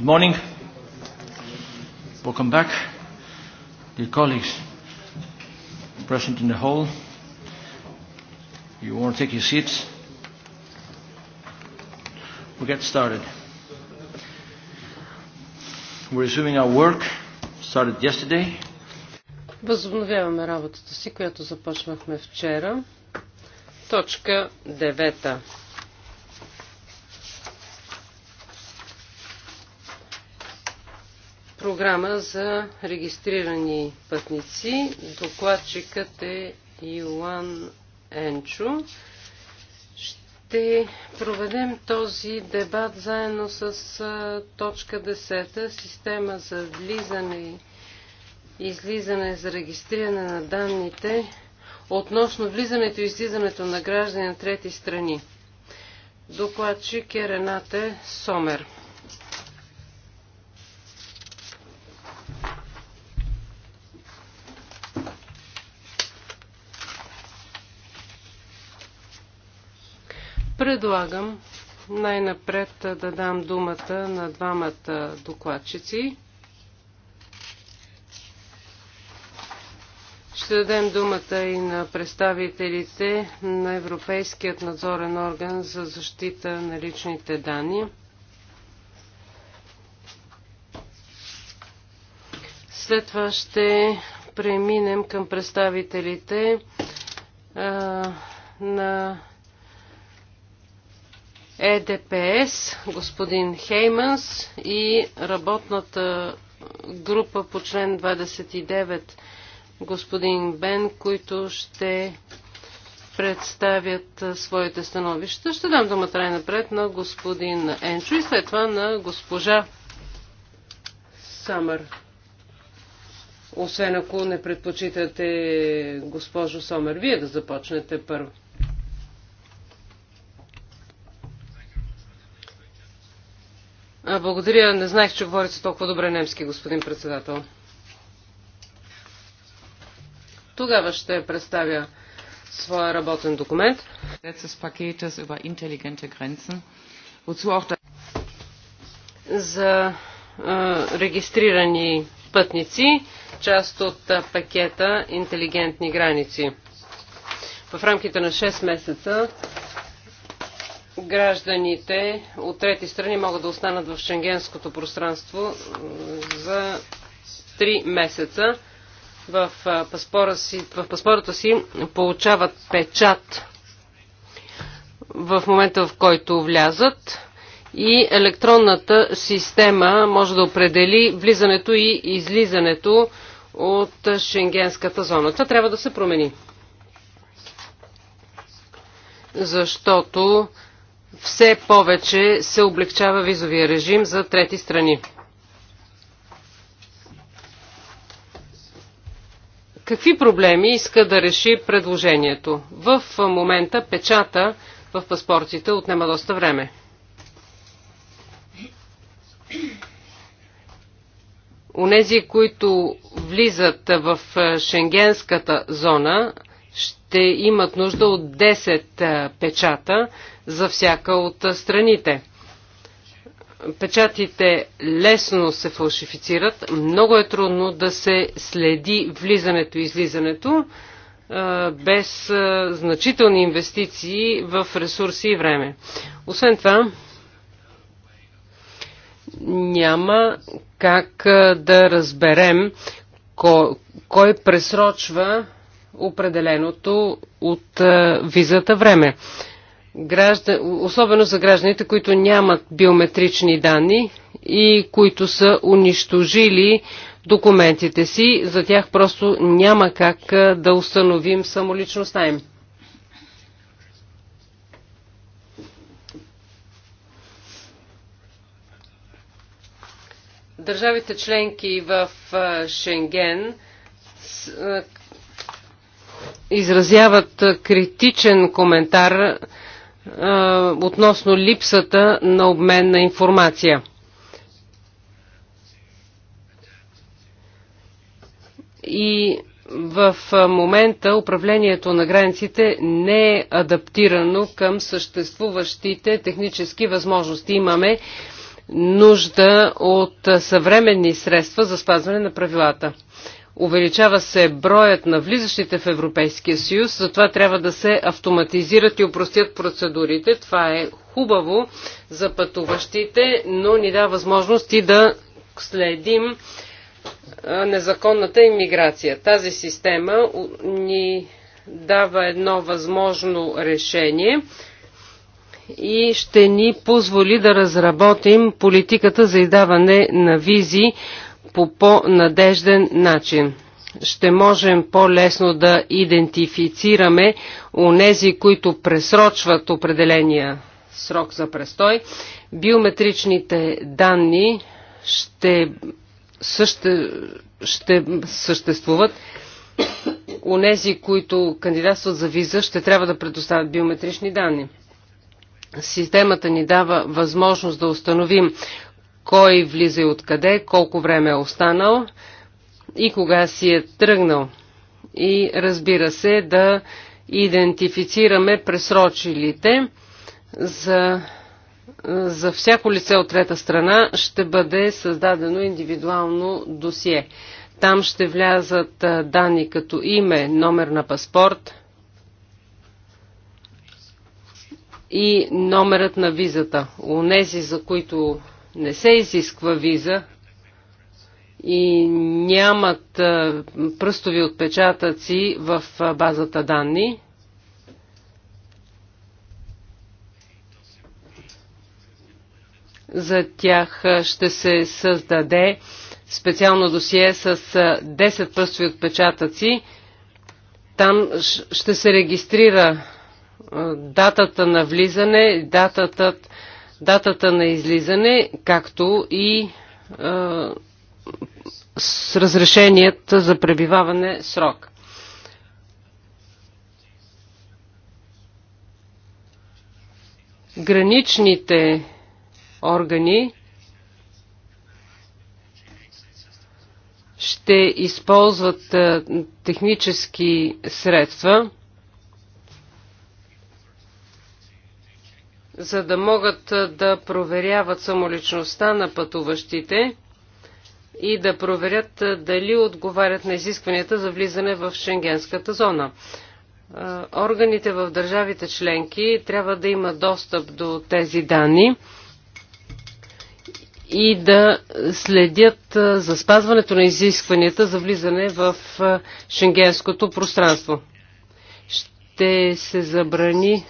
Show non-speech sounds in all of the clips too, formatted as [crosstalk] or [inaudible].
Good morning. Welcome back, dear colleagues present in the hall. You want to take your seats? We'll get started. We're resuming our work, started yesterday. Възобновяваме работата си, която започнахме вчера. Точка 9. програма за регистрирани пътници. Докладчикът е Йоан Енчо. Ще проведем този дебат заедно с точка 10, система за влизане и излизане за регистриране на данните относно влизането и излизането на граждани на трети страни. Докладчик е Рената Сомер. Предлагам най-напред да дам думата на двамата докладчици. Ще дадем думата и на представителите на Европейският надзорен орган за защита на личните данни. След това ще преминем към представителите а, на ЕДПС, господин Хейманс и работната група по член 29, господин Бен, които ще представят своите становища. Ще дам думата най-напред на господин Енчо и след това на госпожа Самър. Освен ако не предпочитате госпожо Сомер, вие да започнете първо. Благодаря. Не знаех, че говорите толкова добре немски, господин председател. Тогава ще представя своя работен документ. За регистрирани пътници, част от пакета Интелигентни граници. В рамките на 6 месеца гражданите от трети страни могат да останат в шенгенското пространство за 3 месеца. В, паспора си, в паспорта си получават печат в момента в който влязат и електронната система може да определи влизането и излизането от шенгенската зона. Това трябва да се промени. Защото все повече се облегчава визовия режим за трети страни. Какви проблеми иска да реши предложението? В момента печата в паспортите отнема доста време. Онези, които влизат в шенгенската зона, ще имат нужда от 10 печата за всяка от страните. Печатите лесно се фалшифицират, много е трудно да се следи влизането и излизането без значителни инвестиции в ресурси и време. Освен това, няма как да разберем кой, кой пресрочва определеното от е, визата време. Граждан, особено за гражданите, които нямат биометрични данни и които са унищожили документите си, за тях просто няма как е, да установим самоличността им. Държавите членки в е, Шенген изразяват критичен коментар относно липсата на обмен на информация. И в момента управлението на границите не е адаптирано към съществуващите технически възможности. Имаме нужда от съвременни средства за спазване на правилата. Увеличава се броят на влизащите в Европейския съюз, затова трябва да се автоматизират и упростят процедурите. Това е хубаво за пътуващите, но ни дава възможност и да следим незаконната иммиграция. Тази система ни дава едно възможно решение и ще ни позволи да разработим политиката за издаване на визи по по-надежден начин. Ще можем по-лесно да идентифицираме онези, които пресрочват определения срок за престой. Биометричните данни ще, съще, ще съществуват. Онези, които кандидатстват за виза, ще трябва да предоставят биометрични данни. Системата ни дава възможност да установим кой влиза и откъде, колко време е останал и кога си е тръгнал. И разбира се, да идентифицираме пресрочилите за, за всяко лице от трета страна ще бъде създадено индивидуално досие. Там ще влязат данни като име, номер на паспорт и номерът на визата. Унези, за които не се изисква виза и нямат пръстови отпечатъци в базата данни. За тях ще се създаде специално досие с 10 пръстови отпечатъци. Там ще се регистрира датата на влизане, датата датата на излизане, както и е, с разрешеният за пребиваване срок. Граничните органи ще използват технически средства, за да могат да проверяват самоличността на пътуващите и да проверят дали отговарят на изискванията за влизане в Шенгенската зона. Органите в държавите членки трябва да имат достъп до тези данни и да следят за спазването на изискванията за влизане в шенгенското пространство. Ще се забрани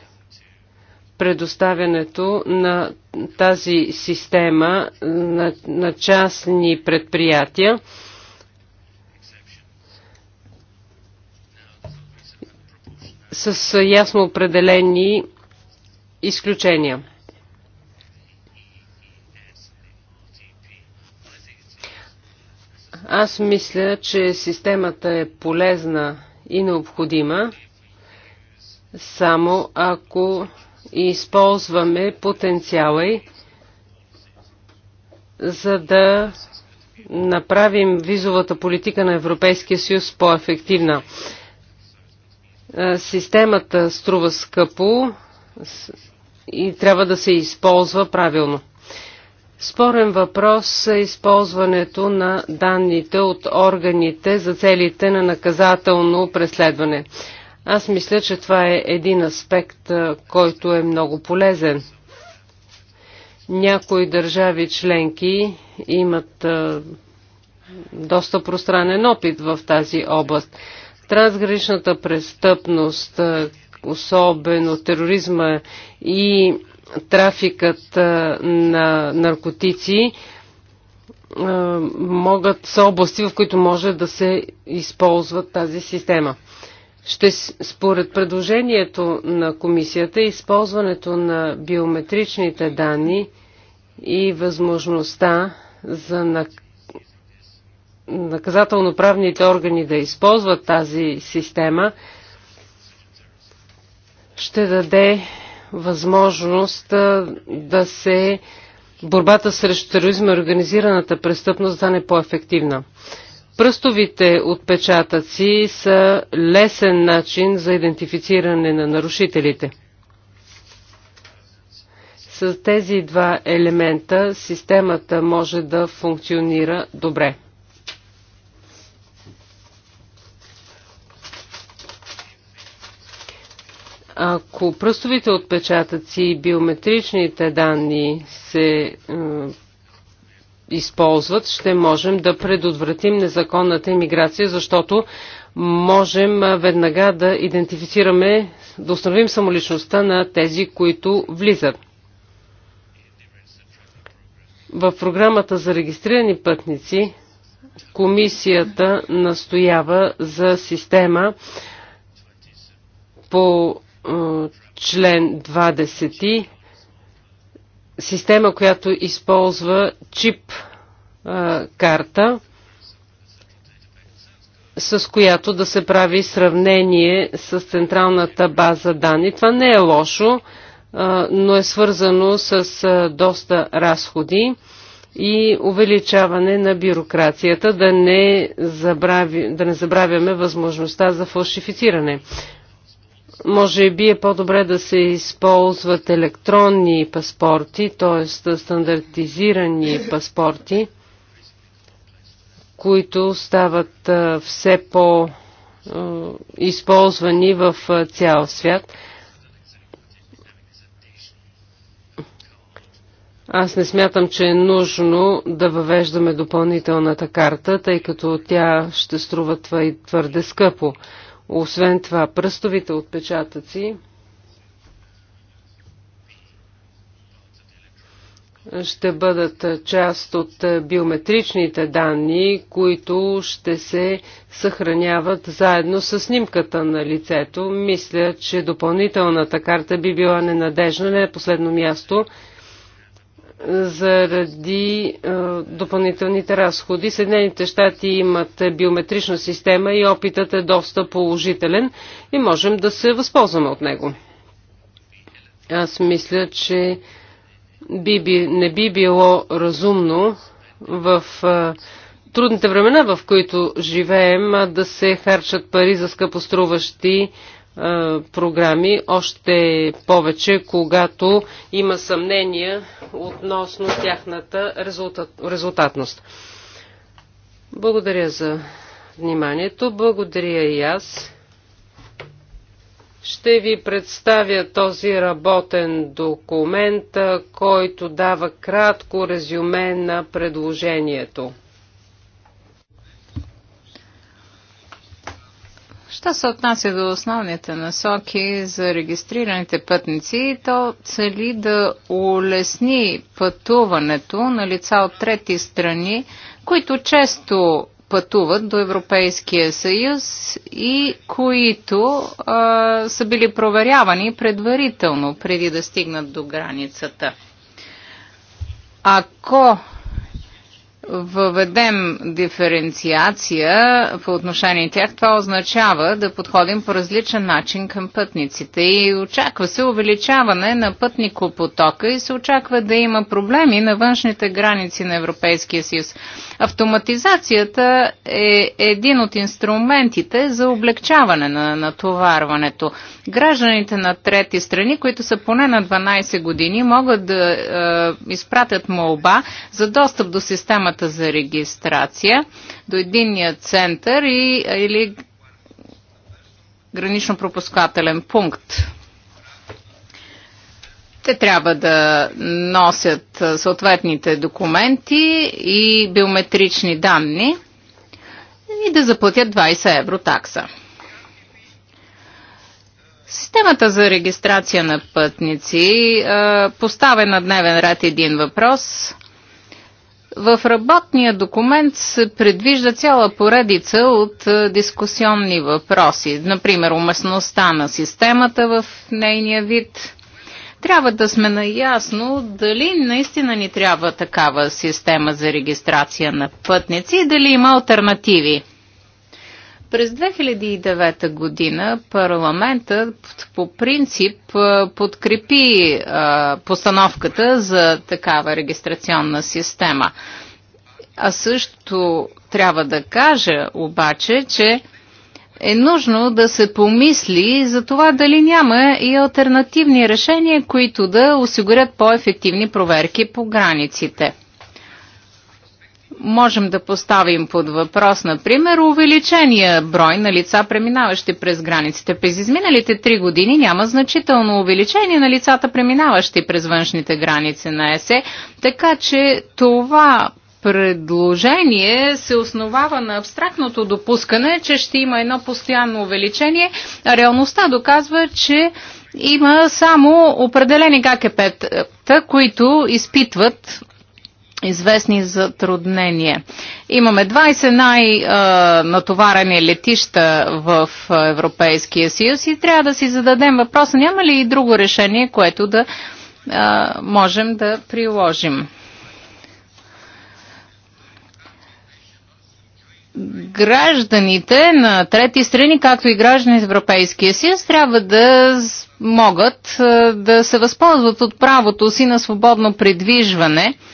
предоставянето на тази система на, на частни предприятия. с ясно определени изключения. Аз мисля, че системата е полезна и необходима, само ако и използваме потенциала й, за да направим визовата политика на Европейския съюз по-ефективна. Системата струва скъпо и трябва да се използва правилно. Спорен въпрос е използването на данните от органите за целите на наказателно преследване. Аз мисля, че това е един аспект, който е много полезен. Някои държави членки имат доста пространен опит в тази област. Трансграничната престъпност, особено тероризма и трафикът на наркотици, могат са области, в които може да се използват тази система. Ще, според предложението на комисията, използването на биометричните данни и възможността за наказателно-правните органи да използват тази система, ще даде възможност да се борбата срещу тероризма и организираната престъпност стане по-ефективна. Пръстовите отпечатъци са лесен начин за идентифициране на нарушителите. С тези два елемента системата може да функционира добре. Ако пръстовите отпечатъци и биометричните данни се е, използват, ще можем да предотвратим незаконната иммиграция, защото можем веднага да идентифицираме, да установим самоличността на тези, които влизат. В програмата за регистрирани пътници комисията настоява за система по член 20 система, която използва чип карта, с която да се прави сравнение с централната база данни. Това не е лошо, но е свързано с доста разходи и увеличаване на бюрокрацията, да не, забрави, да не забравяме възможността за фалшифициране може би е по-добре да се използват електронни паспорти, т.е. стандартизирани паспорти, които стават все по-използвани в цял свят. Аз не смятам, че е нужно да въвеждаме допълнителната карта, тъй като тя ще струва твърде скъпо. Освен това, пръстовите отпечатъци ще бъдат част от биометричните данни, които ще се съхраняват заедно с снимката на лицето. Мисля, че допълнителната карта би била ненадежна. Не е последно място заради а, допълнителните разходи. Съединените щати имат биометрична система и опитът е доста положителен и можем да се възползваме от него. Аз мисля, че би, би, не би било разумно в а, трудните времена, в които живеем, да се харчат пари за скъпоструващи програми, още повече, когато има съмнения относно тяхната резултат, резултатност. Благодаря за вниманието. Благодаря и аз. Ще ви представя този работен документ, който дава кратко резюме на предложението. Що се отнася до основните насоки за регистрираните пътници, то цели да улесни пътуването на лица от трети страни, които често пътуват до Европейския съюз и които а, са били проверявани предварително, преди да стигнат до границата. Ако въведем диференциация по отношение тях, това означава да подходим по различен начин към пътниците и очаква се увеличаване на пътникопотока и се очаква да има проблеми на външните граници на Европейския съюз. Автоматизацията е един от инструментите за облегчаване на натоварването. Гражданите на трети страни, които са поне на 12 години, могат да е, изпратят молба за достъп до системата системата за регистрация до единния център и, или гранично-пропускателен пункт. Те трябва да носят съответните документи и биометрични данни и да заплатят 20 евро такса. Системата за регистрация на пътници поставя на дневен ред един въпрос в работния документ се предвижда цяла поредица от е, дискусионни въпроси, например уместността на системата в нейния вид. Трябва да сме наясно дали наистина ни трябва такава система за регистрация на пътници и дали има альтернативи. През 2009 година парламентът по принцип подкрепи постановката за такава регистрационна система. А също трябва да кажа обаче, че е нужно да се помисли за това дали няма и альтернативни решения, които да осигурят по-ефективни проверки по границите можем да поставим под въпрос, например, увеличения брой на лица, преминаващи през границите. През изминалите три години няма значително увеличение на лицата, преминаващи през външните граници на ЕСЕ, така че това предложение се основава на абстрактното допускане, че ще има едно постоянно увеличение, а реалността доказва, че има само определени ГКП-та, които изпитват известни затруднения. Имаме 20 най-натоварени летища в Европейския съюз и трябва да си зададем въпроса, няма ли и друго решение, което да можем да приложим. гражданите на трети страни, както и граждани с Европейския съюз, трябва да могат да се възползват от правото си на свободно придвижване –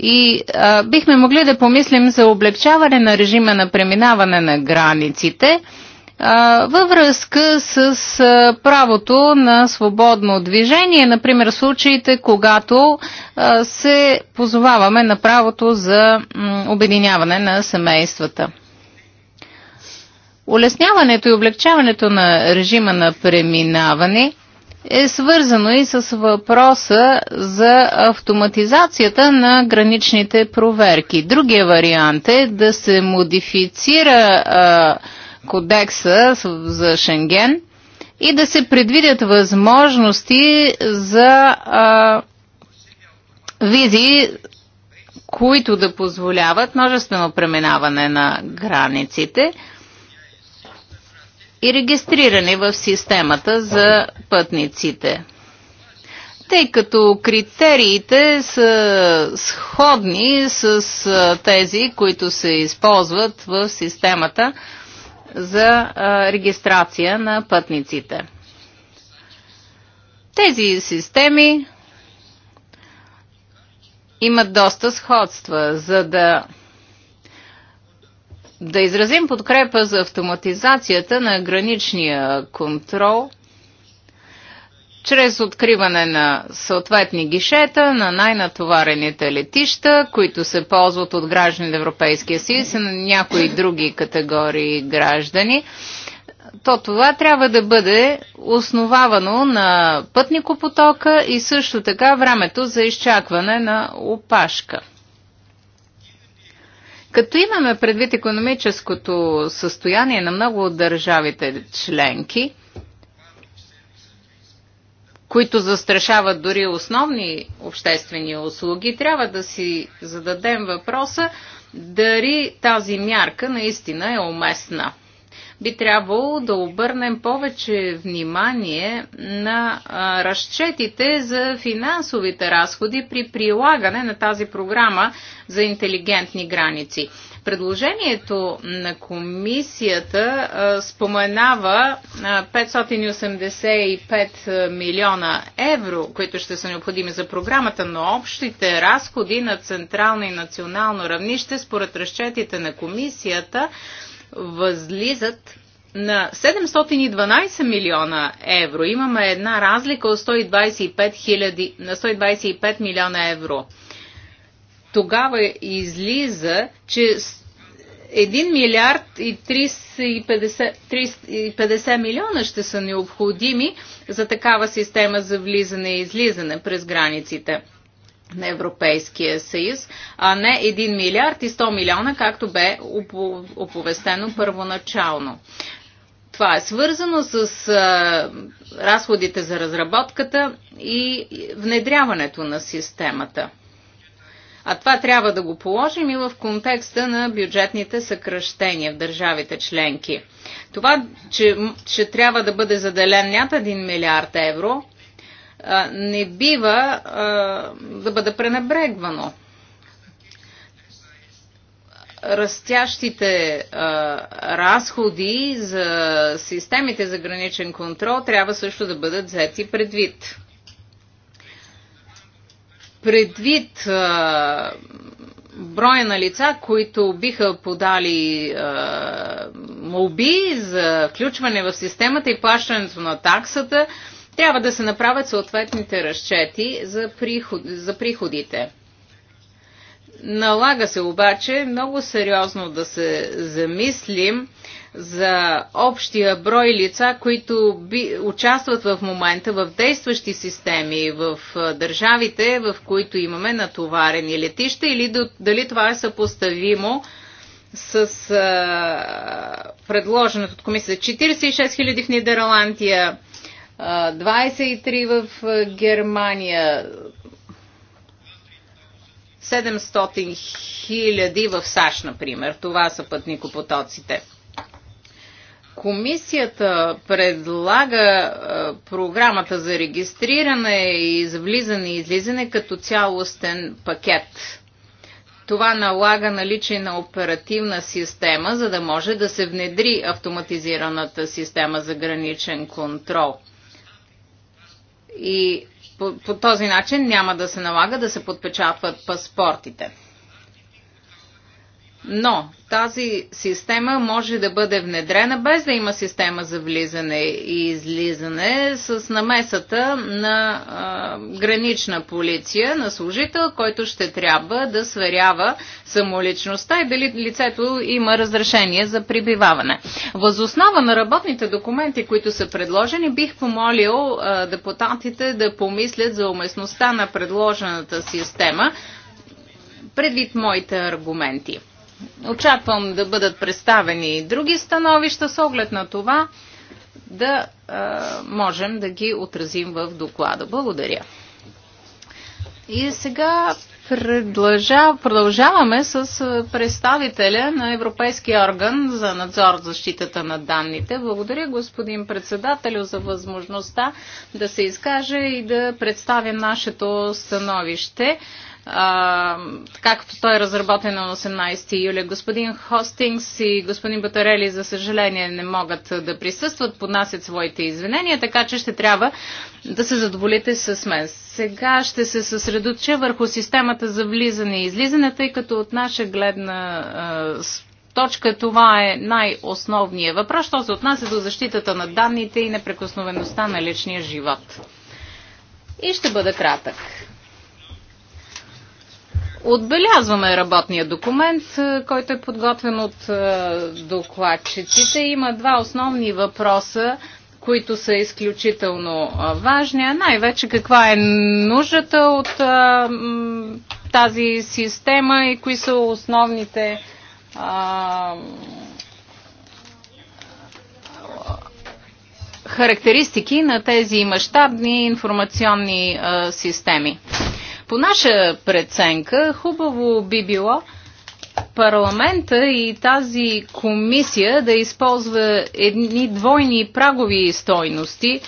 и а, бихме могли да помислим за облегчаване на режима на преминаване на границите а, във връзка с а, правото на свободно движение, например случаите, когато а, се позоваваме на правото за м, обединяване на семействата. Улесняването и облегчаването на режима на преминаване – е свързано и с въпроса за автоматизацията на граничните проверки. Другия вариант е да се модифицира а, кодекса за Шенген и да се предвидят възможности за а, визи, които да позволяват множествено преминаване на границите – и регистрирани в системата за пътниците. Тъй като критериите са сходни с тези, които се използват в системата за регистрация на пътниците. Тези системи имат доста сходства, за да да изразим подкрепа за автоматизацията на граничния контрол чрез откриване на съответни гишета на най-натоварените летища, които се ползват от граждани на Европейския съюз и на някои други категории граждани то това трябва да бъде основавано на пътникопотока и също така времето за изчакване на опашка. Като имаме предвид економическото състояние на много от държавите членки, които застрашават дори основни обществени услуги, трябва да си зададем въпроса дали тази мярка наистина е уместна би трябвало да обърнем повече внимание на разчетите за финансовите разходи при прилагане на тази програма за интелигентни граници. Предложението на комисията споменава 585 милиона евро, които ще са необходими за програмата, но общите разходи на централно и национално равнище, според разчетите на комисията, възлизат на 712 милиона евро. Имаме една разлика от 125, 000, на 125 милиона евро. Тогава излиза, че 1 милиард и 350, 350 милиона ще са необходими за такава система за влизане и излизане през границите на Европейския съюз, а не 1 милиард и 100 милиона, както бе оповестено първоначално. Това е свързано с а, разходите за разработката и внедряването на системата. А това трябва да го положим и в контекста на бюджетните съкръщения в държавите членки. Това, че, че трябва да бъде заделен над 1 милиард евро, не бива да бъде пренебрегвано. Растящите разходи за системите за граничен контрол трябва също да бъдат взети предвид. Предвид броя на лица, които биха подали молби за включване в системата и плащането на таксата, трябва да се направят съответните разчети за, приход, за приходите. Налага се обаче много сериозно да се замислим за общия брой лица, които би, участват в момента в действащи системи в държавите, в които имаме натоварени летища или дали това е съпоставимо с а, предложеното от комисията 46 000 в Нидерландия, 23 в Германия, 700 хиляди в САЩ, например. Това са пътникопотоците. Комисията предлага програмата за регистриране и за влизане и излизане като цялостен пакет. Това налага наличие на оперативна система, за да може да се внедри автоматизираната система за граничен контрол – и по, по този начин няма да се налага да се подпечатват паспортите. Но тази система може да бъде внедрена без да има система за влизане и излизане с намесата на а, гранична полиция, на служител, който ще трябва да сверява самоличността и дали лицето има разрешение за прибиваване. Възоснова на работните документи, които са предложени, бих помолил а, депутатите да помислят за уместността на предложената система предвид моите аргументи. Очаквам да бъдат представени и други становища с оглед на това да а, можем да ги отразим в доклада. Благодаря. И сега продължаваме с представителя на Европейския орган за надзор защитата на данните. Благодаря господин председателю за възможността да се изкаже и да представя нашето становище както той е разработен на 18 юли. Господин Хостингс и господин Батарели, за съжаление, не могат да присъстват, поднасят своите извинения, така че ще трябва да се задоволите с мен. Сега ще се съсредоча върху системата за влизане и излизане, тъй като от наша гледна а, точка това е най-основният въпрос, що се отнася до защитата на данните и непрекосновеността на личния живот. И ще бъда кратък. Отбелязваме работния документ, е, който е подготвен от е, докладчиците. Има два основни въпроса, които са изключително е, важни, най-вече каква е нуждата от тази система и кои са основните характеристики на тези мащабни информационни системи. По наша преценка, хубаво би било парламента и тази комисия да използва едни двойни прагови стойности,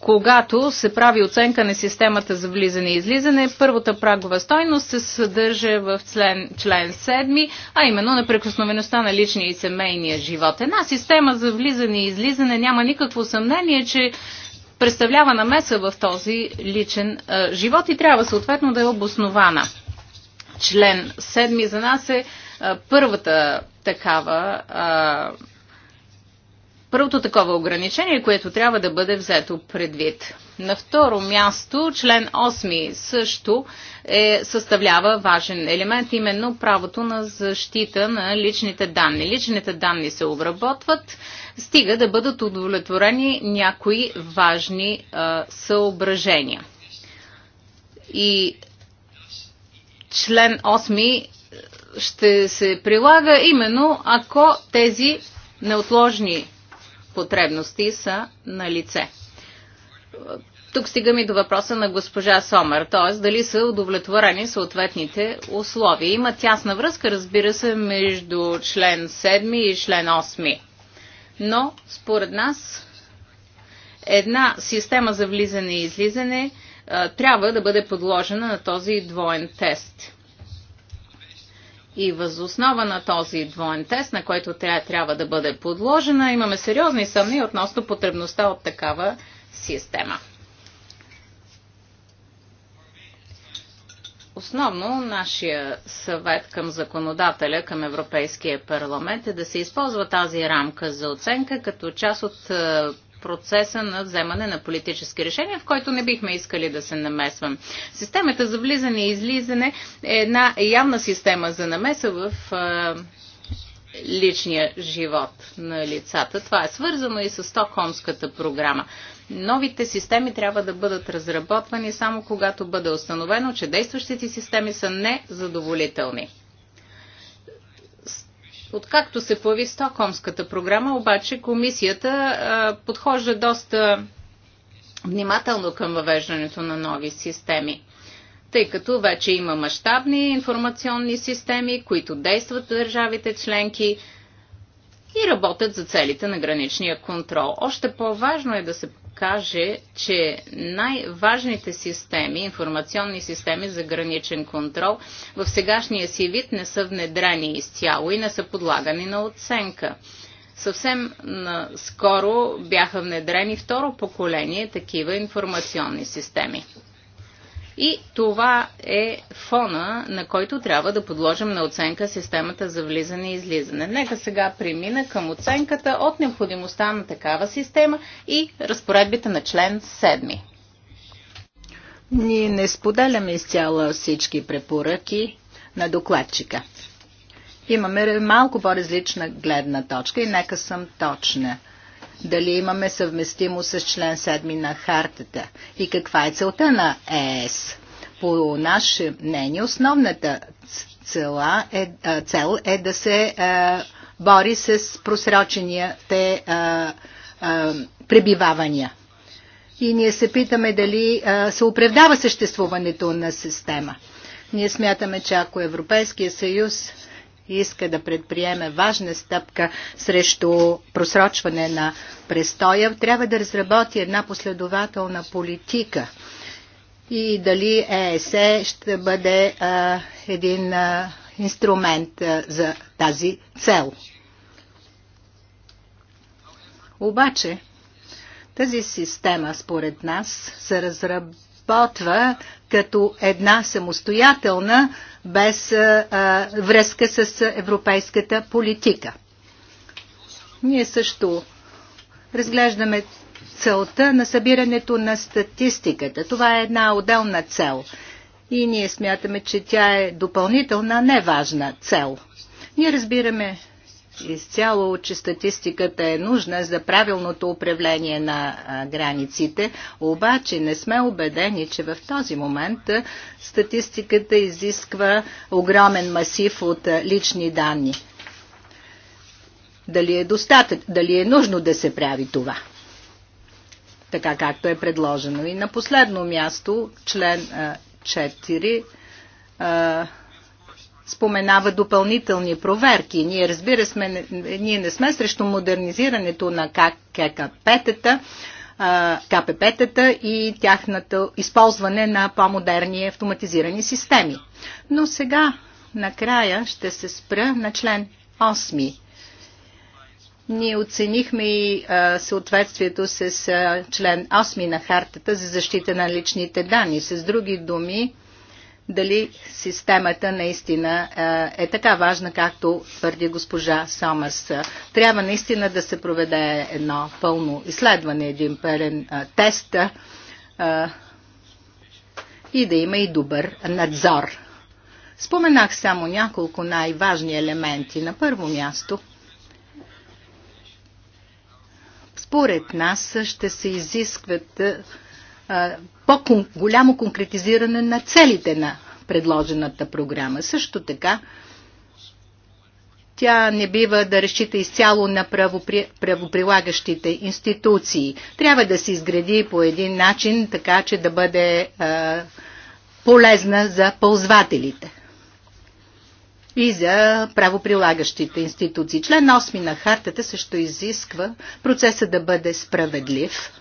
когато се прави оценка на системата за влизане и излизане, първата прагова стойност се съдържа в член, член 7, а именно на прекосновеността на личния и семейния живот. Една система за влизане и излизане няма никакво съмнение, че представлява намеса в този личен а, живот и трябва съответно да е обоснована. Член 7 за нас е а, първата такава а, първото такова ограничение, което трябва да бъде взето предвид. На второ място, член 8 също е, съставлява важен елемент, именно правото на защита на личните данни. Личните данни се обработват, стига да бъдат удовлетворени някои важни е, съображения. И член 8 ще се прилага именно ако тези неотложни потребности са на лице. Тук стигаме до въпроса на госпожа Сомер, т.е. дали са удовлетворени съответните условия. Има тясна връзка, разбира се, между член 7 и член 8. Но, според нас, една система за влизане и излизане трябва да бъде подложена на този двоен тест. И възоснова на този двоен тест, на който тя трябва да бъде подложена, имаме сериозни съмни относно потребността от такава система. Основно нашия съвет към законодателя, към Европейския парламент е да се използва тази рамка за оценка като част от е, процеса на вземане на политически решения, в който не бихме искали да се намесвам. Системата за влизане и излизане е една явна система за намеса в е, личния живот на лицата. Това е свързано и с Стокхолмската програма. Новите системи трябва да бъдат разработвани само когато бъде установено, че действащите системи са незадоволителни. Откакто се появи Стокхолмската програма, обаче комисията а, подхожда доста внимателно към въвеждането на нови системи тъй като вече има мащабни информационни системи, които действат в държавите членки и работят за целите на граничния контрол. Още по-важно е да се каже, че най-важните системи, информационни системи за граничен контрол, в сегашния си вид не са внедрени изцяло и не са подлагани на оценка. Съвсем скоро бяха внедрени второ поколение такива информационни системи. И това е фона, на който трябва да подложим на оценка системата за влизане и излизане. Нека сега премина към оценката от необходимостта на такава система и разпоредбите на член 7. Ние не споделяме изцяло всички препоръки на докладчика. Имаме малко по-различна гледна точка и нека съм точна – дали имаме съвместимост с член 7 на хартата и каква е целта на ЕС. По наше мнение, основната цела е, цел е да се бори с просрочените пребивавания. И ние се питаме дали се оправдава съществуването на система. Ние смятаме, че ако Европейския съюз иска да предприеме важна стъпка срещу просрочване на престоя, трябва да разработи една последователна политика и дали ЕСЕ ще бъде а, един а, инструмент а, за тази цел. Обаче, тази система, според нас, се разработи разработва като една самостоятелна без а, а, връзка с европейската политика. Ние също разглеждаме целта на събирането на статистиката. Това е една отделна цел. И ние смятаме, че тя е допълнителна, неважна цел. Ние разбираме изцяло, че статистиката е нужна за правилното управление на границите, обаче не сме убедени, че в този момент статистиката изисква огромен масив от лични данни. Дали е, достатък, дали е нужно да се прави това? Така както е предложено. И на последно място, член 4 споменава допълнителни проверки. Ние, разбира сме, ние не сме срещу модернизирането на кпп тата КПП-тата и тяхното използване на по-модерни автоматизирани системи. Но сега, накрая, ще се спра на член 8 ние оценихме и съответствието с член 8 на хартата за защита на личните данни. С други думи, дали системата наистина е така важна, както твърди госпожа Сомас. Трябва наистина да се проведе едно пълно изследване, един пълен тест и да има и добър надзор. Споменах само няколко най-важни елементи. На първо място, според нас ще се изискват по-голямо конкретизиране на целите на предложената програма. Също така, тя не бива да разчита изцяло на правопри... правоприлагащите институции. Трябва да се изгради по един начин, така че да бъде а, е, полезна за ползвателите и за правоприлагащите институции. Член 8 на хартата също изисква процеса да бъде справедлив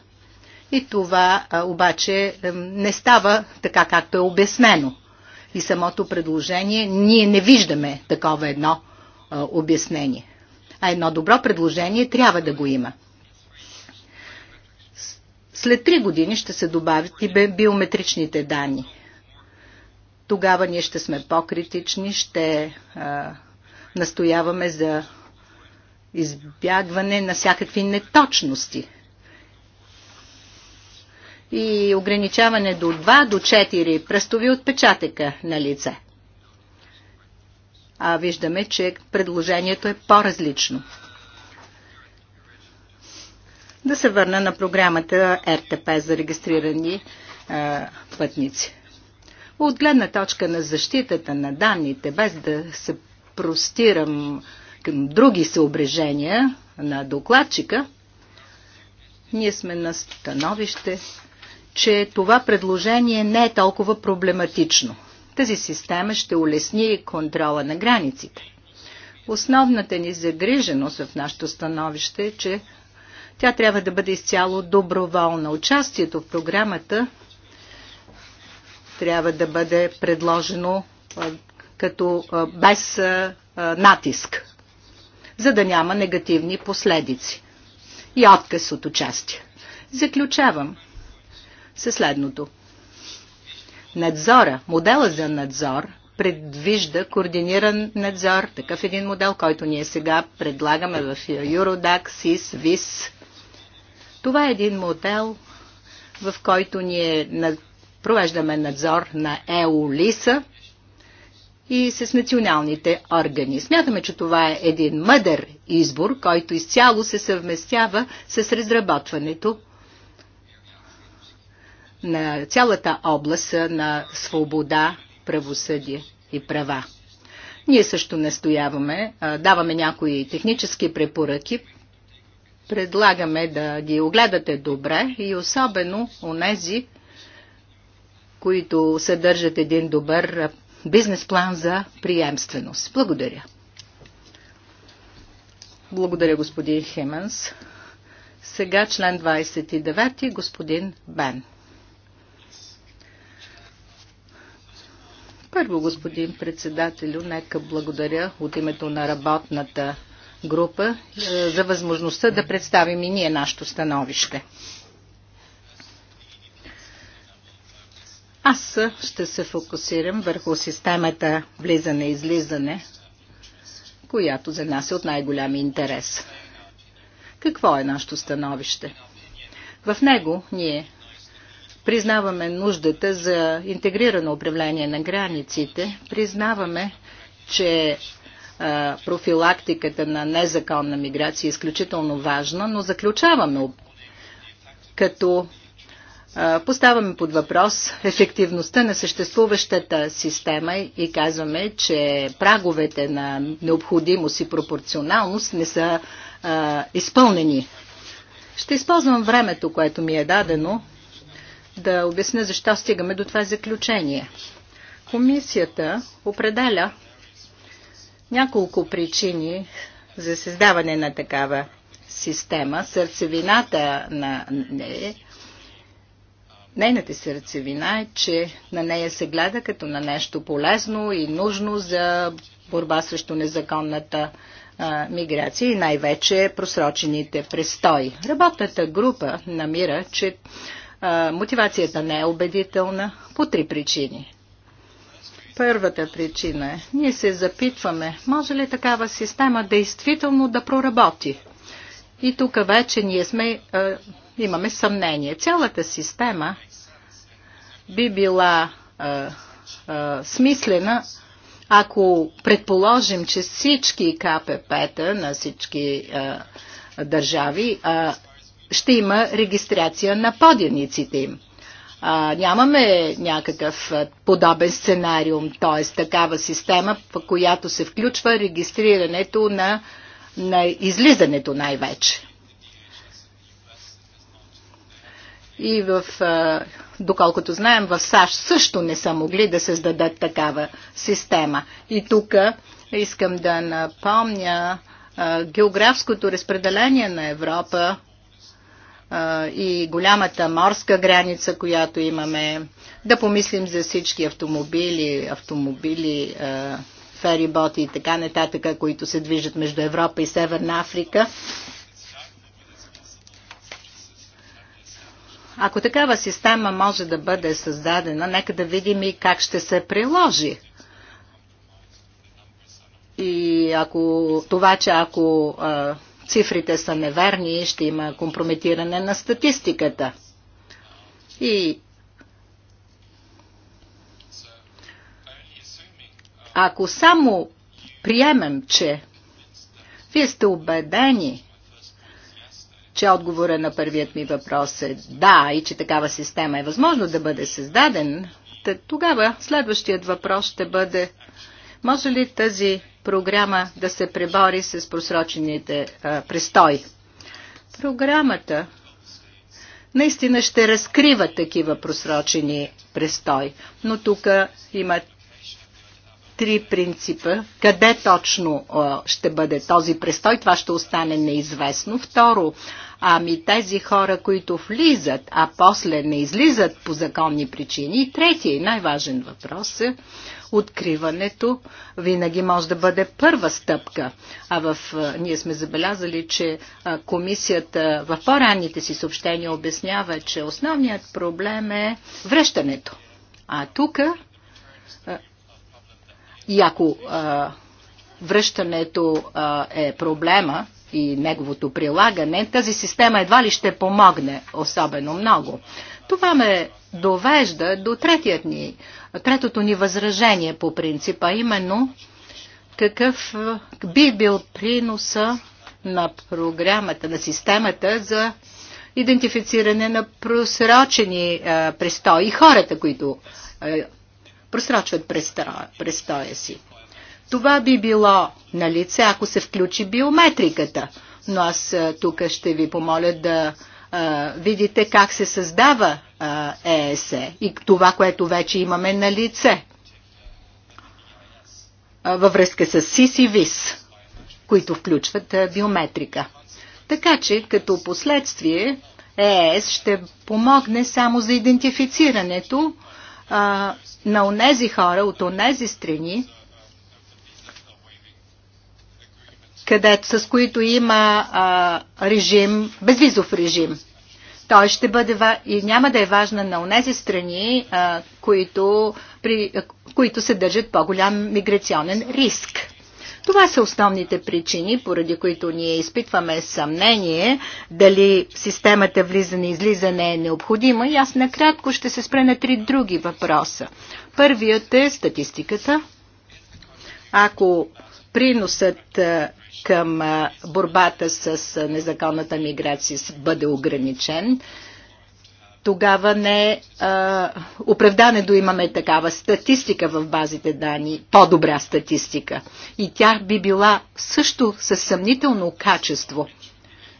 и това обаче не става така, както е обяснено. И самото предложение, ние не виждаме такова едно обяснение. А едно добро предложение трябва да го има. След три години ще се добавят и биометричните данни. Тогава ние ще сме по-критични, ще а, настояваме за избягване на всякакви неточности – и ограничаване до 2 до 4 пръстови отпечатъка на лице. А виждаме, че предложението е по-различно. Да се върна на програмата РТП за регистрирани а, пътници. От гледна точка на защитата на данните, без да се простирам към други съображения на докладчика, ние сме на становище, че това предложение не е толкова проблематично. Тази система ще улесни контрола на границите. Основната ни загриженост в нашето становище е, че тя трябва да бъде изцяло доброволна. Участието в програмата трябва да бъде предложено като без натиск, за да няма негативни последици и отказ от участие. Заключавам, са следното. Надзора, модела за надзор предвижда координиран надзор, такъв един модел, който ние сега предлагаме в Eurodax, SIS, VIS. Това е един модел, в който ние провеждаме надзор на ЕОЛИСа и с националните органи. Смятаме, че това е един мъдър избор, който изцяло се съвместява с разработването на цялата област на свобода, правосъдие и права. Ние също настояваме, даваме някои технически препоръки, предлагаме да ги огледате добре и особено онези, които съдържат един добър бизнес план за приемственост. Благодаря. Благодаря, господин Хеманс. Сега член 29, господин Бен. Първо, господин председателю, нека благодаря от името на работната група е, за възможността да представим и ние нашето становище. Аз ще се фокусирам върху системата влизане-излизане, която за нас е от най-голям интерес. Какво е нашето становище? В него ние Признаваме нуждата за интегрирано управление на границите. Признаваме, че профилактиката на незаконна миграция е изключително важна, но заключаваме като поставяме под въпрос ефективността на съществуващата система и казваме, че праговете на необходимост и пропорционалност не са а, изпълнени. Ще използвам времето, което ми е дадено, да обясня защо стигаме до това заключение. Комисията определя няколко причини за създаване на такава система. Сърцевината на нея Нейната сърцевина е, че на нея се гледа като на нещо полезно и нужно за борба срещу незаконната миграция и най-вече просрочените престои. Работната група намира, че мотивацията не е убедителна по три причини. Първата причина е, ние се запитваме, може ли такава система действително да проработи? И тук вече ние сме, е, имаме съмнение. Цялата система би била е, е, смислена, ако предположим, че всички КПП-та на всички е, държави е, ще има регистрация на подяниците им. А, нямаме някакъв подобен сценариум, т.е. такава система, в която се включва регистрирането на, на излизането най-вече. И в, доколкото знаем, в САЩ също не са могли да създадат такава система. И тук искам да напомня географското разпределение на Европа и голямата морска граница, която имаме, да помислим за всички автомобили, автомобили, фериботи и така нататък, които се движат между Европа и Северна Африка. Ако такава система може да бъде създадена, нека да видим и как ще се приложи. И ако това, че ако цифрите са неверни, ще има компрометиране на статистиката. И ако само приемем, че вие сте убедени, че отговора на първият ми въпрос е да и че такава система е възможно да бъде създаден, тогава следващият въпрос ще бъде може ли тази програма да се пребори с просрочените престои. престой. Програмата наистина ще разкрива такива просрочени престой, но тук има три принципа. Къде точно ще бъде този престой, това ще остане неизвестно. Второ, ами тези хора, които влизат, а после не излизат по законни причини. И третия и най-важен въпрос е откриването винаги може да бъде първа стъпка. А в, ние сме забелязали, че комисията в по-ранните си съобщения обяснява, че основният проблем е връщането. А тук и ако а, връщането а, е проблема и неговото прилагане, тази система едва ли ще помогне особено много. Това ме довежда до третият ни, третото ни възражение по принципа, именно какъв би бил приноса на програмата, на системата за идентифициране на просрочени а, престои и хората, които а, просрочват престоя си. Това би било на лице, ако се включи биометриката. Но аз тук ще ви помоля да а, видите как се създава а, ЕСЕ и това, което вече имаме на лице а, във връзка с СИС и ВИС, които включват а, биометрика. Така че, като последствие, ЕС ще помогне само за идентифицирането а, на онези хора от онези страни, където, с които има а, режим, безвизов режим. Той ще бъде и няма да е важна на онези страни, а, които, при, а, които се държат по-голям миграционен риск. Това са основните причини, поради които ние изпитваме съмнение дали системата влизане-излизане и е необходима и аз накратко ще се спре на три други въпроса. Първият е статистиката. Ако приносът към борбата с незаконната миграция бъде ограничен, тогава не е оправдане да имаме такава статистика в базите данни, по-добра статистика. И тя би била също със съмнително качество,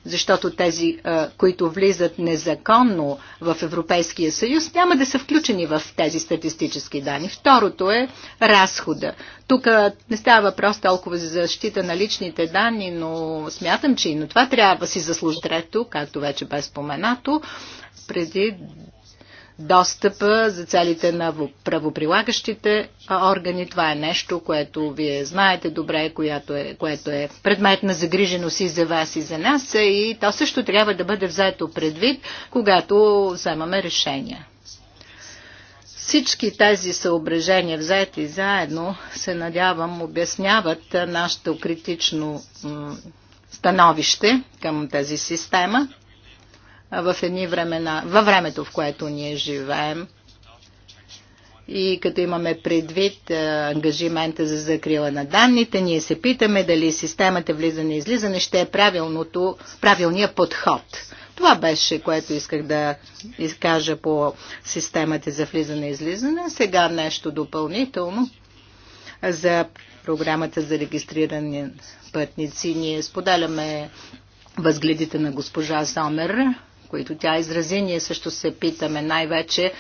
защото тези, а, които влизат незаконно в Европейския съюз, няма да са включени в тези статистически данни. Второто е разхода. Тук не става въпрос толкова за защита на личните данни, но смятам, че и на това трябва си заслужда трето, както вече бе споменато, преди достъпа за целите на правоприлагащите органи. Това е нещо, което вие знаете добре, което е, което е предмет на загриженост и за вас и за нас и то също трябва да бъде взето предвид, когато вземаме решения. Всички тези съображения, взети заедно, се надявам, обясняват нашето критично становище към тази система в едни времена, във времето, в което ние живеем. И като имаме предвид ангажимента за закрила на данните, ние се питаме дали системата влизане и излизане ще е правилното, правилния подход. Това беше, което исках да изкажа по системата за влизане и излизане. Сега нещо допълнително за програмата за регистрирани пътници. Ние споделяме възгледите на госпожа Сомер които тя изрази. Ние също се питаме най-вече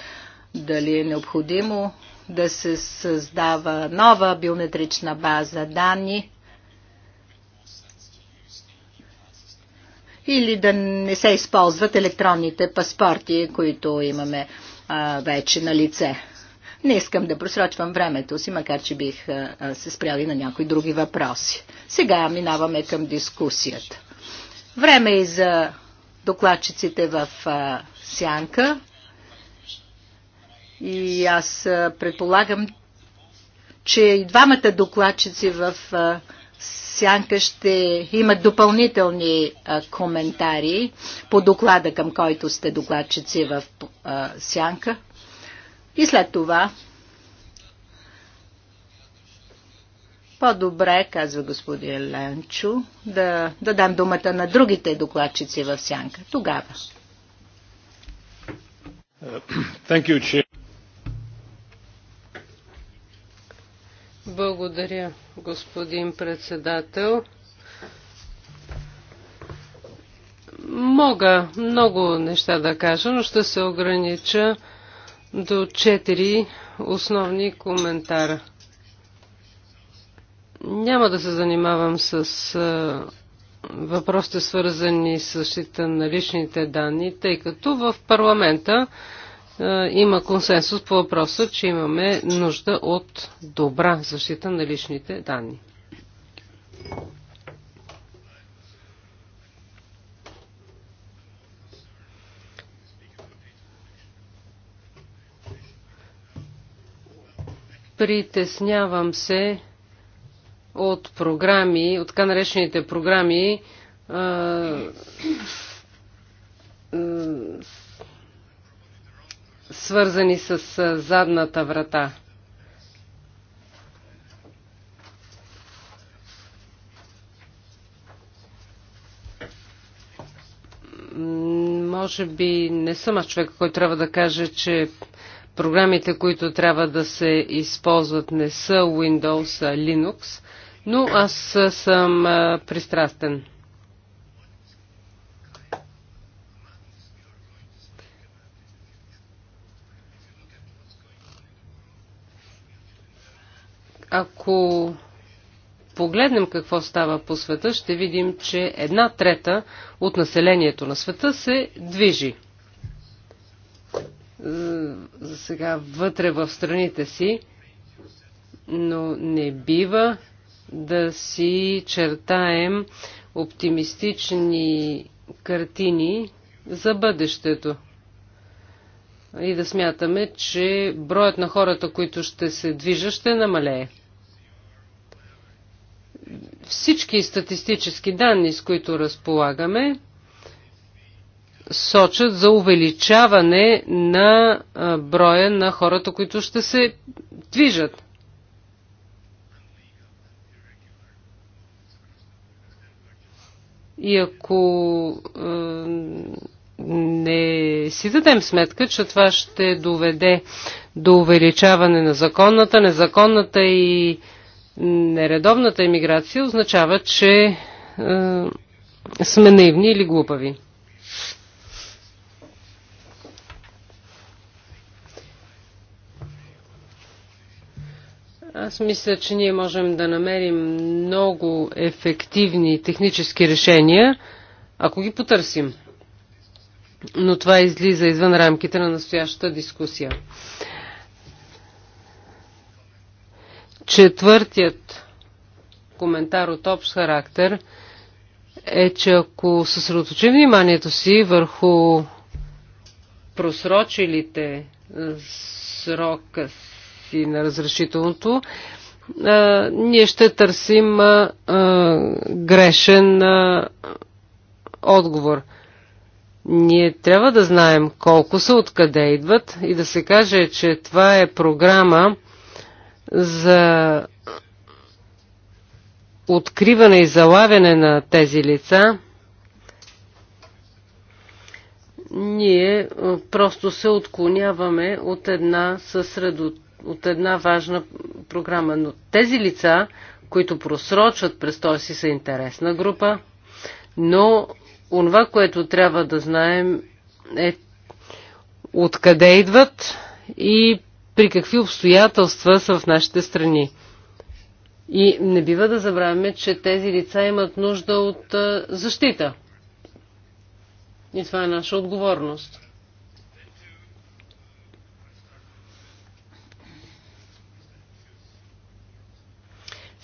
дали е необходимо да се създава нова биометрична база данни или да не се използват електронните паспорти, които имаме а, вече на лице. Не искам да просрочвам времето си, макар че бих а, се спряли на някои други въпроси. Сега минаваме към дискусията. Време е и за докладчиците в сянка. И аз предполагам, че и двамата докладчици в сянка ще имат допълнителни коментари по доклада, към който сте докладчици в сянка. И след това По-добре, казва господин Ленчо, да, дадам дам думата на другите докладчици в сянка. Тогава. You, Благодаря, господин председател. Мога много неща да кажа, но ще се огранича до четири основни коментара. Няма да се занимавам с въпросите свързани с защита на личните данни, тъй като в парламента има консенсус по въпроса, че имаме нужда от добра защита на личните данни. Притеснявам се, от програми, от така наречените програми, а, а, свързани с задната врата. Може би не съм аз човек, който трябва да каже, че програмите, които трябва да се използват не са Windows, а Linux – но аз съм пристрастен. Ако погледнем какво става по света, ще видим, че една трета от населението на света се движи. За сега вътре в страните си, но не бива да си чертаем оптимистични картини за бъдещето. И да смятаме, че броят на хората, които ще се движат, ще намалее. Всички статистически данни, с които разполагаме, сочат за увеличаване на броя на хората, които ще се движат. И ако е, не си дадем сметка, че това ще доведе до увеличаване на законната, незаконната и нередовната емиграция, означава, че е, сме наивни или глупави. Аз мисля, че ние можем да намерим много ефективни технически решения, ако ги потърсим. Но това излиза извън рамките на настоящата дискусия. Четвъртият коментар от общ характер е, че ако съсредоточим вниманието си върху просрочилите срока и на разрешителното, ние ще търсим грешен отговор. Ние трябва да знаем колко са, откъде идват и да се каже, че това е програма за откриване и залавяне на тези лица. Ние просто се отклоняваме от една съсредоточена от една важна програма. Но тези лица, които просрочват този си, са интересна група, но онова, което трябва да знаем е откъде идват и при какви обстоятелства са в нашите страни. И не бива да забравяме, че тези лица имат нужда от защита. И това е наша отговорност.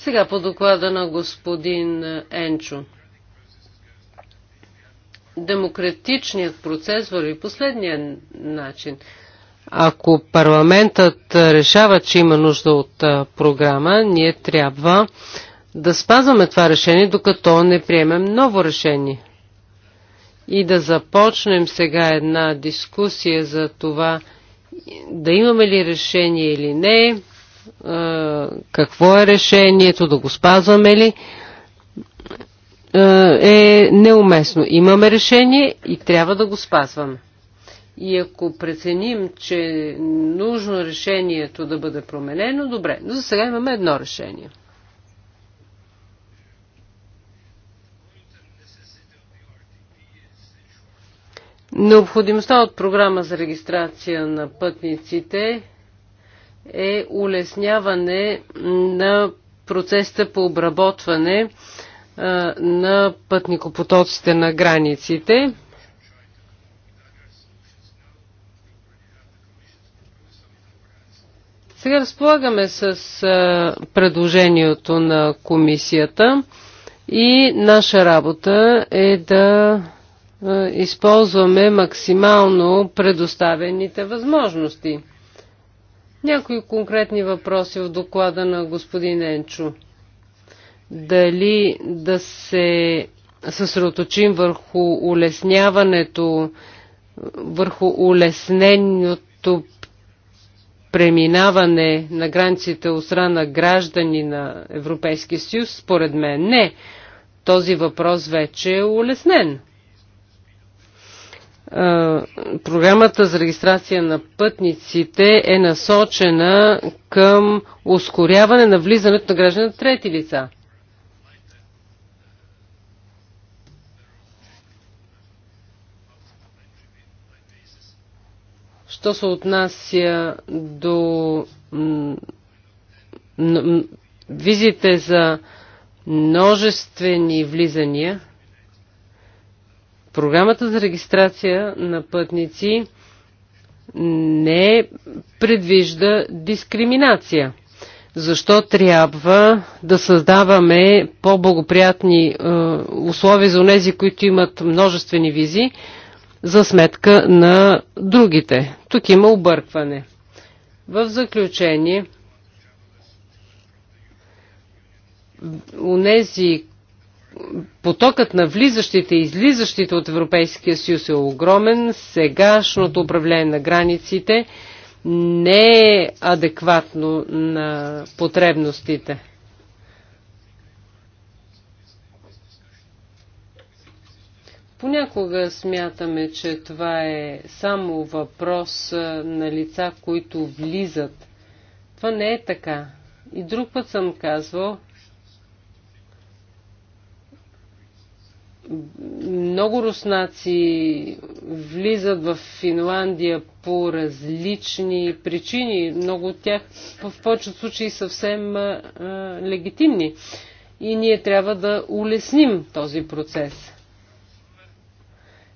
Сега по доклада на господин Енчо. Демократичният процес върви последния начин. Ако парламентът решава, че има нужда от програма, ние трябва да спазваме това решение, докато не приемем ново решение. И да започнем сега една дискусия за това да имаме ли решение или не е, какво е решението, да го спазваме ли, е, е неуместно. Имаме решение и трябва да го спазваме. И ако преценим, че е нужно решението да бъде променено, добре. Но за сега имаме едно решение. Необходимостта от програма за регистрация на пътниците е улесняване на процеса по обработване на пътникопотоците на границите. Сега разполагаме с предложението на комисията и наша работа е да използваме максимално предоставените възможности. Някои конкретни въпроси в доклада на господин Енчо. Дали да се съсредоточим върху улесняването, върху улесненото преминаване на границите от страна на граждани на Европейския съюз, според мен не. Този въпрос вече е улеснен. Е, програмата за регистрация на пътниците е насочена към ускоряване на влизането на граждани на трети лица. Що се отнася до визите за множествени влизания – Програмата за регистрация на пътници не предвижда дискриминация. Защо трябва да създаваме по-благоприятни е, условия за тези, които имат множествени визи, за сметка на другите? Тук има объркване. В заключение, нези, потокът на влизащите и излизащите от Европейския съюз е огромен. Сегашното управление на границите не е адекватно на потребностите. Понякога смятаме, че това е само въпрос на лица, които влизат. Това не е така. И друг път съм казвал, много руснаци влизат в Финландия по различни причини, много от тях в повечето случаи съвсем а, легитимни. И ние трябва да улесним този процес.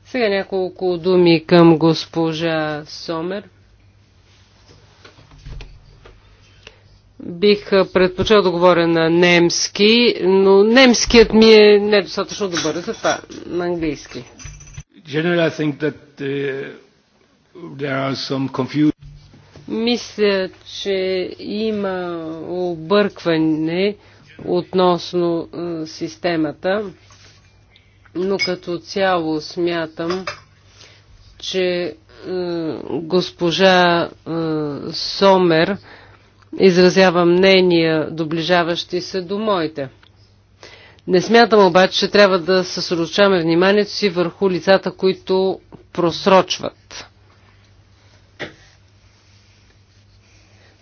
Сега няколко думи към госпожа Сомер. Бих предпочел да говоря на немски, но немският ми е недостатъчно добър, затова на английски. Uh, Мисля, че има объркване относно системата, но като цяло смятам, че госпожа Сомер изразява мнения, доближаващи се до моите. Не смятам обаче, че трябва да съсредоточаваме вниманието си върху лицата, които просрочват.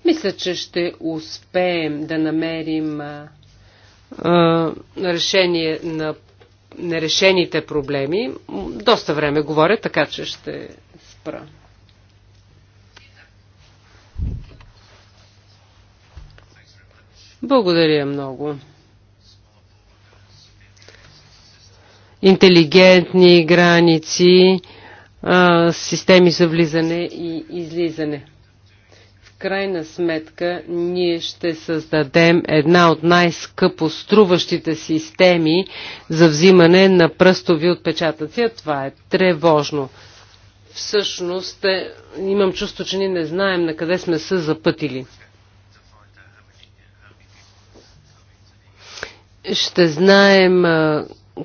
Мисля, че ще успеем да намерим а, а, решение на нерешените проблеми. Доста време говоря, така че ще спра. Благодаря много. Интелигентни граници, системи за влизане и излизане В крайна сметка ние ще създадем една от най-скъпо струващите системи за взимане на пръстови отпечатъци, а това е тревожно. Всъщност, е, имам чувство, че ние не знаем на къде сме се запътили. ще знаем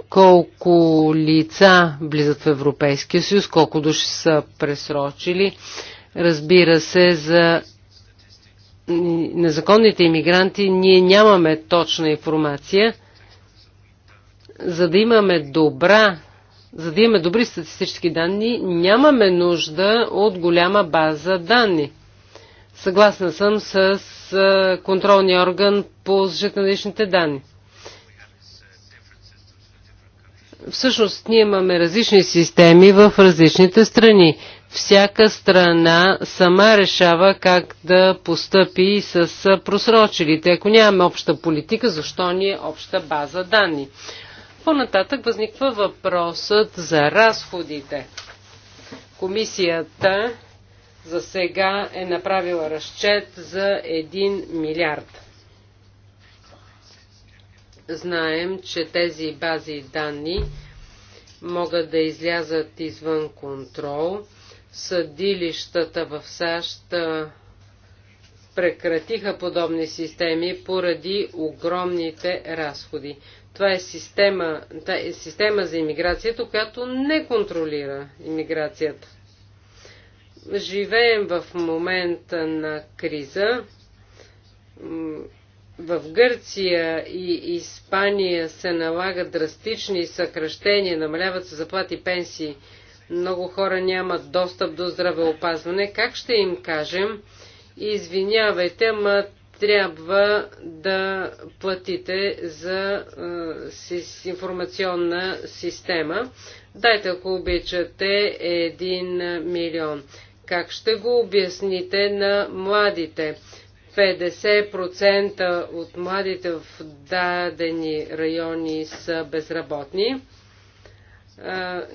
колко лица влизат в Европейския съюз, колко души са пресрочили. Разбира се, за незаконните иммигранти ние нямаме точна информация. За да имаме добра, за да имаме добри статистически данни, нямаме нужда от голяма база данни. Съгласна съм с контролния орган по защита на личните данни. всъщност ние имаме различни системи в различните страни. Всяка страна сама решава как да постъпи с просрочилите. Ако нямаме обща политика, защо ни е обща база данни? По-нататък възниква въпросът за разходите. Комисията за сега е направила разчет за 1 милиард. Знаем, че тези бази данни могат да излязат извън контрол. Съдилищата в САЩ прекратиха подобни системи поради огромните разходи. Това е система, та е система за иммиграцията, която не контролира иммиграцията. Живеем в момента на криза в Гърция и Испания се налагат драстични съкръщения, намаляват се заплати пенсии, много хора нямат достъп до здравеопазване, как ще им кажем, извинявайте, ма трябва да платите за е, информационна система. Дайте, ако обичате, един милион. Как ще го обясните на младите? 50% от младите в дадени райони са безработни.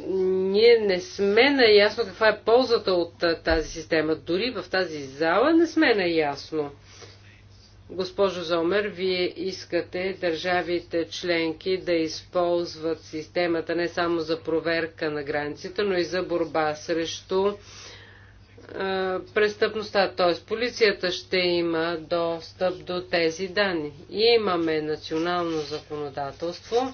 ние не сме наясно каква е ползата от тази система. Дори в тази зала не сме наясно. Госпожо Зомер, вие искате държавите членки да използват системата не само за проверка на границите, но и за борба срещу престъпността, т.е. полицията ще има достъп до тези данни. И имаме национално законодателство,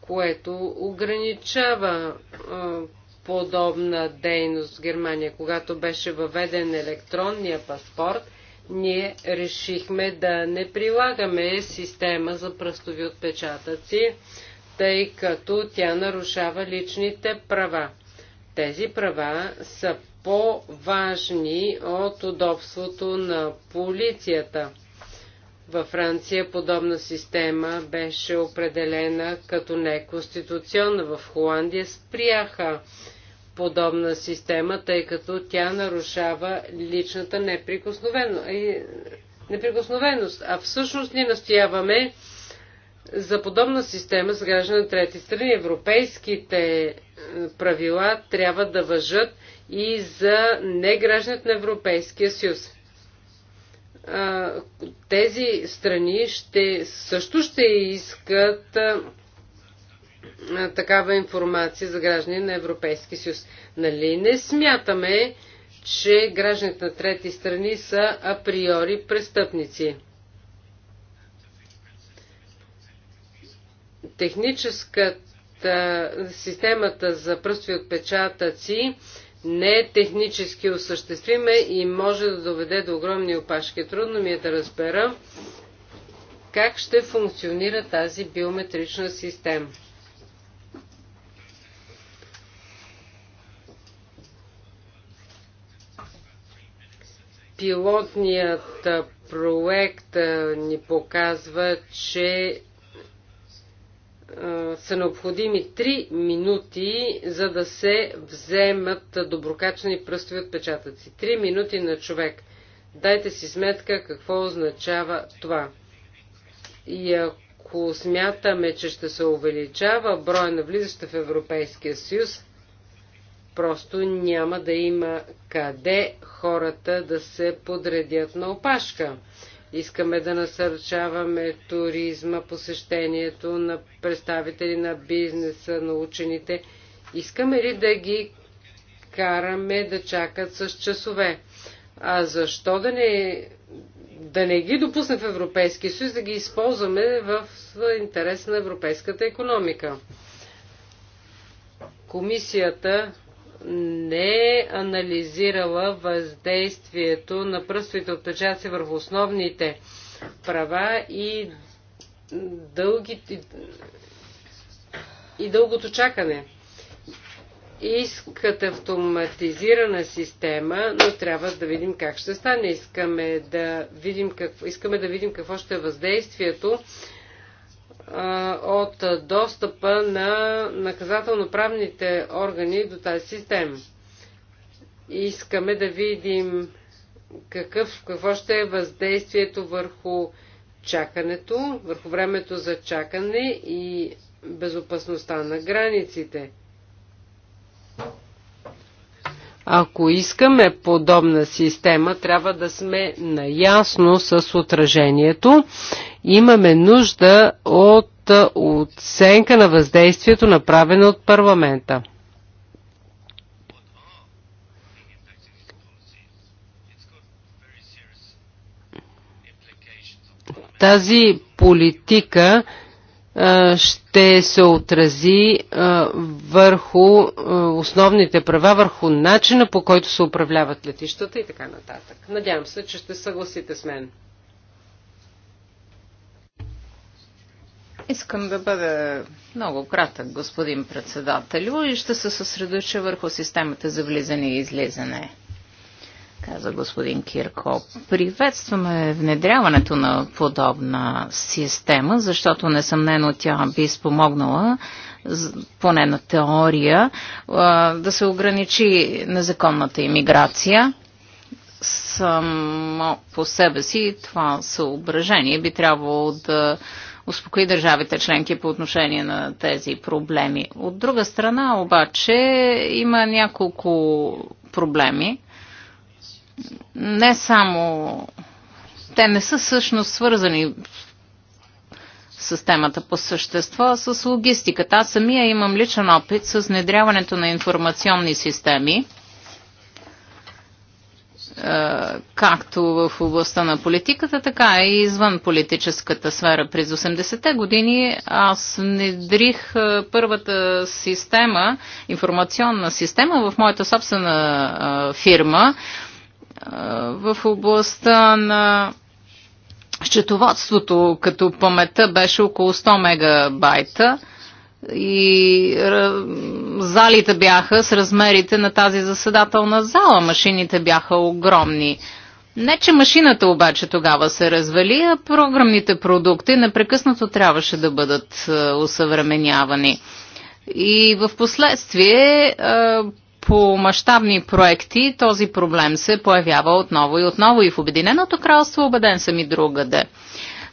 което ограничава а, подобна дейност в Германия. Когато беше въведен електронния паспорт, ние решихме да не прилагаме система за пръстови отпечатъци, тъй като тя нарушава личните права. Тези права са по-важни от удобството на полицията. Във Франция подобна система беше определена като неконституционна. В Холандия спряха подобна система, тъй като тя нарушава личната неприкосновеност. А всъщност ние настояваме за подобна система с граждани на трети страни. Европейските е, правила трябва да въжат и за негражданите на Европейския съюз. Тези страни ще, също ще искат такава информация за граждани на Европейския съюз. Нали не смятаме, че гражданите на трети страни са априори престъпници. Техническата системата за пръстови отпечатъци не е технически осъществиме и може да доведе до огромни опашки. Трудно ми е да разбера как ще функционира тази биометрична система. Пилотният проект ни показва, че са необходими 3 минути, за да се вземат доброкачани пръстови отпечатъци. 3 минути на човек. Дайте си сметка какво означава това. И ако смятаме, че ще се увеличава брой на влизащите в Европейския съюз, просто няма да има къде хората да се подредят на опашка. Искаме да насърчаваме туризма, посещението на представители на бизнеса, на учените. Искаме ли да ги караме да чакат с часове? А защо да не, да не ги допуснем в Европейския съюз, да ги използваме в интерес на европейската економика? Комисията не е анализирала въздействието на пръстовите отпечатъци върху основните права и, дългите, и дългото чакане. Искат автоматизирана система, но трябва да видим как ще стане. Искаме да видим какво, искаме да видим какво ще е въздействието от достъпа на наказателно-правните органи до тази система. Искаме да видим какъв, какво ще е въздействието върху чакането, върху времето за чакане и безопасността на границите. Ако искаме подобна система, трябва да сме наясно с отражението. Имаме нужда от оценка на въздействието, направено от парламента. Тази политика ще се отрази върху основните права, върху начина по който се управляват летищата и така нататък. Надявам се, че ще съгласите с мен. Искам да бъда много кратък, господин председателю, и ще се съсредоча върху системата за влизане и излизане каза господин Кирко. Приветстваме внедряването на подобна система, защото несъмнено тя би спомогнала поне на теория, да се ограничи незаконната иммиграция. Само по себе си това съображение би трябвало да успокои държавите членки по отношение на тези проблеми. От друга страна обаче има няколко проблеми не само те не са всъщност свързани с темата по същество, а с логистиката. Аз самия имам личен опит с внедряването на информационни системи, е, както в областта на политиката, така и извън политическата сфера. През 80-те години аз внедрих е, първата система, информационна система в моята собствена е, фирма, в областта на счетоводството, като памета беше около 100 мегабайта и залите бяха с размерите на тази заседателна зала. Машините бяха огромни. Не, че машината обаче тогава се развали, а програмните продукти непрекъснато трябваше да бъдат усъвременявани. И в последствие по мащабни проекти този проблем се появява отново и отново и в Обединеното кралство, убеден съм и другаде.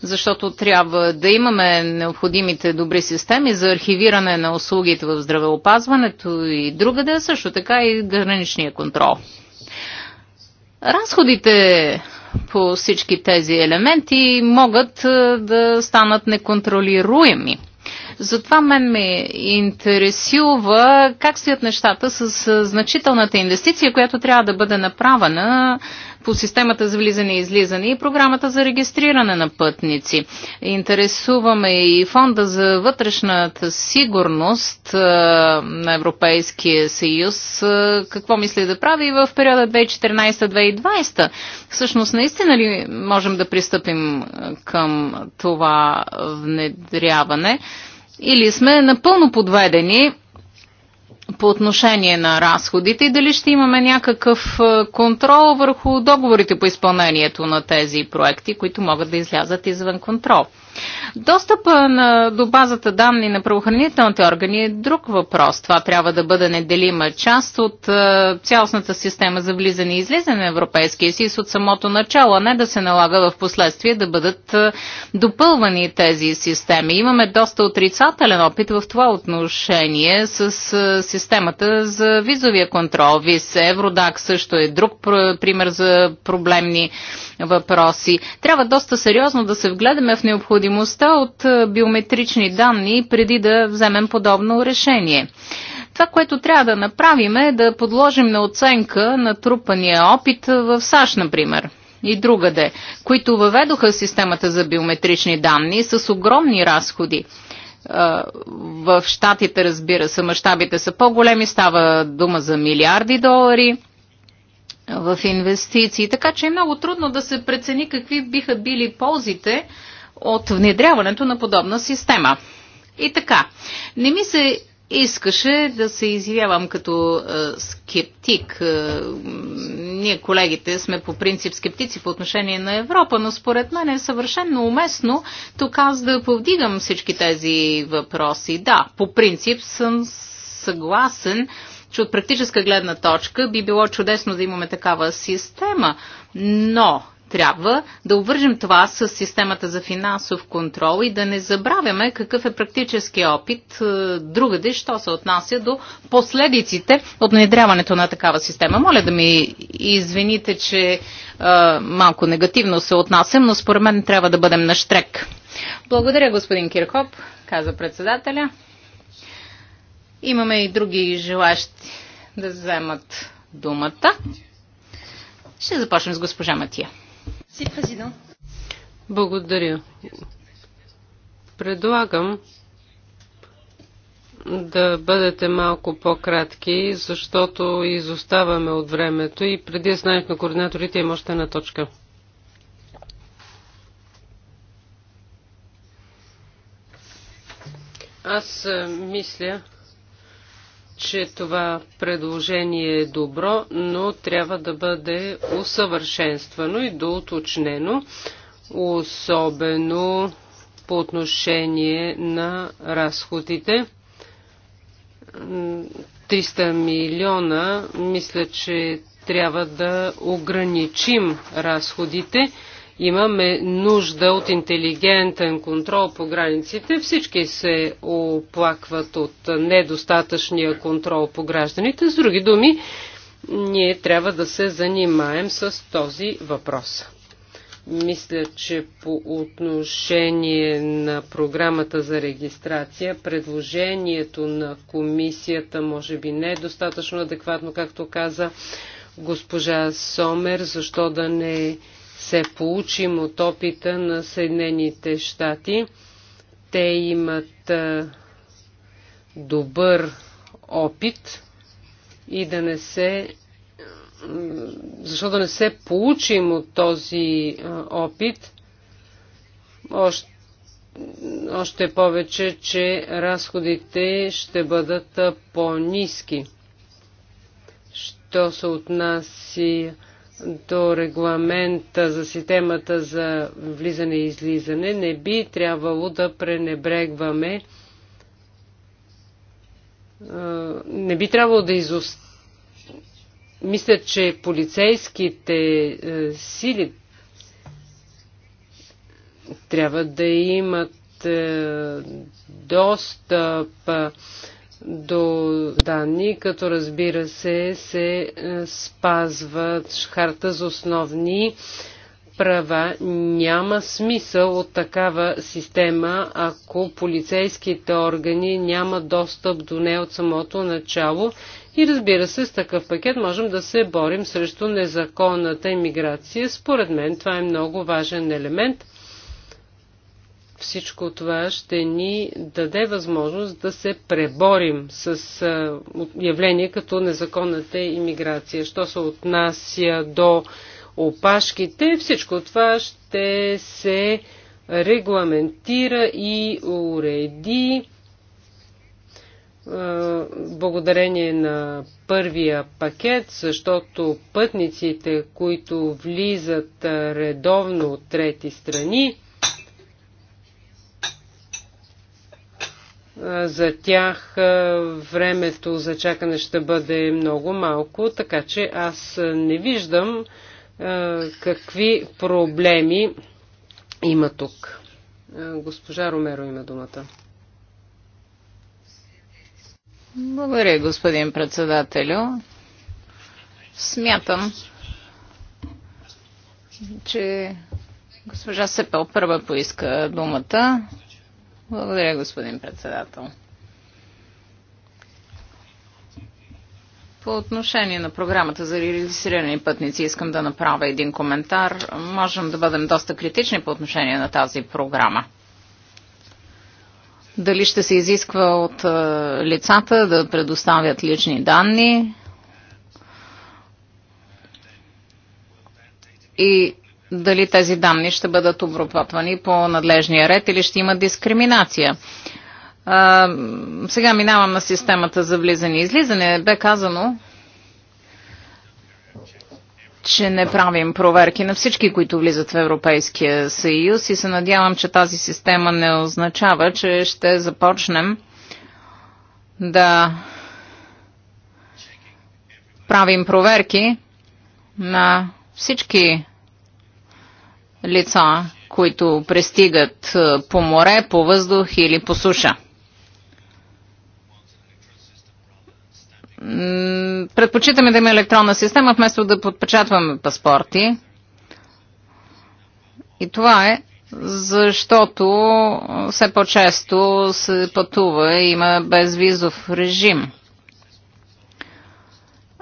Защото трябва да имаме необходимите добри системи за архивиране на услугите в здравеопазването и другаде, също така и граничния контрол. Разходите по всички тези елементи могат е, да станат неконтролируеми затова мен ме интересува как стоят нещата с значителната инвестиция, която трябва да бъде направена по системата за влизане и излизане и програмата за регистриране на пътници. Интересуваме и фонда за вътрешната сигурност на Европейския съюз. Какво мисли да прави в периода 2014-2020? Всъщност, наистина ли можем да пристъпим към това внедряване? или сме напълно подведени по отношение на разходите и дали ще имаме някакъв е, контрол върху договорите по изпълнението на тези проекти, които могат да излязат извън контрол. Достъпа на, до базата данни на правоохранителните органи е друг въпрос. Това трябва да бъде неделима част от е, цялостната система за влизане и излизане на Европейския съюз от самото начало, а не да се налага в последствие да бъдат е, допълвани тези системи. Имаме доста отрицателен опит в това отношение с е, системата за визовия контрол. ВИС, Евродак също е друг пр пример за проблемни въпроси. Трябва доста сериозно да се вгледаме в необходимост необходимостта от биометрични данни преди да вземем подобно решение. Това, което трябва да направим е да подложим на оценка на трупания опит в САЩ, например и другаде, които въведоха системата за биометрични данни с огромни разходи. В щатите, разбира се, мащабите са по-големи, става дума за милиарди долари в инвестиции, така че е много трудно да се прецени какви биха били ползите от внедряването на подобна система. И така, не ми се искаше да се изявявам като е, скептик. Е, ние, колегите, сме по принцип скептици по отношение на Европа, но според мен е съвършенно уместно тук аз да повдигам всички тези въпроси. Да, по принцип съм съгласен, че от практическа гледна точка би било чудесно да имаме такава система, но трябва да обвържим това с системата за финансов контрол и да не забравяме какъв е практически опит е, другаде, що се отнася до последиците от внедряването на такава система. Моля да ми извините, че е, малко негативно се отнасям, но според мен трябва да бъдем на штрек. Благодаря, господин Киркоп, каза председателя. Имаме и други желащи да вземат думата. Ще започнем с госпожа Матия. Благодаря. Предлагам да бъдете малко по-кратки, защото изоставаме от времето и преди знаех на координаторите има още една точка. Аз е, мисля, че това предложение е добро, но трябва да бъде усъвършенствано и доуточнено, особено по отношение на разходите. 300 милиона, мисля, че трябва да ограничим разходите Имаме нужда от интелигентен контрол по границите. Всички се оплакват от недостатъчния контрол по гражданите. С други думи, ние трябва да се занимаем с този въпрос. Мисля, че по отношение на програмата за регистрация, предложението на комисията може би не е достатъчно адекватно, както каза госпожа Сомер, защо да не се получим от опита на Съединените щати. Те имат добър опит и да не се защо да не се получим от този опит, още, още повече, че разходите ще бъдат по-низки. Що се отнася до регламента за системата за влизане и излизане, не би трябвало да пренебрегваме не би трябвало да изост... Мисля, че полицейските сили трябва да имат достъп до данни, като разбира се се е, спазват харта за основни права. Няма смисъл от такава система, ако полицейските органи няма достъп до нея от самото начало. И разбира се, с такъв пакет можем да се борим срещу незаконната иммиграция. Според мен това е много важен елемент – всичко това ще ни даде възможност да се преборим с явление като незаконната иммиграция. Що се отнася до опашките, всичко това ще се регламентира и уреди благодарение на първия пакет, защото пътниците, които влизат редовно от трети страни, За тях времето за чакане ще бъде много малко, така че аз не виждам какви проблеми има тук. Госпожа Ромеро има думата. Благодаря, господин председателю. Смятам, че госпожа Сепел първа поиска думата. Благодаря, господин председател. По отношение на програмата за регистрирани пътници искам да направя един коментар. Можем да бъдем доста критични по отношение на тази програма. Дали ще се изисква от е, лицата да предоставят лични данни и дали тези данни ще бъдат обработвани по надлежния ред или ще има дискриминация. А, сега минавам на системата за влизане и излизане. Бе казано, че не правим проверки на всички, които влизат в Европейския съюз и се надявам, че тази система не означава, че ще започнем да правим проверки на всички лица, които пристигат е, по море, по въздух или по суша. Предпочитаме да има електронна система, вместо да подпечатваме паспорти. И това е защото е, все по-често се пътува и има безвизов режим.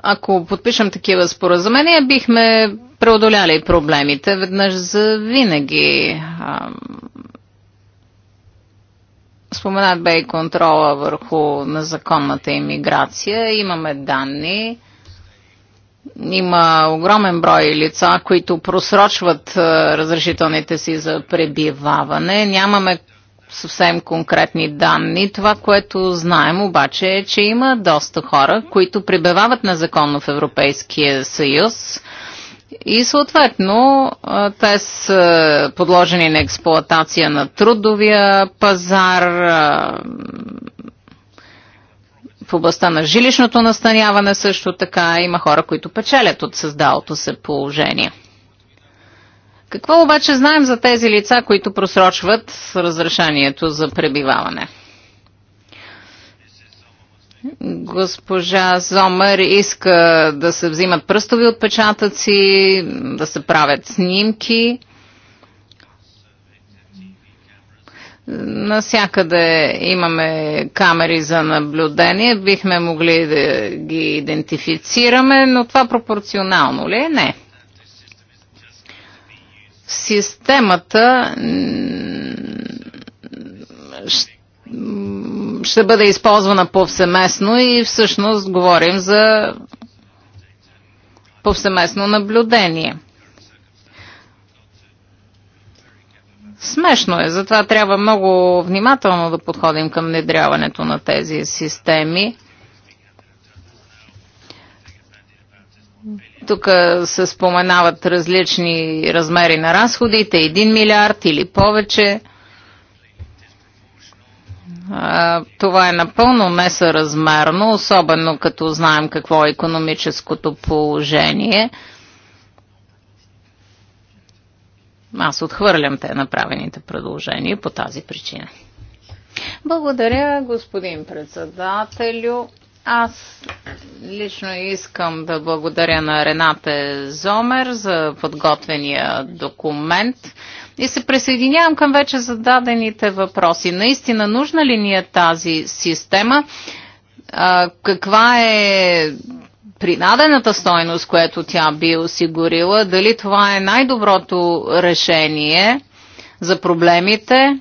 Ако подпишем такива споразумения, бихме преодоляли проблемите веднъж за винаги. Споменат бе и контрола върху незаконната иммиграция. Имаме данни. Има огромен брой лица, които просрочват разрешителните си за пребиваване. Нямаме съвсем конкретни данни. Това, което знаем обаче е, че има доста хора, които прибивават незаконно в Европейския съюз и съответно те са подложени на експлоатация на трудовия пазар, в областта на жилищното настаняване също така има хора, които печелят от създалото се положение. Какво обаче знаем за тези лица, които просрочват разрешението за пребиваване? Госпожа Зомър иска да се взимат пръстови отпечатъци, да се правят снимки. Насякъде имаме камери за наблюдение, бихме могли да ги идентифицираме, но това пропорционално ли е? Не. Системата ще ще бъде използвана повсеместно и всъщност говорим за повсеместно наблюдение. Смешно е, затова трябва много внимателно да подходим към внедряването на тези системи. Тук се споменават различни размери на разходите, 1 милиард или повече – това е напълно несъразмерно, особено като знаем какво е економическото положение. Аз отхвърлям те направените предложения по тази причина. Благодаря, господин председателю. Аз лично искам да благодаря на Рената Зомер за подготвения документ и се присъединявам към вече зададените въпроси. Наистина нужна ли ни е тази система? А, каква е принадената стойност, която тя би осигурила? Дали това е най-доброто решение за проблемите?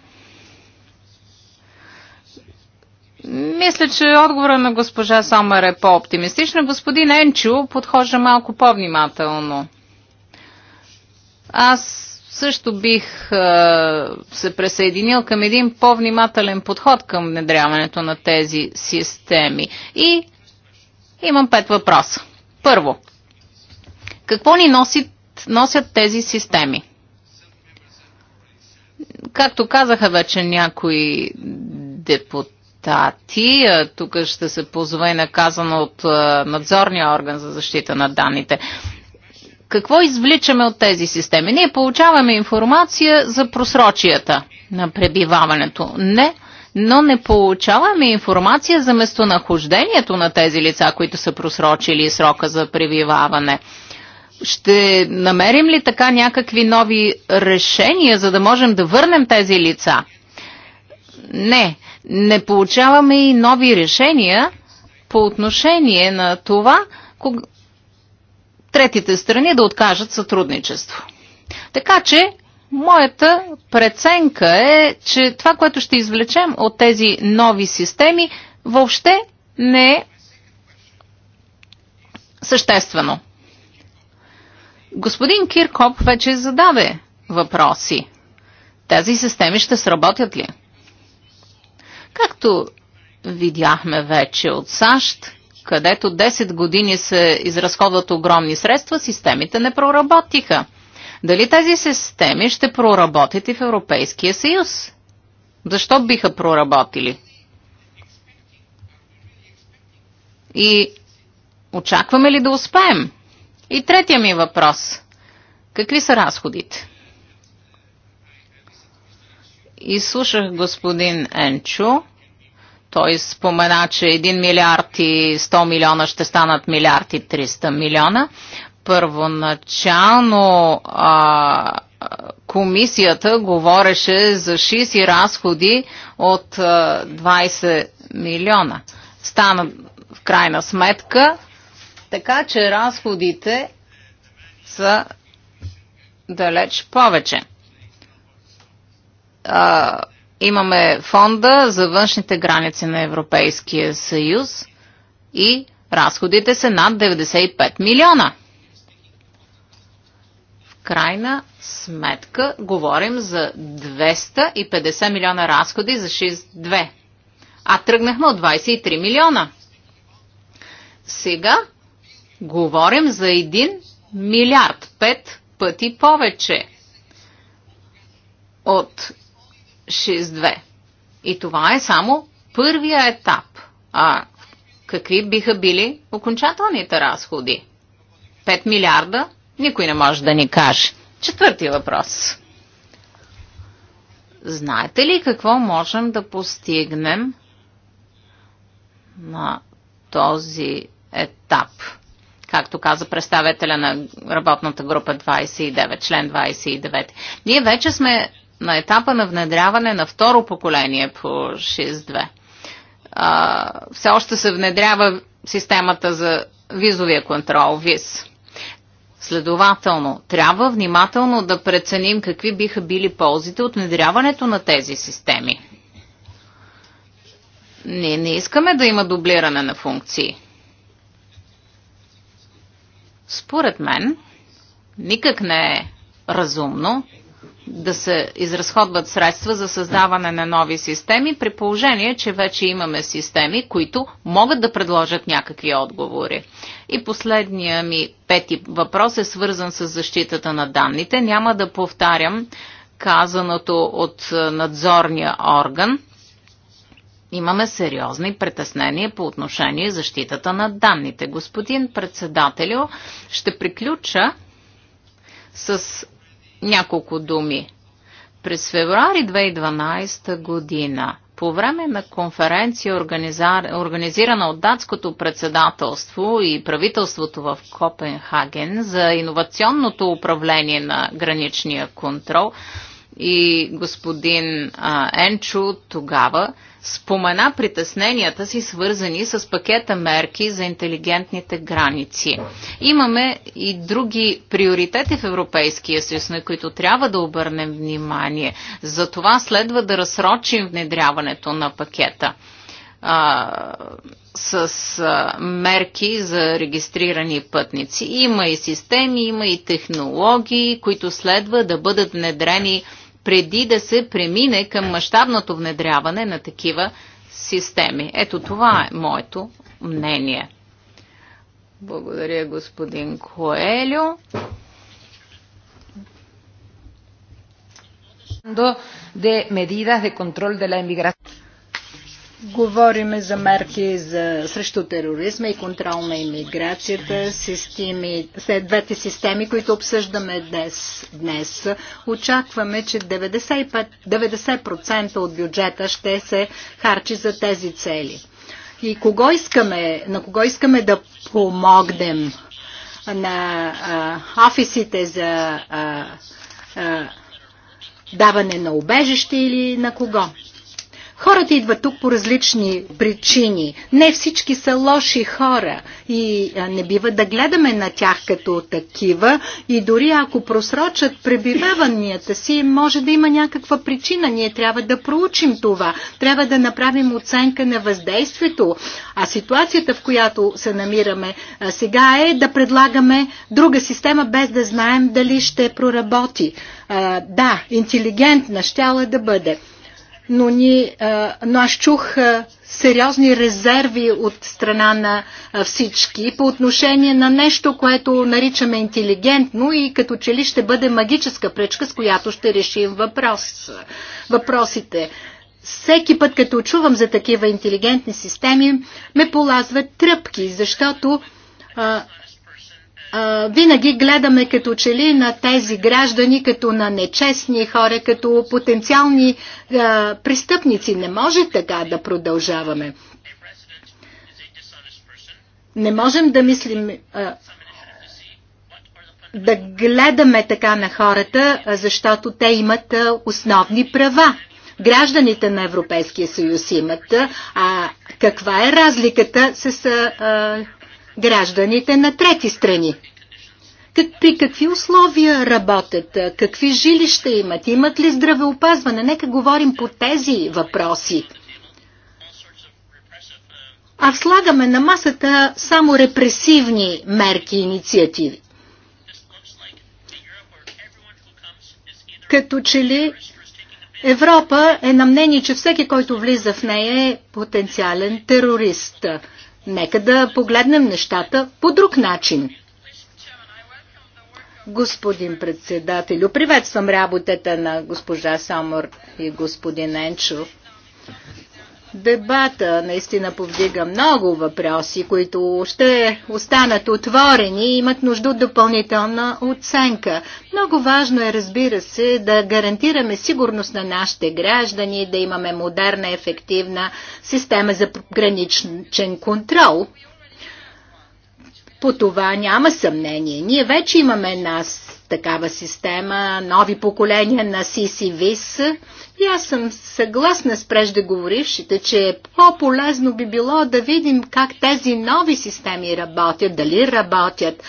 Мисля, че отговора на госпожа Сомер е по-оптимистична. Господин Енчо подхожда малко по-внимателно. Аз също бих е, се присъединил към един по-внимателен подход към внедряването на тези системи. И имам пет въпроса. Първо, какво ни носят, носят тези системи? Както казаха вече някои депутати, ти е, Тук ще се позове наказано от е, надзорния орган за защита на данните. Какво извличаме от тези системи? Ние получаваме информация за просрочията на пребиваването. Не, но не получаваме информация за местонахождението на тези лица, които са просрочили срока за пребиваване. Ще намерим ли така някакви нови решения, за да можем да върнем тези лица? Не не получаваме и нови решения по отношение на това, кога... третите страни да откажат сътрудничество. Така че, моята преценка е, че това, което ще извлечем от тези нови системи, въобще не е съществено. Господин Киркоп вече зададе въпроси. Тези системи ще сработят ли? Както видяхме вече от САЩ, където 10 години се изразходват огромни средства, системите не проработиха. Дали тези системи ще проработят и в Европейския съюз? Защо биха проработили? И очакваме ли да успеем? И третия ми въпрос. Какви са разходите? И слушах господин Енчо той спомена, че 1 милиард и 100 милиона ще станат милиард и 300 милиона. Първоначално а, комисията говореше за 60 разходи от а, 20 милиона. Стана в крайна сметка, така че разходите са далеч повече. А, Имаме фонда за външните граници на Европейския съюз и разходите са над 95 милиона. В крайна сметка говорим за 250 милиона разходи за 6-2. А тръгнахме от 23 милиона. Сега говорим за 1 милиард, 5 пъти повече от 6.2. И това е само първия етап. А какви биха били окончателните разходи? 5 милиарда? Никой не може да ни каже. Четвърти въпрос. Знаете ли какво можем да постигнем на този етап? Както каза представителя на работната група 29, член 29. Ние вече сме на етапа на внедряване на второ поколение по 6.2. Все още се внедрява системата за визовия контрол, ВИЗ. Следователно, трябва внимателно да преценим какви биха били ползите от внедряването на тези системи. Ние не искаме да има дублиране на функции. Според мен, никак не е разумно да се изразходват средства за създаване на нови системи, при положение, че вече имаме системи, които могат да предложат някакви отговори. И последния ми пети въпрос е свързан с защитата на данните. Няма да повтарям казаното от е, надзорния орган. Имаме сериозни притеснения по отношение защитата на данните. Господин председателю, ще приключа с няколко думи. През февруари 2012 година, по време на конференция, организирана от датското председателство и правителството в Копенхаген за иновационното управление на граничния контрол, и господин а, тогава спомена притесненията си, свързани с пакета мерки за интелигентните граници. Имаме и други приоритети в Европейския съюз, на които трябва да обърнем внимание. За това следва да разсрочим внедряването на пакета а, с а, мерки за регистрирани пътници. Има и системи, има и технологии, които следва да бъдат внедрени преди да се премине към мащабното внедряване на такива системи. Ето това е моето мнение. Благодаря, господин Коелю. de medidas de control de la inmigración. Говориме за мерки за, срещу тероризма и контрол на иммиграцията, системи, след двете системи, които обсъждаме днес. днес. Очакваме, че 95, 90% от бюджета ще се харчи за тези цели. И кого искаме, на кого искаме да помогнем? На а, офисите за а, а, даване на убежище или на кого? Хората идват тук по различни причини. Не всички са лоши хора и не бива да гледаме на тях като такива и дори ако просрочат пребиваванията си, може да има някаква причина. Ние трябва да проучим това. Трябва да направим оценка на въздействието. А ситуацията, в която се намираме сега е да предлагаме друга система, без да знаем дали ще проработи. Да, интелигентна щяла да бъде но, ни, но аз чух сериозни резерви от страна на всички по отношение на нещо, което наричаме интелигентно и като че ли ще бъде магическа пречка, с която ще решим въпрос, въпросите. Всеки път, като чувам за такива интелигентни системи, ме полазват тръпки, защото винаги гледаме като че ли на тези граждани, като на нечестни хора, като потенциални а, престъпници. Не може така да продължаваме. Не можем да мислим, а, да гледаме така на хората, защото те имат основни права гражданите на Европейския съюз имат, а каква е разликата с а, гражданите на трети страни. Как, при какви условия работят, какви жилища имат, имат ли здравеопазване? Нека говорим по тези въпроси. А слагаме на масата само репресивни мерки и инициативи. Като че ли Европа е на мнение, че всеки, който влиза в нея е потенциален терорист. Нека да погледнем нещата по друг начин. Господин председателю, приветствам работата на госпожа Самор и господин Енчов. Дебата наистина повдига много въпроси, които ще останат отворени и имат нужда от допълнителна оценка. Много важно е, разбира се, да гарантираме сигурност на нашите граждани, да имаме модерна, ефективна система за граничен контрол по това няма съмнение. Ние вече имаме една такава система, нови поколения на CCVIS. И аз съм съгласна с преждеговорившите, че е по-полезно би било да видим как тези нови системи работят, дали работят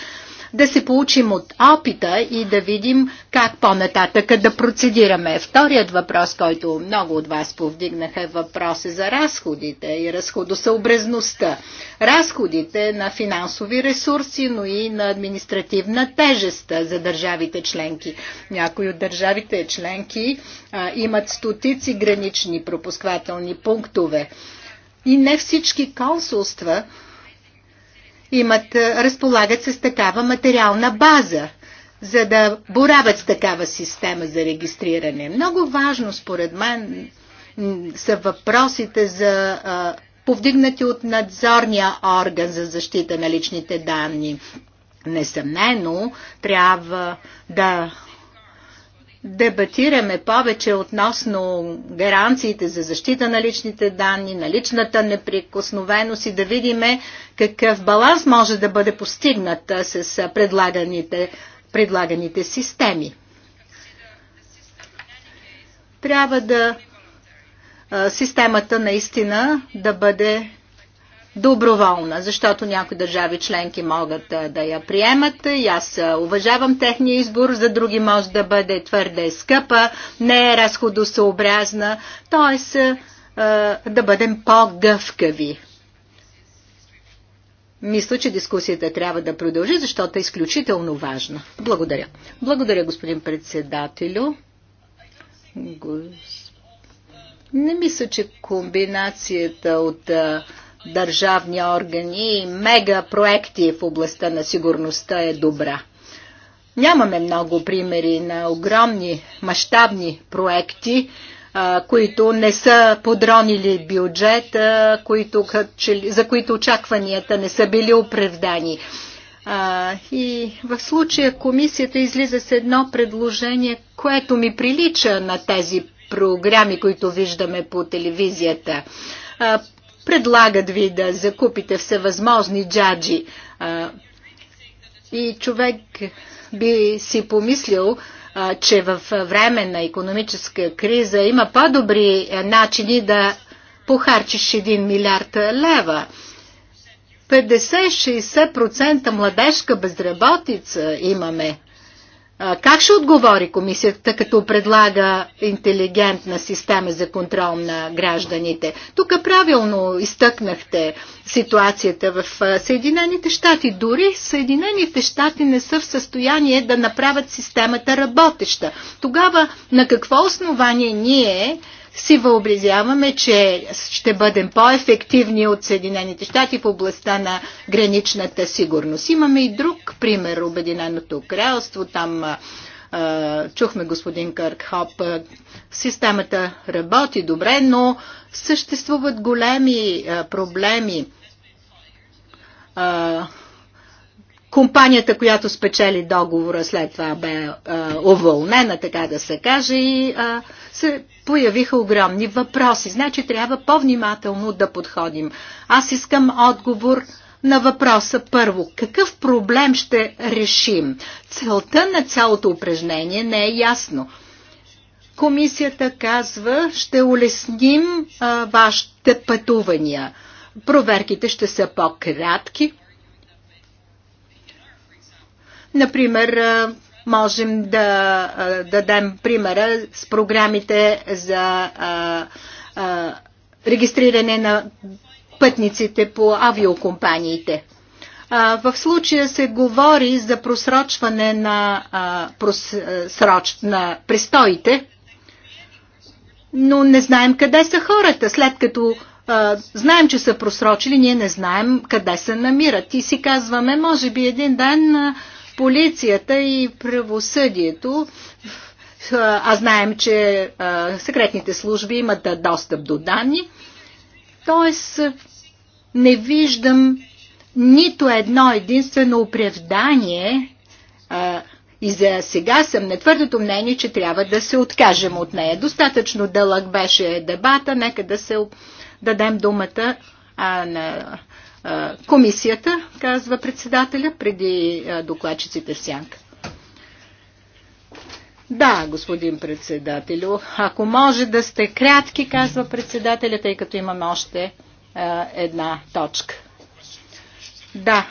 да се получим от опита и да видим как по-нататък да процедираме. Вторият въпрос, който много от вас повдигнаха е въпроса за разходите и разходосъобразността. Разходите на финансови ресурси, но и на административна тежест за държавите членки. Някои от държавите членки а, имат стотици гранични пропусквателни пунктове. И не всички консулства имат, разполагат с такава материална база, за да борават с такава система за регистриране. Много важно, според мен, са въпросите за а, повдигнати от надзорния орган за защита на личните данни. Несъмнено трябва да дебатираме повече относно гаранциите за защита на личните данни, на личната неприкосновеност и да видим какъв баланс може да бъде постигнат с предлаганите, предлаганите системи. Трябва да системата наистина да бъде доброволна, защото някои държави членки могат да я приемат и аз уважавам техния избор, за други може да бъде твърде скъпа, не е разходосъобразна, т.е. да бъдем по-гъвкави. Мисля, че дискусията трябва да продължи, защото е изключително важна. Благодаря. Благодаря, господин председателю. Не мисля, че комбинацията от държавни органи и мегапроекти в областта на сигурността е добра. Нямаме много примери на огромни мащабни проекти, които не са подронили бюджет, които, за които очакванията не са били оправдани. И в случая комисията излиза с едно предложение, което ми прилича на тези програми, които виждаме по телевизията предлагат ви да закупите всевъзможни джаджи. И човек би си помислил, че в време на економическа криза има по-добри начини да похарчиш 1 милиард лева. 50-60% младежка безработица имаме. Как ще отговори комисията, като предлага интелигентна система за контрол на гражданите? Тук правилно изтъкнахте ситуацията в Съединените щати. Дори Съединените щати не са в състояние да направят системата работеща. Тогава на какво основание ние си въобразяваме, че ще бъдем по-ефективни от Съединените щати в областта на граничната сигурност. Имаме и друг пример, Обединеното кралство, там чухме господин Кърк Хоп, системата работи добре, но съществуват големи проблеми Компанията, която спечели договора, след това бе а, е, уволнена, така да се каже, и а, е, се появиха огромни въпроси. Значи трябва по-внимателно да подходим. Аз искам отговор на въпроса първо. Какъв проблем ще решим? Целта на цялото упражнение не е ясно. Комисията казва, ще улесним а, е, вашите пътувания. Проверките ще са по-кратки, Например, можем да дадем примера с програмите за регистриране на пътниците по авиокомпаниите. В случая се говори за просрочване на, просроч, на престоите, но не знаем къде са хората. След като знаем, че са просрочили, ние не знаем къде се намират. И си казваме, може би един ден полицията и правосъдието. А знаем, че секретните служби имат достъп до данни. Тоест, не виждам нито едно единствено оправдание и за сега съм на твърдото мнение, че трябва да се откажем от нея. Достатъчно дълъг беше дебата, нека да се дадем думата а, на комисията, казва председателя, преди докладчиците в сянка. Да, господин председателю, ако може да сте кратки, казва председателя, тъй като имаме още една точка. Да,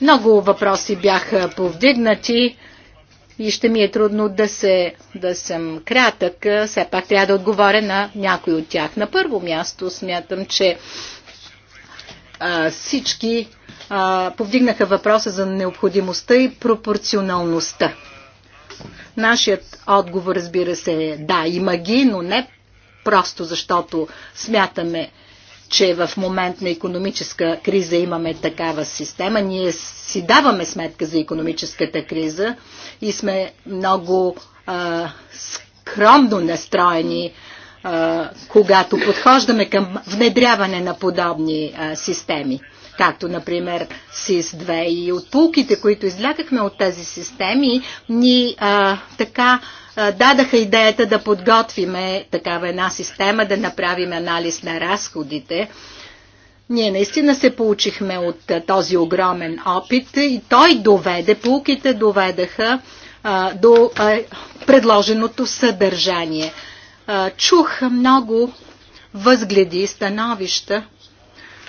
много въпроси бяха повдигнати и ще ми е трудно да, се, да съм кратък. Все пак трябва да отговоря на някой от тях. На първо място смятам, че а, всички а, повдигнаха въпроса за необходимостта и пропорционалността. Нашият отговор, разбира се, е да, има ги, но не просто защото смятаме, че в момент на економическа криза имаме такава система. Ние си даваме сметка за економическата криза и сме много а, скромно настроени когато подхождаме към внедряване на подобни системи както например СИС-2 и от пулките, които излякахме от тези системи, ни а, така а, дадаха идеята да подготвиме такава една система, да направим анализ на разходите. Ние наистина се получихме от а, този огромен опит и той доведе, пулките доведаха а, до а, предложеното съдържание. Чух много възгледи и становища,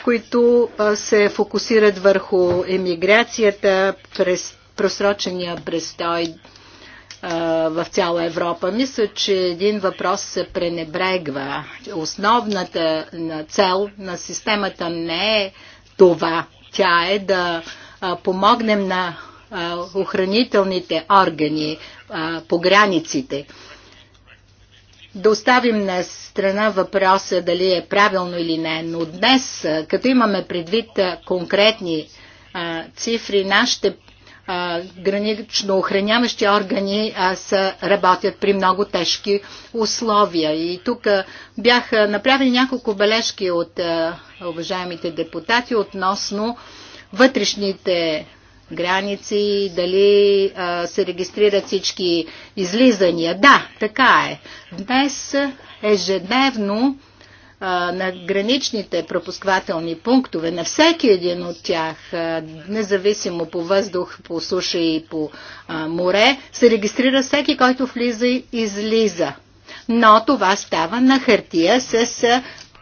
които се фокусират върху емиграцията, през просрочения престой в цяла Европа. Мисля, че един въпрос се пренебрегва. Основната цел на системата не е това. Тя е да помогнем на охранителните органи по границите да оставим на страна въпроса дали е правилно или не, но днес, като имаме предвид конкретни а, цифри, нашите а, гранично охраняващи органи а, са, работят при много тежки условия. И тук бяха направени няколко бележки от а, уважаемите депутати относно вътрешните граници, дали а, се регистрират всички излизания. Да, така е. Днес ежедневно а, на граничните пропусквателни пунктове, на всеки един от тях, а, независимо по въздух, по суша и по а, море, се регистрира всеки, който влиза и излиза. Но това става на хартия с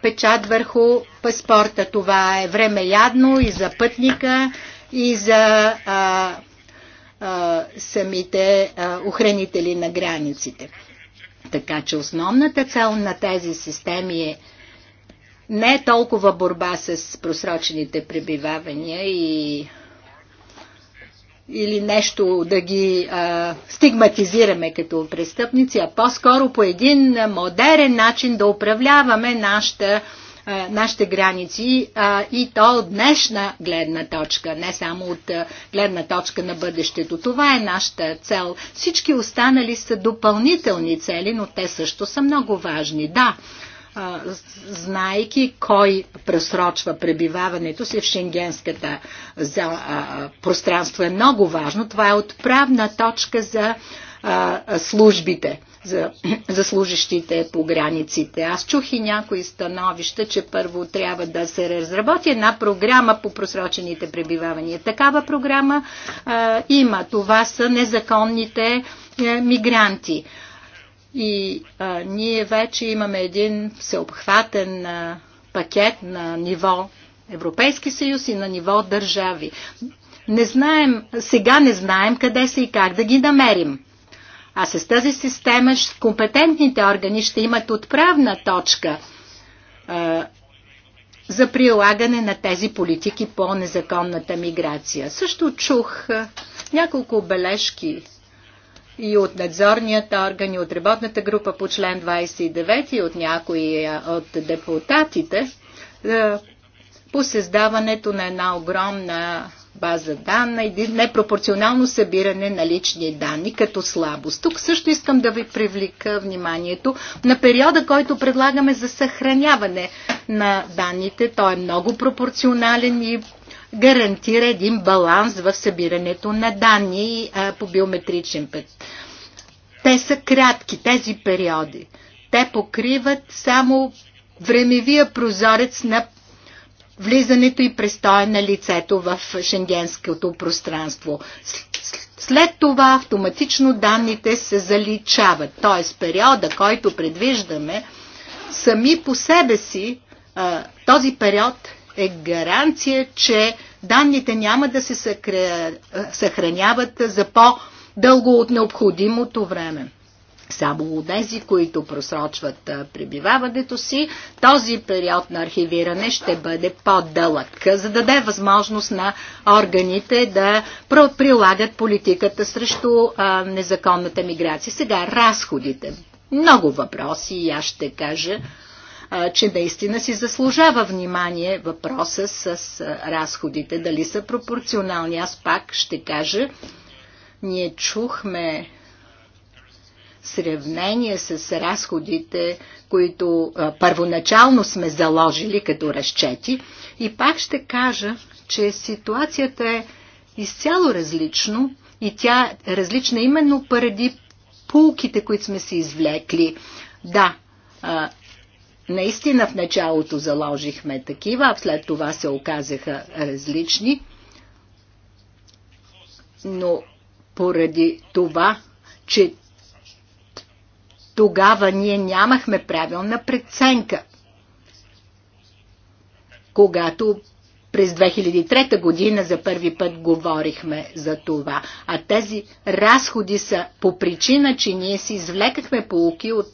печат върху паспорта. Това е времеядно и за пътника, и за а, а, самите а, охранители на границите. Така че основната цел на тези системи е не е толкова борба с просрочените пребивавания и или нещо да ги а, стигматизираме като престъпници, а по-скоро по един модерен начин да управляваме нашата е, нашите граници и то от днешна гледна точка, не само от е, гледна точка на бъдещето. Това е нашата цел. Всички останали са допълнителни цели, но те също са много важни. Да, е, знайки кой пресрочва пребиваването си в шенгенската за, а, пространство е много важно. Това е отправна точка за а, службите за, [clears throat] за служащите по границите. Аз чух и някои становища, че първо трябва да се разработи една програма по просрочените пребивавания. Такава програма а, има. Това са незаконните а, е, мигранти. И а, ние вече имаме един всеобхватен а, пакет на ниво Европейски съюз и на ниво държави. Не знаем, сега не знаем къде са и как да ги намерим. А с тази система компетентните органи ще имат отправна точка а, за прилагане на тези политики по незаконната миграция. Също чух а, няколко бележки и от надзорният орган, и от работната група по член 29, и от някои от депутатите по създаването на една огромна база данна и непропорционално събиране на лични данни като слабост. Тук също искам да ви привлека вниманието на периода, който предлагаме за съхраняване на данните. Той е много пропорционален и гарантира един баланс в събирането на данни по биометричен път. Те са кратки, тези периоди. Те покриват само времевия прозорец на влизането и престоя на лицето в шенгенското пространство. След това автоматично данните се заличават, т.е. периода, който предвиждаме, сами по себе си този период е гаранция, че данните няма да се съхраняват за по-дълго от необходимото време само от тези, които просрочват пребиваването си, този период на архивиране ще бъде по-дълъг, за да даде възможност на органите да прилагат политиката срещу незаконната миграция. Сега разходите. Много въпроси и аз ще кажа, че наистина си заслужава внимание въпроса с разходите, дали са пропорционални. Аз пак ще кажа, ние чухме сравнение с разходите, които а, първоначално сме заложили като разчети. И пак ще кажа, че ситуацията е изцяло различно и тя е различна именно поради пулките, които сме си извлекли. Да, а, наистина в началото заложихме такива, а след това се оказаха различни, но поради това, че тогава ние нямахме правилна преценка. Когато през 2003 година за първи път говорихме за това. А тези разходи са по причина, че ние си извлекахме полуки от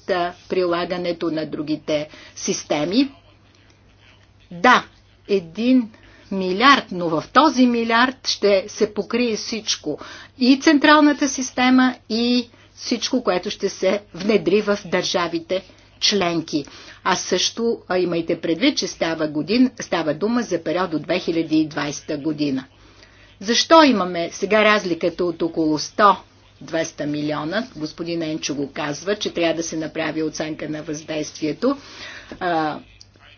прилагането на другите системи. Да, един милиард, но в този милиард ще се покрие всичко. И централната система, и всичко, което ще се внедри в държавите членки. А също а имайте предвид, че става, годин, става дума за период от 2020 година. Защо имаме сега разликата от около 100-200 милиона? Господин Енчо го казва, че трябва да се направи оценка на въздействието. А,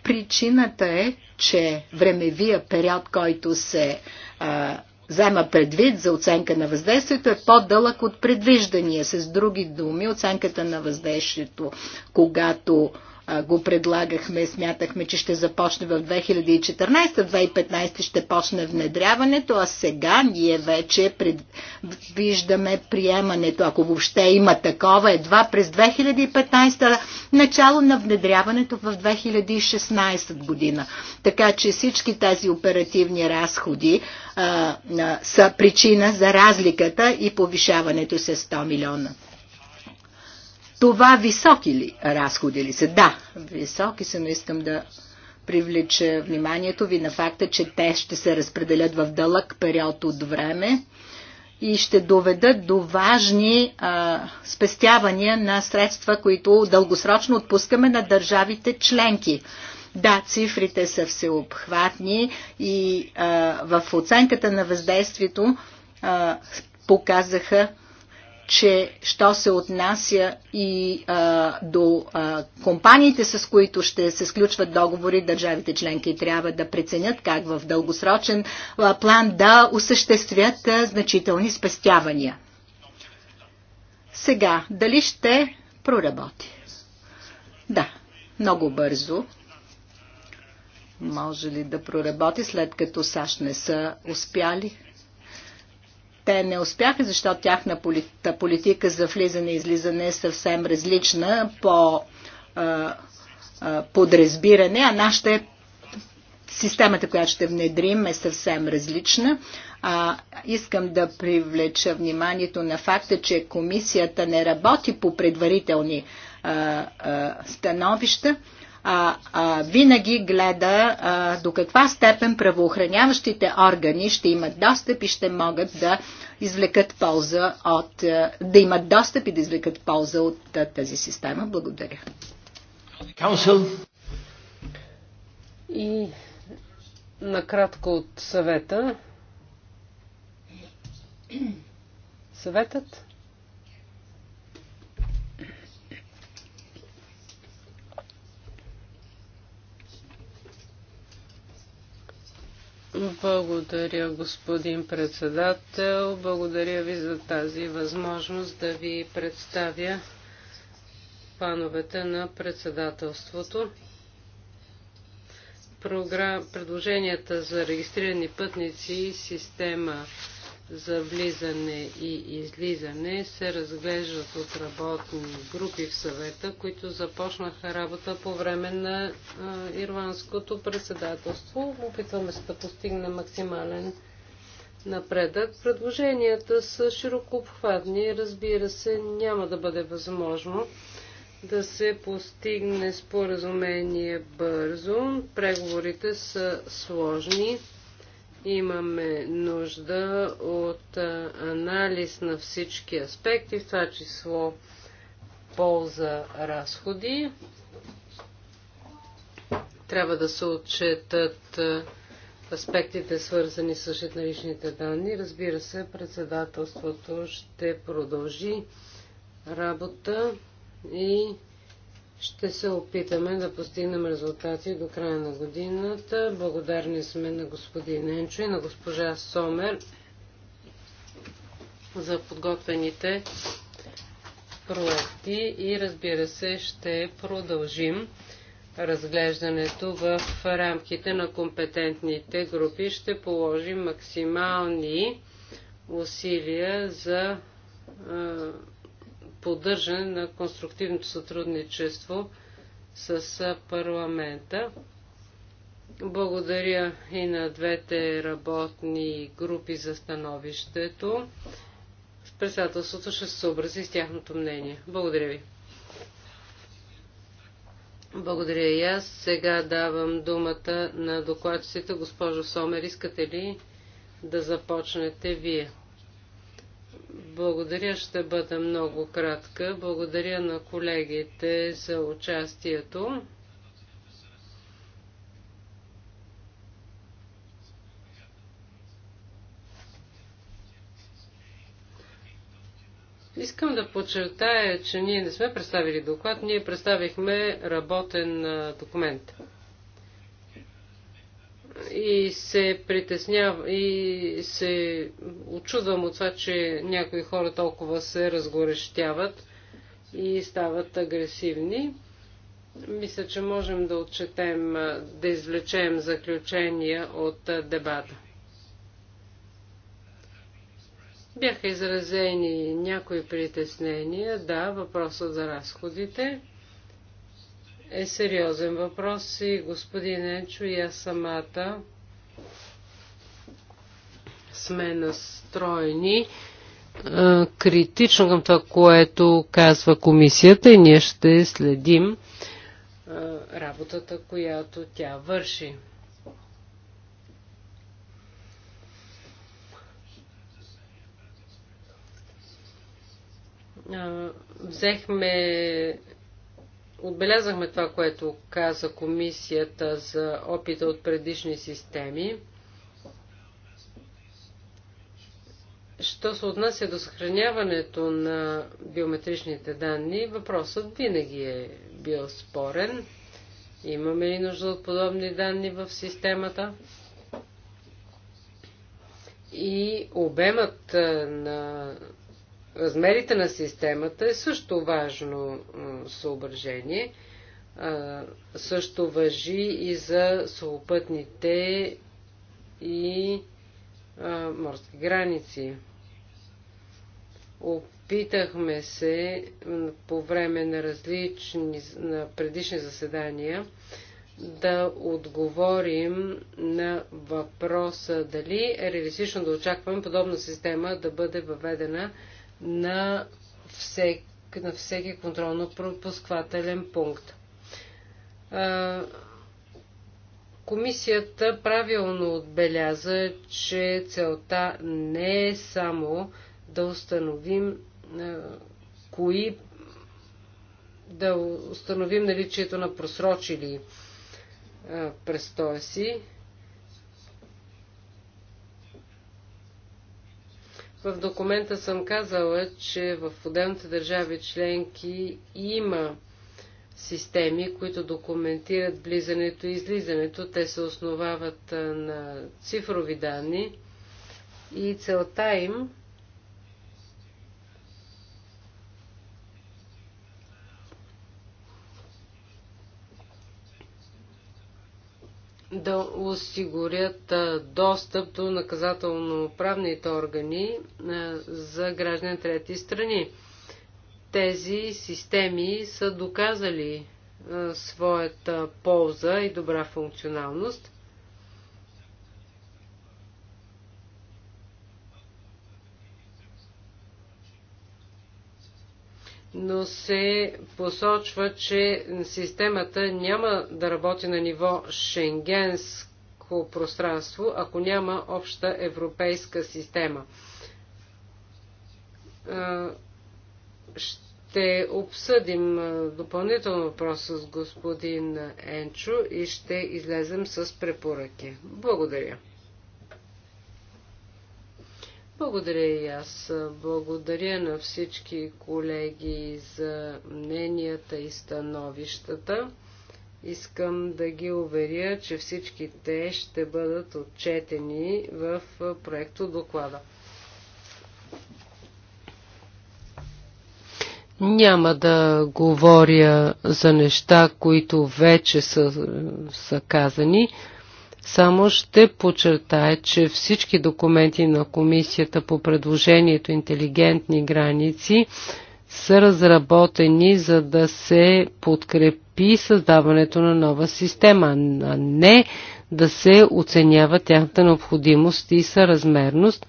причината е, че времевия период, който се а, взема предвид за оценка на въздействието е по-дълъг от предвиждания. С други думи, оценката на въздействието, когато го предлагахме, смятахме, че ще започне в 2014-2015 ще почне внедряването, а сега ние вече предвиждаме приемането, ако въобще има такова, едва през 2015 начало на внедряването в 2016 година. Така че всички тези оперативни разходи а, а, са причина за разликата и повишаването с 100 милиона. Това високи ли разходи ли са? Да, високи са, но искам да привлеча вниманието ви на факта, че те ще се разпределят в дълъг период от време и ще доведат до важни а, спестявания на средства, които дългосрочно отпускаме на държавите членки. Да, цифрите са всеобхватни и а, в оценката на въздействието а, показаха че що се отнася и а, до а, компаниите, с които ще се сключват договори, държавите членки трябва да преценят как в дългосрочен а, план да осъществят а, значителни спестявания. Сега, дали ще проработи? Да, много бързо. Може ли да проработи след като САЩ не са успяли? те не успяха, защото тяхна политика за влизане и излизане е съвсем различна по подразбиране, а нашата е Системата, която ще внедрим е съвсем различна. А, искам да привлеча вниманието на факта, че комисията не работи по предварителни а, а, становища а, а, винаги гледа а, до каква степен правоохраняващите органи ще имат достъп и ще могат да извлекат полза от, а, да имат достъп и да извлекат полза от а, тази система. Благодаря. Council. И накратко от съвета. Съветът? Благодаря, господин председател. Благодаря ви за тази възможност да ви представя плановете на председателството. Предложенията за регистрирани пътници и система за влизане и излизане се разглеждат от работни групи в съвета, които започнаха работа по време на а, ирландското председателство. Опитваме се да постигнем максимален напредък. Предложенията са широко обхватни. Разбира се, няма да бъде възможно да се постигне споразумение бързо. Преговорите са сложни Имаме нужда от анализ на всички аспекти, в това число полза разходи. Трябва да се отчетат аспектите, свързани с защит личните данни. Разбира се, председателството ще продължи работа и ще се опитаме да постигнем резултати до края на годината. Благодарни сме на господин Енчо и на госпожа Сомер за подготвените проекти и разбира се ще продължим разглеждането в рамките на компетентните групи. Ще положим максимални усилия за поддържане на конструктивното сътрудничество с парламента. Благодаря и на двете работни групи за становището. Председателството ще се съобрази с тяхното мнение. Благодаря ви. Благодаря и аз. Сега давам думата на докладчиците. Госпожо Сомер, искате ли да започнете вие? Благодаря, ще бъда много кратка. Благодаря на колегите за участието. Искам да подчертая, че ние не сме представили доклад, ние представихме работен документ и се притеснявам и се очудвам от това, че някои хора толкова се разгорещяват и стават агресивни. Мисля, че можем да отчетем, да извлечем заключения от дебата. Бяха изразени някои притеснения, да, въпросът за разходите – е сериозен въпрос и господин Енчо и аз самата сме настроени а, критично към това, което казва комисията и ние ще следим а, работата, която тя върши. А, взехме Отбелязахме това, което каза комисията за опита от предишни системи. Що се отнася до съхраняването на биометричните данни, въпросът винаги е бил спорен. Имаме ли нужда от подобни данни в системата? И обемът на размерите на системата е също важно съображение. Също въжи и за сухопътните и морски граници. Опитахме се по време на различни, на предишни заседания да отговорим на въпроса дали е реалистично да очакваме подобна система да бъде въведена на, всек, на всеки контролно-пропусквателен пункт. Комисията правилно отбеляза, че целта не е само да установим кои да установим наличието на просрочили престоя си, В документа съм казала, че в отделните държави членки има системи, които документират влизането и излизането. Те се основават на цифрови данни и целта им да осигурят достъп до наказателно-правните органи за граждани трети страни. Тези системи са доказали своята полза и добра функционалност. но се посочва, че системата няма да работи на ниво шенгенско пространство, ако няма обща европейска система. Ще обсъдим допълнително въпрос с господин Енчо и ще излезем с препоръки. Благодаря. Благодаря и аз. Благодаря на всички колеги за мненията и становищата. Искам да ги уверя, че всички те ще бъдат отчетени в проекто доклада. Няма да говоря за неща, които вече са, са казани. Само ще подчертая, че всички документи на Комисията по предложението интелигентни граници са разработени за да се подкрепи създаването на нова система, а не да се оценява тяхната необходимост и съразмерност.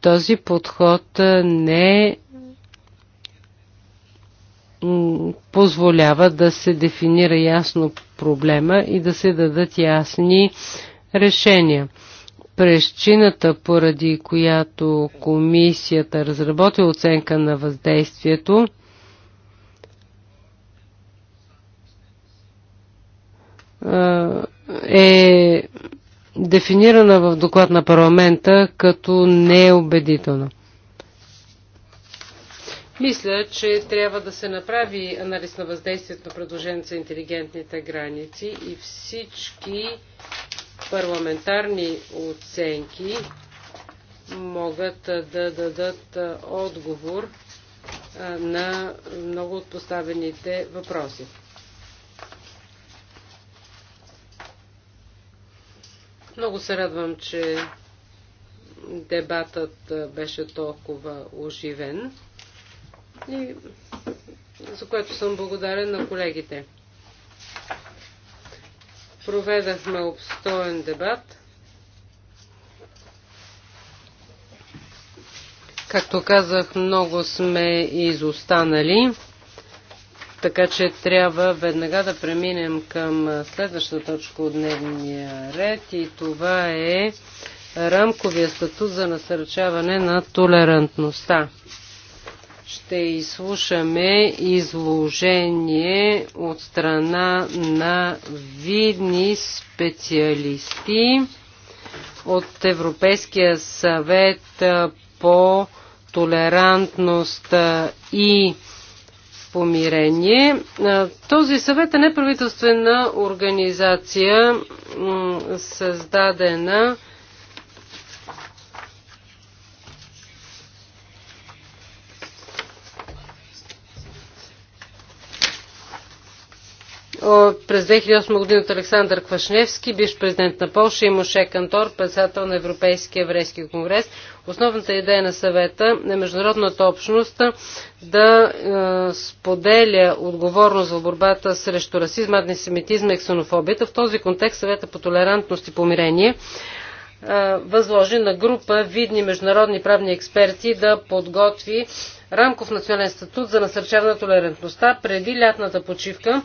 Този подход не е позволява да се дефинира ясно проблема и да се дадат ясни решения. Причината, поради която комисията разработи оценка на въздействието, е дефинирана в доклад на парламента като неубедителна. Е мисля, че трябва да се направи анализ на въздействието на предложението за интелигентните граници и всички парламентарни оценки могат да дадат отговор на много от поставените въпроси. Много се радвам, че дебатът беше толкова оживен и за което съм благодарен на колегите. Проведахме обстоен дебат. Както казах, много сме изостанали, така че трябва веднага да преминем към следващата точка от дневния ред и това е рамковия статут за насърчаване на толерантността ще изслушаме изложение от страна на видни специалисти от Европейския съвет по толерантност и помирение. Този съвет е неправителствена организация, създадена През 2008 година от Александър Квашневски, бивш президент на Польша и Моше Кантор, председател на Европейския еврейски конгрес. Основната идея на съвета е международната общност да е, споделя отговорност в борбата срещу расизма, антисемитизма и ксенофобията. В този контекст съвета по толерантност и помирение е, възложи на група видни международни правни експерти да подготви рамков национален статут за насърчаване на толерантността. Преди лятната почивка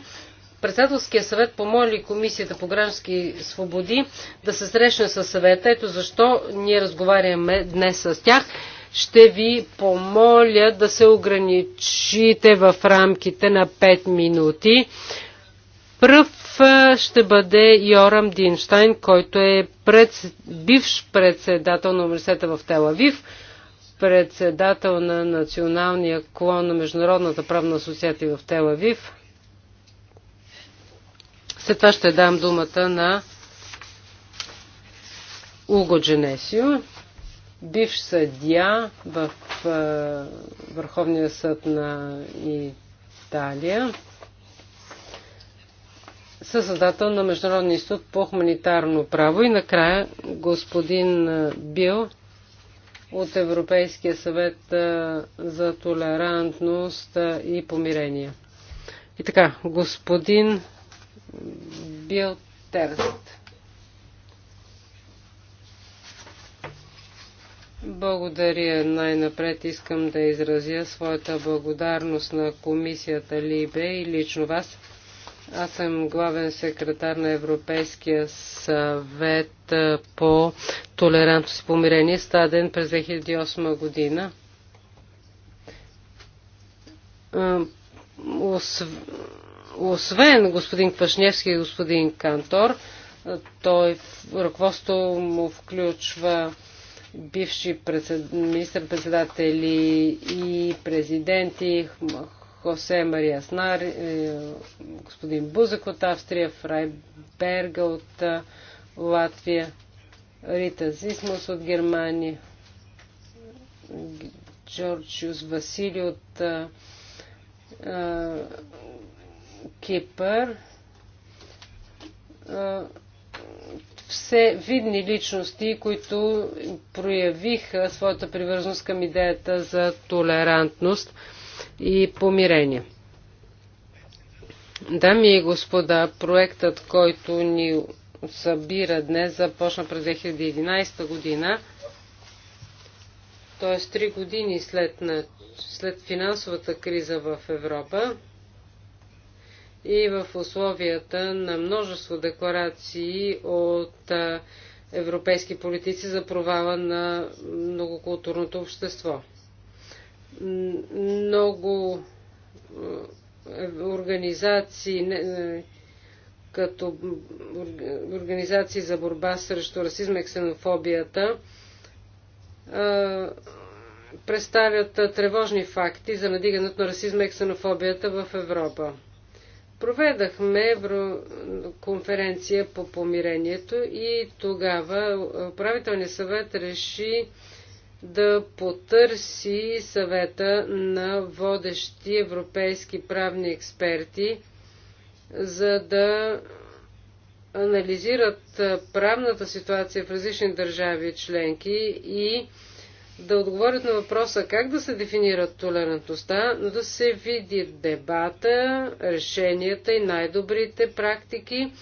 Председателския съвет помоли Комисията по граждански свободи да се срещне с съвета. Ето защо ние разговаряме днес с тях. Ще ви помоля да се ограничите в рамките на 5 минути. Пръв ще бъде Йорам Динштайн, който е пред, бивш председател на университета в Телавив, председател на националния клон на Международната правна асоциация в Телавив след това ще дам думата на Уго Дженесио, бивш съдия в Върховния съд на Италия, съсъздател на Международния институт по хуманитарно право и накрая господин Бил от Европейския съвет за толерантност и помирение. И така, господин бил терст. Благодаря. Най-напред искам да изразя своята благодарност на комисията Либе и лично вас. Аз съм главен секретар на Европейския съвет по толерантност и помирение, стаден през 2008 година. Осв освен господин Квашневски и господин Кантор, той ръководство му включва бивши председ... министър председатели и президенти Хосе Мария Снар, е, господин Бузък от Австрия, Фрай Берга от е, Латвия, Рита Зисмус от Германия, Джорджиус Васили от е, Кипър все видни личности, които проявиха своята привързаност към идеята за толерантност и помирение. Дами и господа, проектът, който ни събира днес, започна през 2011 година, т.е. 3 години след, на, след финансовата криза в Европа и в условията на множество декларации от европейски политици за провала на многокултурното общество. Много е, организации, е, като организации за борба срещу расизма и ксенофобията, представят тревожни факти за надигането на расизма и ксенофобията в Европа. Проведахме конференция по помирението и тогава управителният съвет реши да потърси съвета на водещи европейски правни експерти, за да анализират правната ситуация в различни държави членки и да отговорят на въпроса как да се дефинира толерантността, но да се види дебата, решенията и най-добрите практики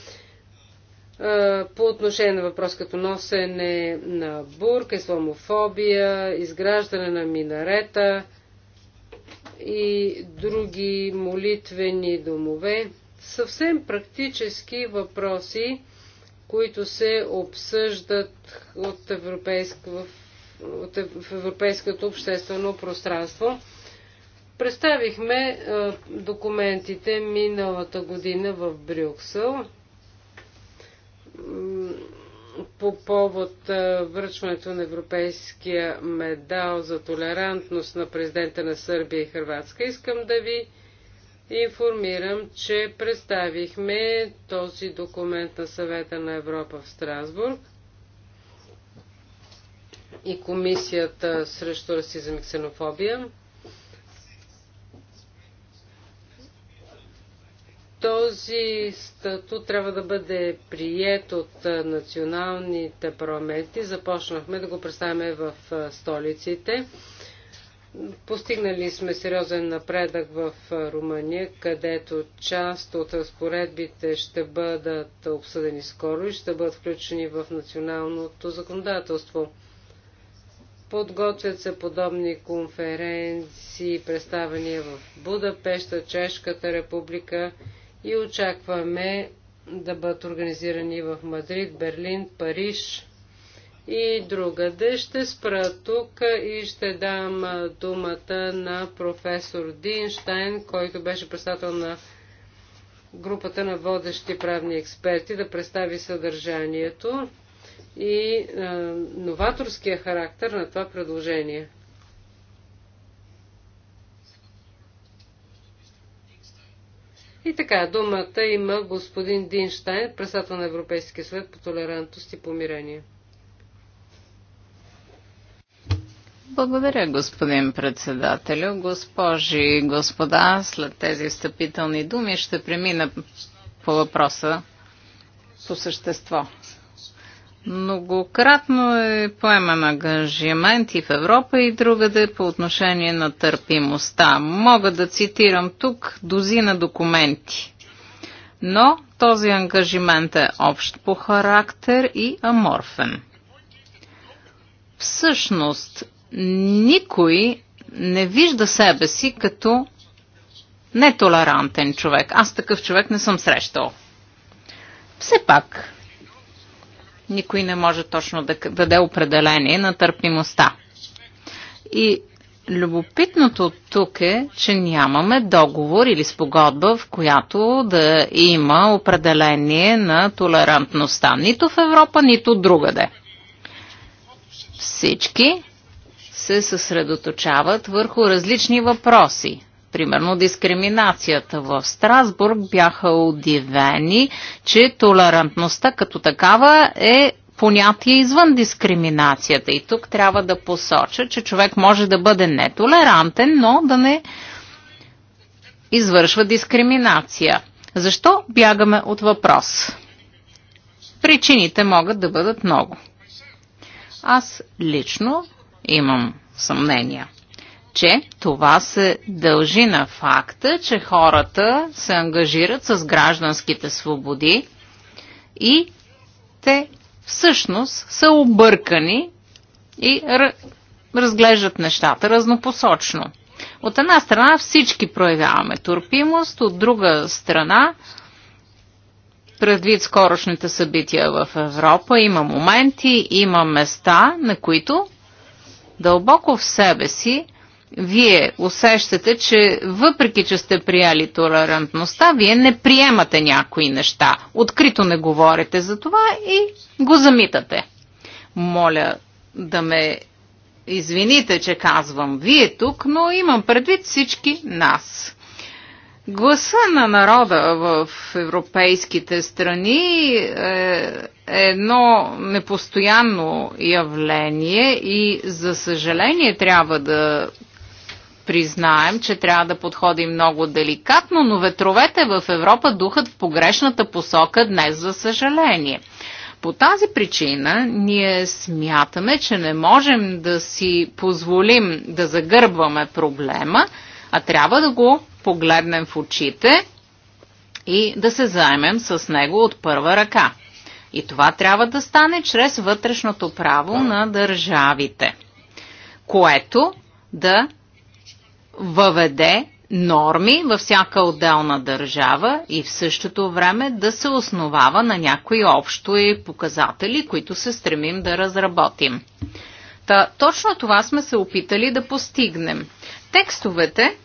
по отношение на въпрос като носене на бурка, исламофобия, изграждане на минарета и други молитвени домове. Съвсем практически въпроси, които се обсъждат от европейск, в в европейското обществено пространство. Представихме е, документите миналата година в Брюксел по повод е, връчването на Европейския медал за толерантност на президента на Сърбия и Хрватска. Искам да ви информирам, че представихме този документ на съвета на Европа в Страсбург – и Комисията срещу расизъм и ксенофобия. Този статут трябва да бъде прият от националните парламенти. Започнахме да го представяме в столиците. Постигнали сме сериозен напредък в Румъния, където част от разпоредбите ще бъдат обсъдени скоро и ще бъдат включени в националното законодателство. Подготвят се подобни конференции, представения в Будапешта, Чешката република и очакваме да бъдат организирани в Мадрид, Берлин, Париж и другаде. Ще спра тук и ще дам думата на професор Динштайн, който беше представител на групата на водещи правни експерти, да представи съдържанието и а, е, новаторския характер на това предложение. И така, думата има господин Динштайн, председател на Европейския съвет по толерантност и помирение. Благодаря, господин председателю. Госпожи и господа, след тези встъпителни думи ще премина по въпроса по същество. Многократно е поемен ангажимент и в Европа и другаде по отношение на търпимостта. Мога да цитирам тук дози на документи. Но този ангажимент е общ по характер и аморфен. Всъщност, никой не вижда себе си като нетолерантен човек. Аз такъв човек не съм срещал. Все пак, никой не може точно да даде определение на търпимостта. И любопитното тук е, че нямаме договор или спогодба, в която да има определение на толерантността. Нито в Европа, нито другаде. Всички се съсредоточават върху различни въпроси примерно дискриминацията в Страсбург, бяха удивени, че толерантността като такава е понятие извън дискриминацията. И тук трябва да посоча, че човек може да бъде нетолерантен, но да не извършва дискриминация. Защо бягаме от въпрос? Причините могат да бъдат много. Аз лично имам съмнения че това се дължи на факта, че хората се ангажират с гражданските свободи и те всъщност са объркани и разглеждат нещата разнопосочно. От една страна всички проявяваме търпимост, от друга страна предвид скорошните събития в Европа има моменти, има места, на които дълбоко в себе си вие усещате, че въпреки, че сте прияли толерантността, вие не приемате някои неща. Открито не говорите за това и го замитате. Моля да ме извините, че казвам вие тук, но имам предвид всички нас. Гласа на народа в европейските страни е едно непостоянно явление и за съжаление трябва да признаем, че трябва да подходим много деликатно, но ветровете в Европа духат в погрешната посока днес, за съжаление. По тази причина ние смятаме, че не можем да си позволим да загърбваме проблема, а трябва да го погледнем в очите и да се заемем с него от първа ръка. И това трябва да стане чрез вътрешното право на държавите, което да въведе норми във всяка отделна държава и в същото време да се основава на някои общо и показатели, които се стремим да разработим. Та, точно това сме се опитали да постигнем. Текстовете,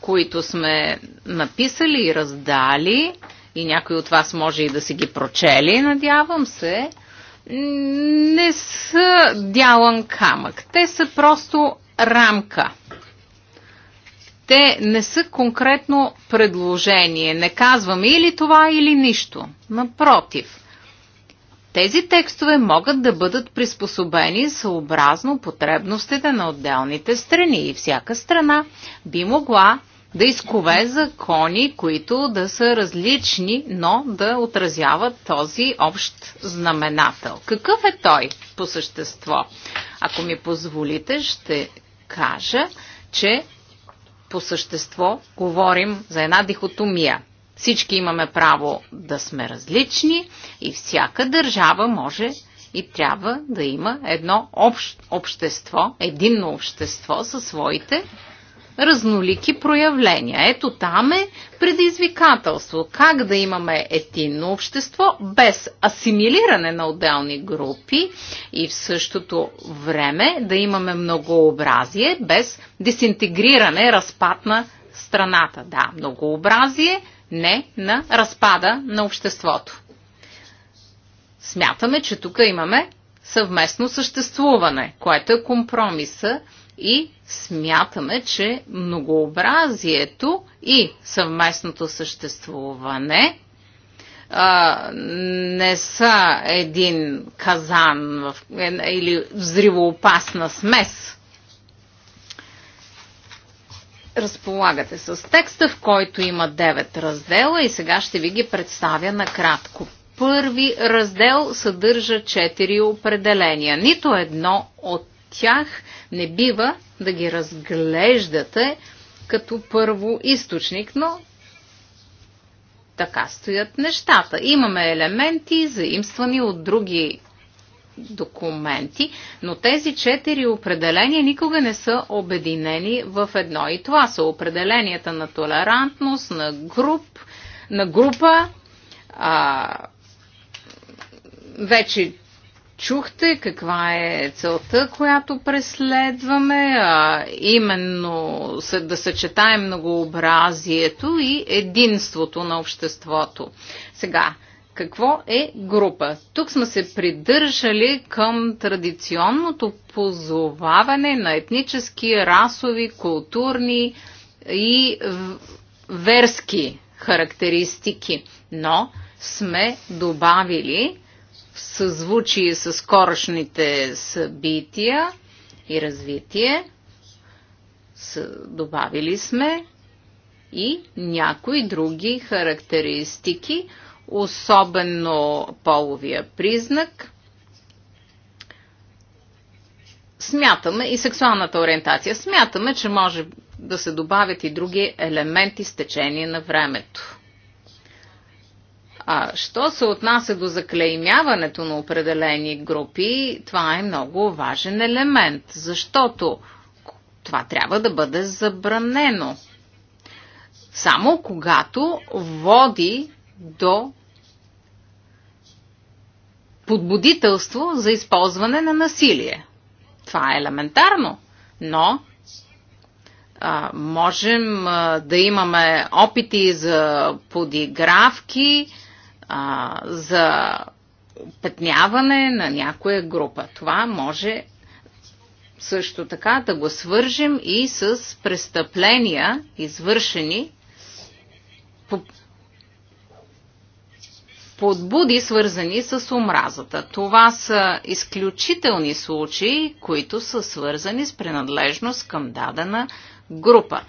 които сме написали и раздали, и някои от вас може и да си ги прочели, надявам се, не са дялан камък. Те са просто рамка – те не са конкретно предложение. Не казваме или това, или нищо. Напротив, тези текстове могат да бъдат приспособени съобразно потребностите на отделните страни и всяка страна би могла да изкове закони, които да са различни, но да отразяват този общ знаменател. Какъв е той по същество? Ако ми позволите, ще кажа, че по същество говорим за една дихотомия. Всички имаме право да сме различни и всяка държава може и трябва да има едно общ, общество, единно общество със своите разнолики проявления. Ето там е предизвикателство. Как да имаме етинно общество без асимилиране на отделни групи и в същото време да имаме многообразие без дисинтегриране, разпад на страната. Да, многообразие, не на разпада на обществото. Смятаме, че тук имаме съвместно съществуване, което е компромиса и смятаме, че многообразието и съвместното съществуване а, не са един казан в, е, или взривоопасна смес. Разполагате с текста, в който има 9 раздела и сега ще ви ги представя накратко първи раздел съдържа четири определения. Нито едно от тях не бива да ги разглеждате като първо източник, но така стоят нещата. Имаме елементи, заимствани от други документи, но тези четири определения никога не са обединени в едно. И това са определенията на толерантност, на, груп, на група, а, вече чухте каква е целта, която преследваме, а именно да съчетаем многообразието и единството на обществото. Сега, какво е група? Тук сме се придържали към традиционното позоваване на етнически, расови, културни и верски характеристики, но сме добавили в съзвучие с скорошните събития и развитие, добавили сме и някои други характеристики, особено половия признак. Смятаме и сексуалната ориентация. Смятаме, че може да се добавят и други елементи с течение на времето. А що се отнася до заклеймяването на определени групи, това е много важен елемент, защото това трябва да бъде забранено. Само когато води до подбудителство за използване на насилие. Това е елементарно, но а, можем а, да имаме опити за подигравки, а, за петняване на някоя група. Това може също така да го свържем и с престъпления, извършени по подбуди, свързани с омразата. Това са изключителни случаи, които са свързани с принадлежност към дадена група.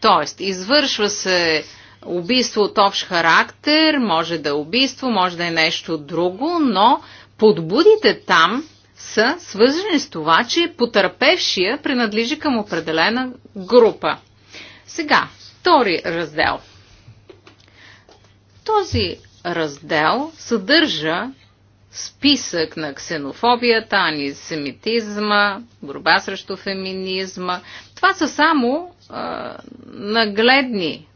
Тоест, извършва се убийство от общ характер, може да е убийство, може да е нещо друго, но подбудите там са свързани с това, че потърпевшия принадлежи към определена група. Сега, втори раздел. Този раздел съдържа списък на ксенофобията, антисемитизма, борба срещу феминизма. Това са само а, нагледни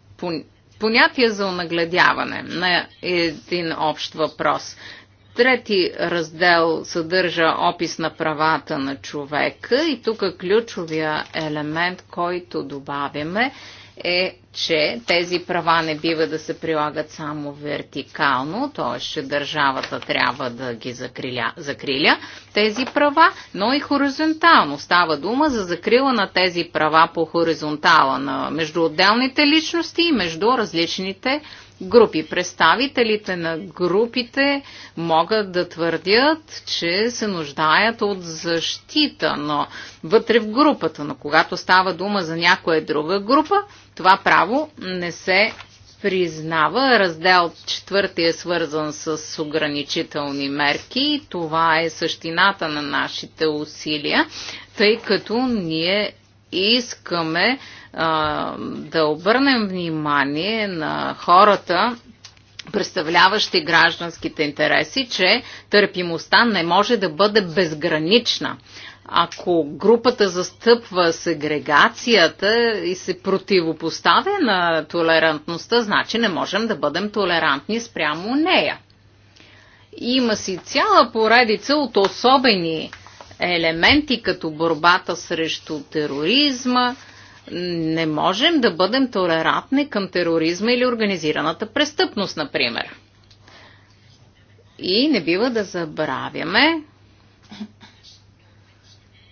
понятие за онагледяване на един общ въпрос. Трети раздел съдържа опис на правата на човека и тук ключовия елемент, който добавяме е че тези права не бива да се прилагат само вертикално, т.е. държавата трябва да ги закриля, закриля тези права, но и хоризонтално. Става дума за закрила на тези права по хоризонтала на между отделните личности и между различните групи. Представителите на групите могат да твърдят, че се нуждаят от защита, но вътре в групата, но когато става дума за някоя друга група, това право не се признава. Раздел 4 е свързан с ограничителни мерки и това е същината на нашите усилия, тъй като ние искаме а, да обърнем внимание на хората, представляващи гражданските интереси, че търпимостта не може да бъде безгранична. Ако групата застъпва сегрегацията и се противопоставя на толерантността, значи не можем да бъдем толерантни спрямо нея. Има си цяла поредица от особени елементи като борбата срещу тероризма. Не можем да бъдем толерантни към тероризма или организираната престъпност, например. И не бива да забравяме,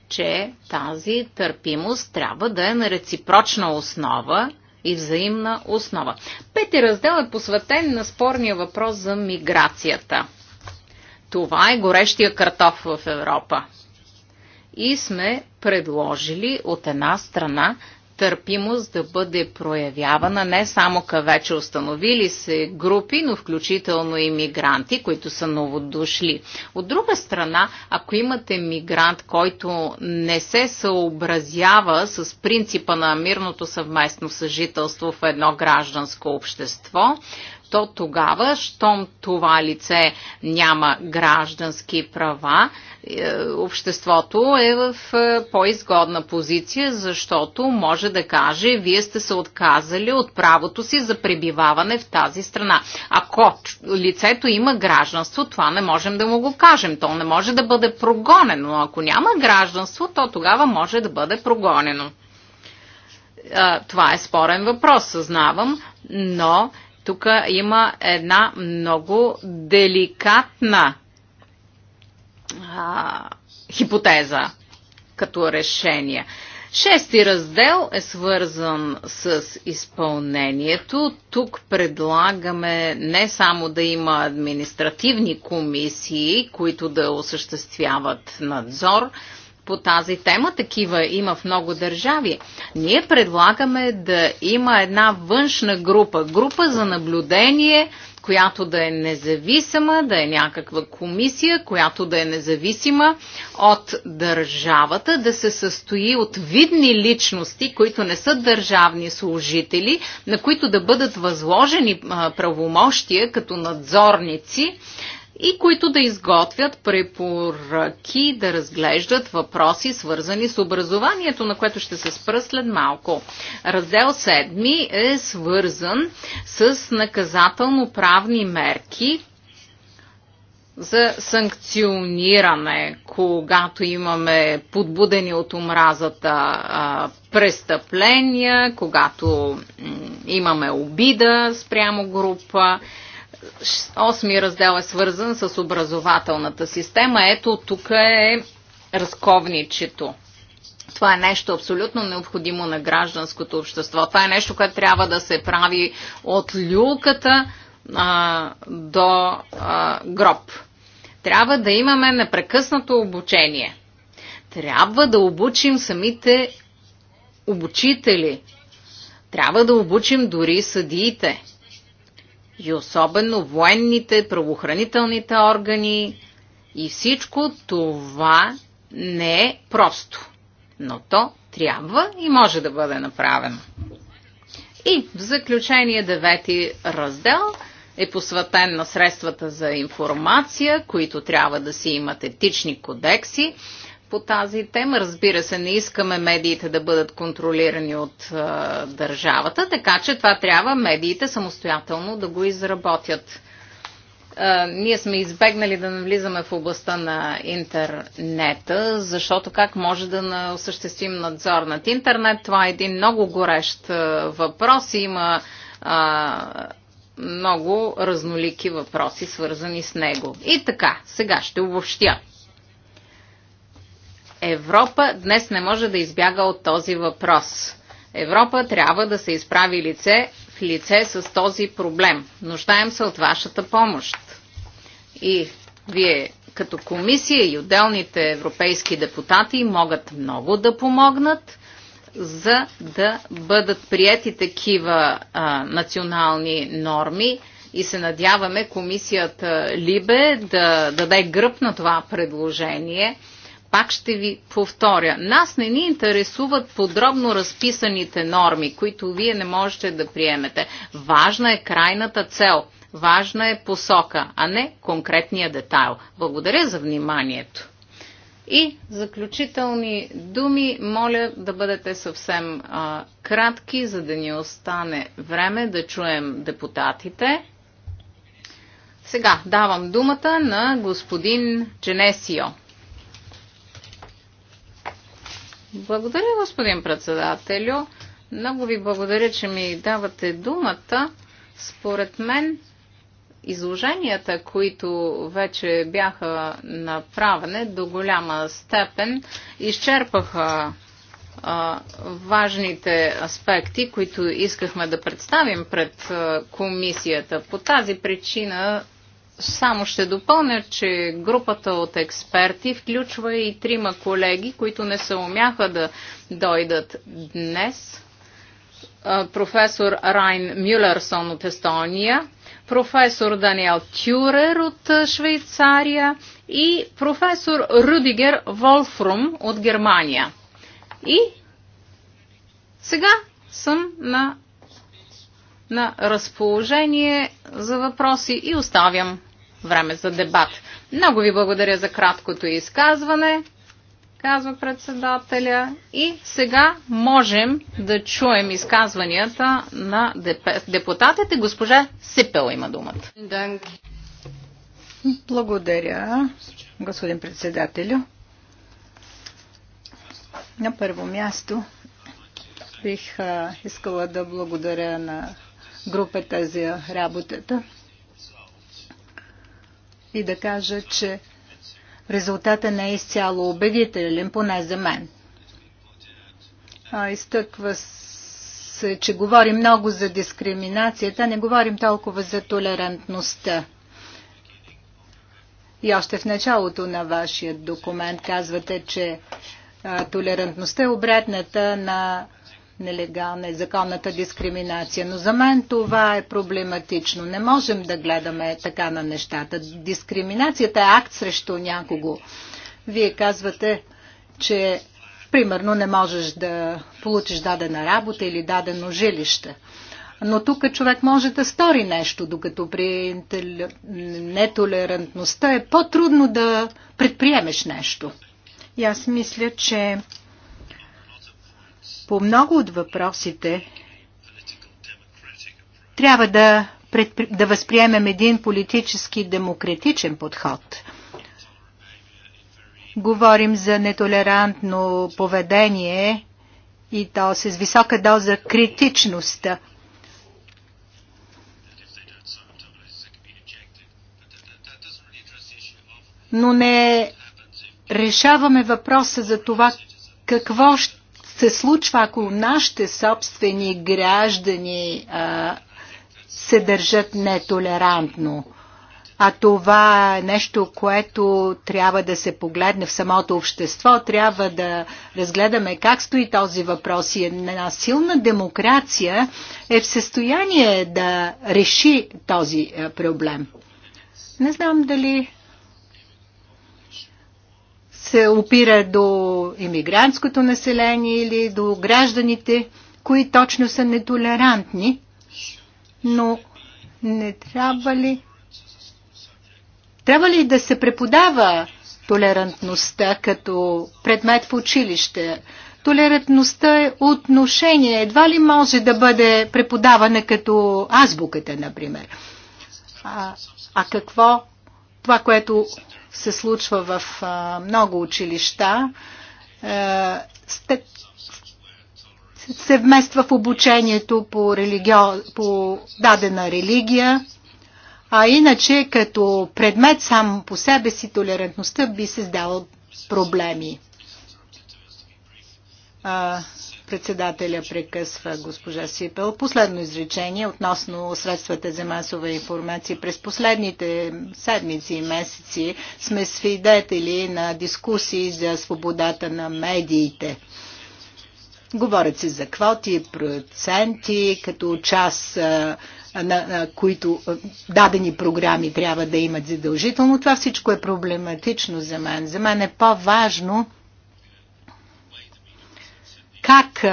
че тази търпимост трябва да е на реципрочна основа и взаимна основа. Пети раздел е посветен на спорния въпрос за миграцията. Това е горещия картоф в Европа и сме предложили от една страна търпимост да бъде проявявана не само към вече установили се групи, но включително и мигранти, които са новодошли. От друга страна, ако имате мигрант, който не се съобразява с принципа на мирното съвместно съжителство в едно гражданско общество, то тогава, щом това лице няма граждански права, е, обществото е в е, по-изгодна позиция, защото може да каже, вие сте се отказали от правото си за пребиваване в тази страна. Ако лицето има гражданство, това не можем да му го кажем. То не може да бъде прогонено. Ако няма гражданство, то тогава може да бъде прогонено. Е, това е спорен въпрос, съзнавам, но тук има една много деликатна а, хипотеза като решение. Шести раздел е свързан с изпълнението. Тук предлагаме не само да има административни комисии, които да осъществяват надзор, по тази тема. Такива има в много държави. Ние предлагаме да има една външна група, група за наблюдение, която да е независима, да е някаква комисия, която да е независима от държавата, да се състои от видни личности, които не са държавни служители, на които да бъдат възложени правомощия като надзорници и които да изготвят препоръки, да разглеждат въпроси, свързани с образованието, на което ще се спра след малко. Раздел 7 е свързан с наказателно-правни мерки, за санкциониране, когато имаме подбудени от омразата престъпления, когато имаме обида спрямо група Осми раздел е свързан с образователната система. Ето тук е разковничето. Това е нещо абсолютно необходимо на гражданското общество. Това е нещо, което трябва да се прави от люлката а, до а, гроб. Трябва да имаме непрекъснато обучение. Трябва да обучим самите обучители. Трябва да обучим дори съдиите и особено военните, правоохранителните органи. И всичко това не е просто, но то трябва и може да бъде направено. И в заключение девети раздел е посветен на средствата за информация, които трябва да си имат етични кодекси, по тази тема. Разбира се, не искаме медиите да бъдат контролирани от а, държавата, така че това трябва медиите самостоятелно да го изработят. А, ние сме избегнали да навлизаме в областта на интернета, защото как може да осъществим надзор над интернет? Това е един много горещ въпрос и има а, много разнолики въпроси, свързани с него. И така, сега ще обобщя. Европа днес не може да избяга от този въпрос. Европа трябва да се изправи лице в лице с този проблем. Нуждаем се от вашата помощ. И вие като комисия и отделните европейски депутати могат много да помогнат, за да бъдат прияти такива а, национални норми и се надяваме комисията Либе да даде гръб на това предложение – пак ще ви повторя. Нас не ни интересуват подробно разписаните норми, които вие не можете да приемете. Важна е крайната цел, важна е посока, а не конкретния детайл. Благодаря за вниманието. И заключителни думи, моля да бъдете съвсем а, кратки, за да ни остане време да чуем депутатите. Сега давам думата на господин Дженесио. Благодаря, господин председателю. Много ви благодаря, че ми давате думата. Според мен, изложенията, които вече бяха направени до голяма степен, изчерпаха а, важните аспекти, които искахме да представим пред комисията. По тази причина само ще допълня, че групата от експерти включва и трима колеги, които не се умяха да дойдат днес. Професор Райн Мюлерсон от Естония, професор Даниел Тюрер от Швейцария и професор Рудигер Волфрум от Германия. И сега съм на, на разположение за въпроси и оставям време за дебат. Много ви благодаря за краткото изказване, казва председателя. И сега можем да чуем изказванията на депутатите. Госпожа Сипел има думата. Благодаря, господин председателю. На първо място бих искала да благодаря на групата за работата и да кажа, че резултата не е изцяло убедителен, поне за мен. изтъква се, че говори много за дискриминацията, не говорим толкова за толерантността. И още в началото на вашия документ казвате, че толерантността е обратната на нелегална, законната дискриминация. Но за мен това е проблематично. Не можем да гледаме така на нещата. Дискриминацията е акт срещу някого. Вие казвате, че примерно не можеш да получиш дадена работа или дадено жилище. Но тук човек може да стори нещо, докато при нетолерантността е по-трудно да предприемеш нещо. И аз мисля, че по много от въпросите трябва да, да възприемем един политически демократичен подход. Говорим за нетолерантно поведение и то с висока доза критичност. Но не решаваме въпроса за това какво ще се случва, ако нашите собствени граждани а, се държат нетолерантно. А това е нещо, което трябва да се погледне в самото общество. Трябва да разгледаме как стои този въпрос. И една силна демокрация е в състояние да реши този проблем. Не знам дали се опира до иммигрантското население или до гражданите, кои точно са нетолерантни, но не трябва ли трябва ли да се преподава толерантността като предмет в училище? Толерантността е отношение. Едва ли може да бъде преподавана като азбуката, например. А, а какво това, което се случва в много училища, се вмества в обучението по, религио, по дадена религия, а иначе като предмет само по себе си толерантността би създавал проблеми. Председателя прекъсва госпожа Сипел. Последно изречение относно средствата за масова информация. През последните седмици и месеци сме свидетели на дискусии за свободата на медиите. Говорят се за квоти, проценти, като част на, на които дадени програми трябва да имат задължително. Това всичко е проблематично за мен. За мен е по-важно как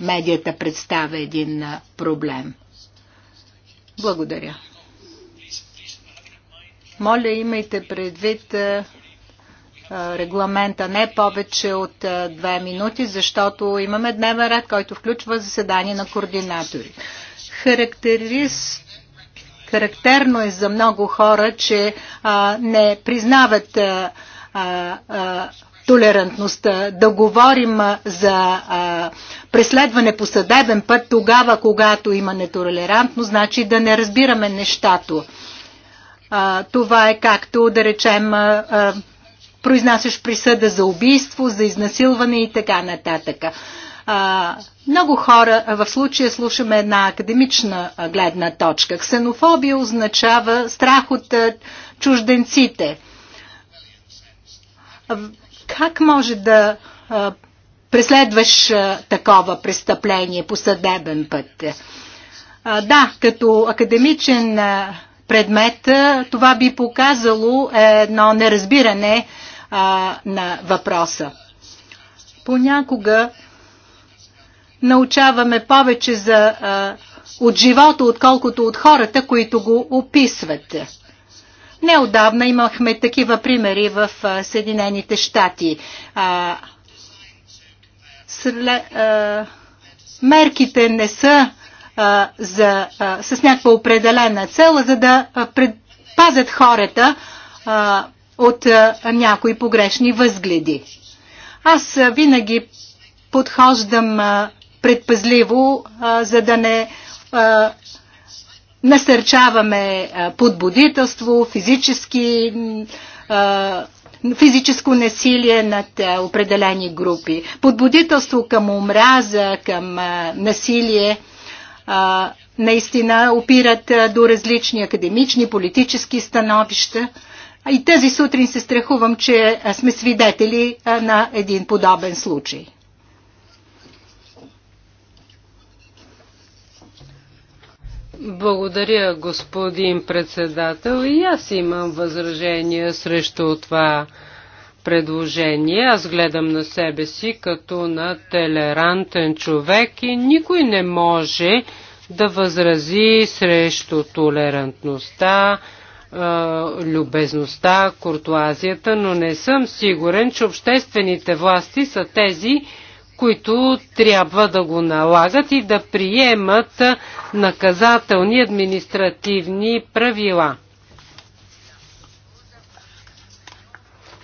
медията представя един проблем. Благодаря. Моля, имайте предвид регламента не повече от две минути, защото имаме дневен ред, който включва заседание на координатори. Характерист Характерно е за много хора, че а, не признават а, а, толерантността, да говорим за а, преследване по съдебен път тогава, когато има нетолерантност, значи да не разбираме нещато. А, това е както да речем а, а, произнасяш присъда за убийство, за изнасилване и така нататък. А, много хора в случая слушаме една академична гледна точка. Ксенофобия означава страх от чужденците как може да а, преследваш а, такова престъпление по съдебен път? А, да, като академичен а, предмет, а, това би показало е, едно неразбиране а, на въпроса. Понякога научаваме повече за, а, от живота, отколкото от хората, които го описват. Неодавна имахме такива примери в Съединените щати. Мерките не са за, с някаква определена цел, за да предпазят хората от някои погрешни възгледи. Аз винаги подхождам предпазливо, за да не насърчаваме подбудителство, физически, физическо насилие над определени групи. Подбудителство към омраза, към насилие наистина опират до различни академични, политически становища. И тази сутрин се страхувам, че сме свидетели на един подобен случай. Благодаря, господин председател. И аз имам възражение срещу това предложение. Аз гледам на себе си като на толерантен човек и никой не може да възрази срещу толерантността, любезността, куртуазията, но не съм сигурен, че обществените власти са тези, които трябва да го налагат и да приемат наказателни административни правила.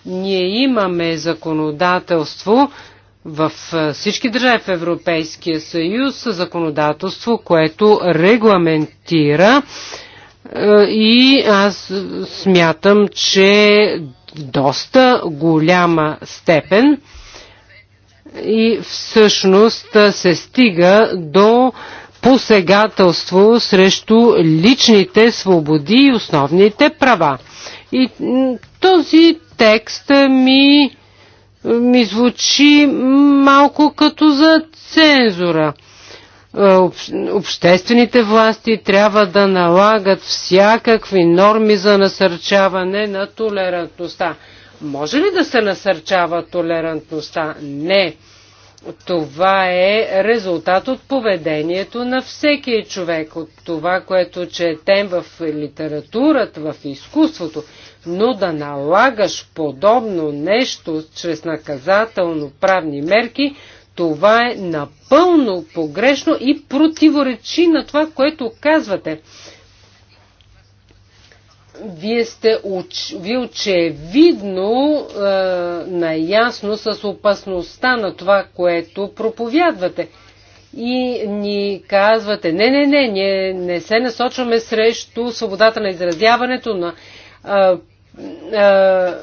Ние имаме законодателство в всички държави в Европейския съюз, законодателство, което регламентира и аз смятам, че доста голяма степен и всъщност се стига до посегателство срещу личните свободи и основните права. И този текст ми, ми звучи малко като за цензура. Обществените власти трябва да налагат всякакви норми за насърчаване на толерантността. Може ли да се насърчава толерантността? Не. Това е резултат от поведението на всеки човек, от това, което четем в литературата, в изкуството, но да налагаш подобно нещо чрез наказателно-правни мерки, това е напълно погрешно и противоречи на това, което казвате вие сте уч... ви очевидно е, наясно с опасността на това, което проповядвате. И ни казвате, не, не, не, ние не се насочваме срещу свободата на изразяването, на е, е,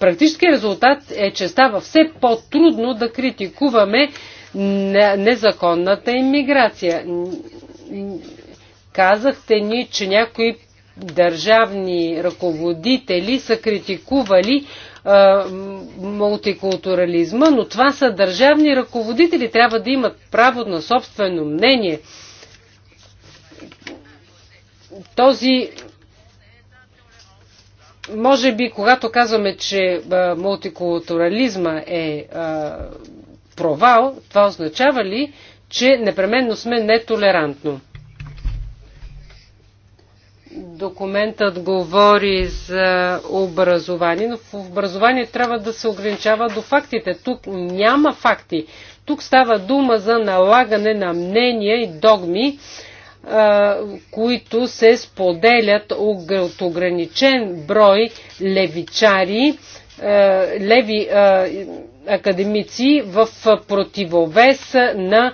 практически резултат е, че става все по-трудно да критикуваме незаконната иммиграция. Казахте ни, че някои държавни ръководители са критикували мултикултурализма, но това са държавни ръководители, трябва да имат право на собствено мнение. Този може би, когато казваме, че а, мултикултурализма е а, провал, това означава ли, че непременно сме нетолерантно? Документът говори за образование, но в образование трябва да се ограничава до фактите. Тук няма факти. Тук става дума за налагане на мнения и догми, които се споделят от ограничен брой левичари, леви академици в противовес на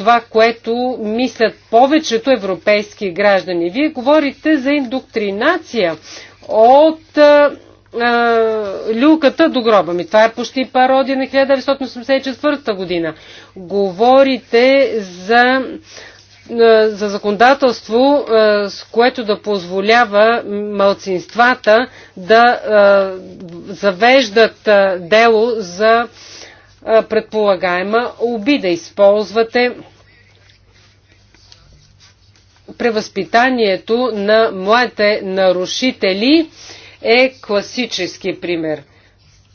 това, което мислят повечето европейски граждани. Вие говорите за индоктринация от а, а, люката до гроба ми. Това е почти пародия на 1984 година. Говорите за, за законодателство, с което да позволява малцинствата да завеждат дело за предполагаема обида. Използвате превъзпитанието на младите нарушители е класически пример.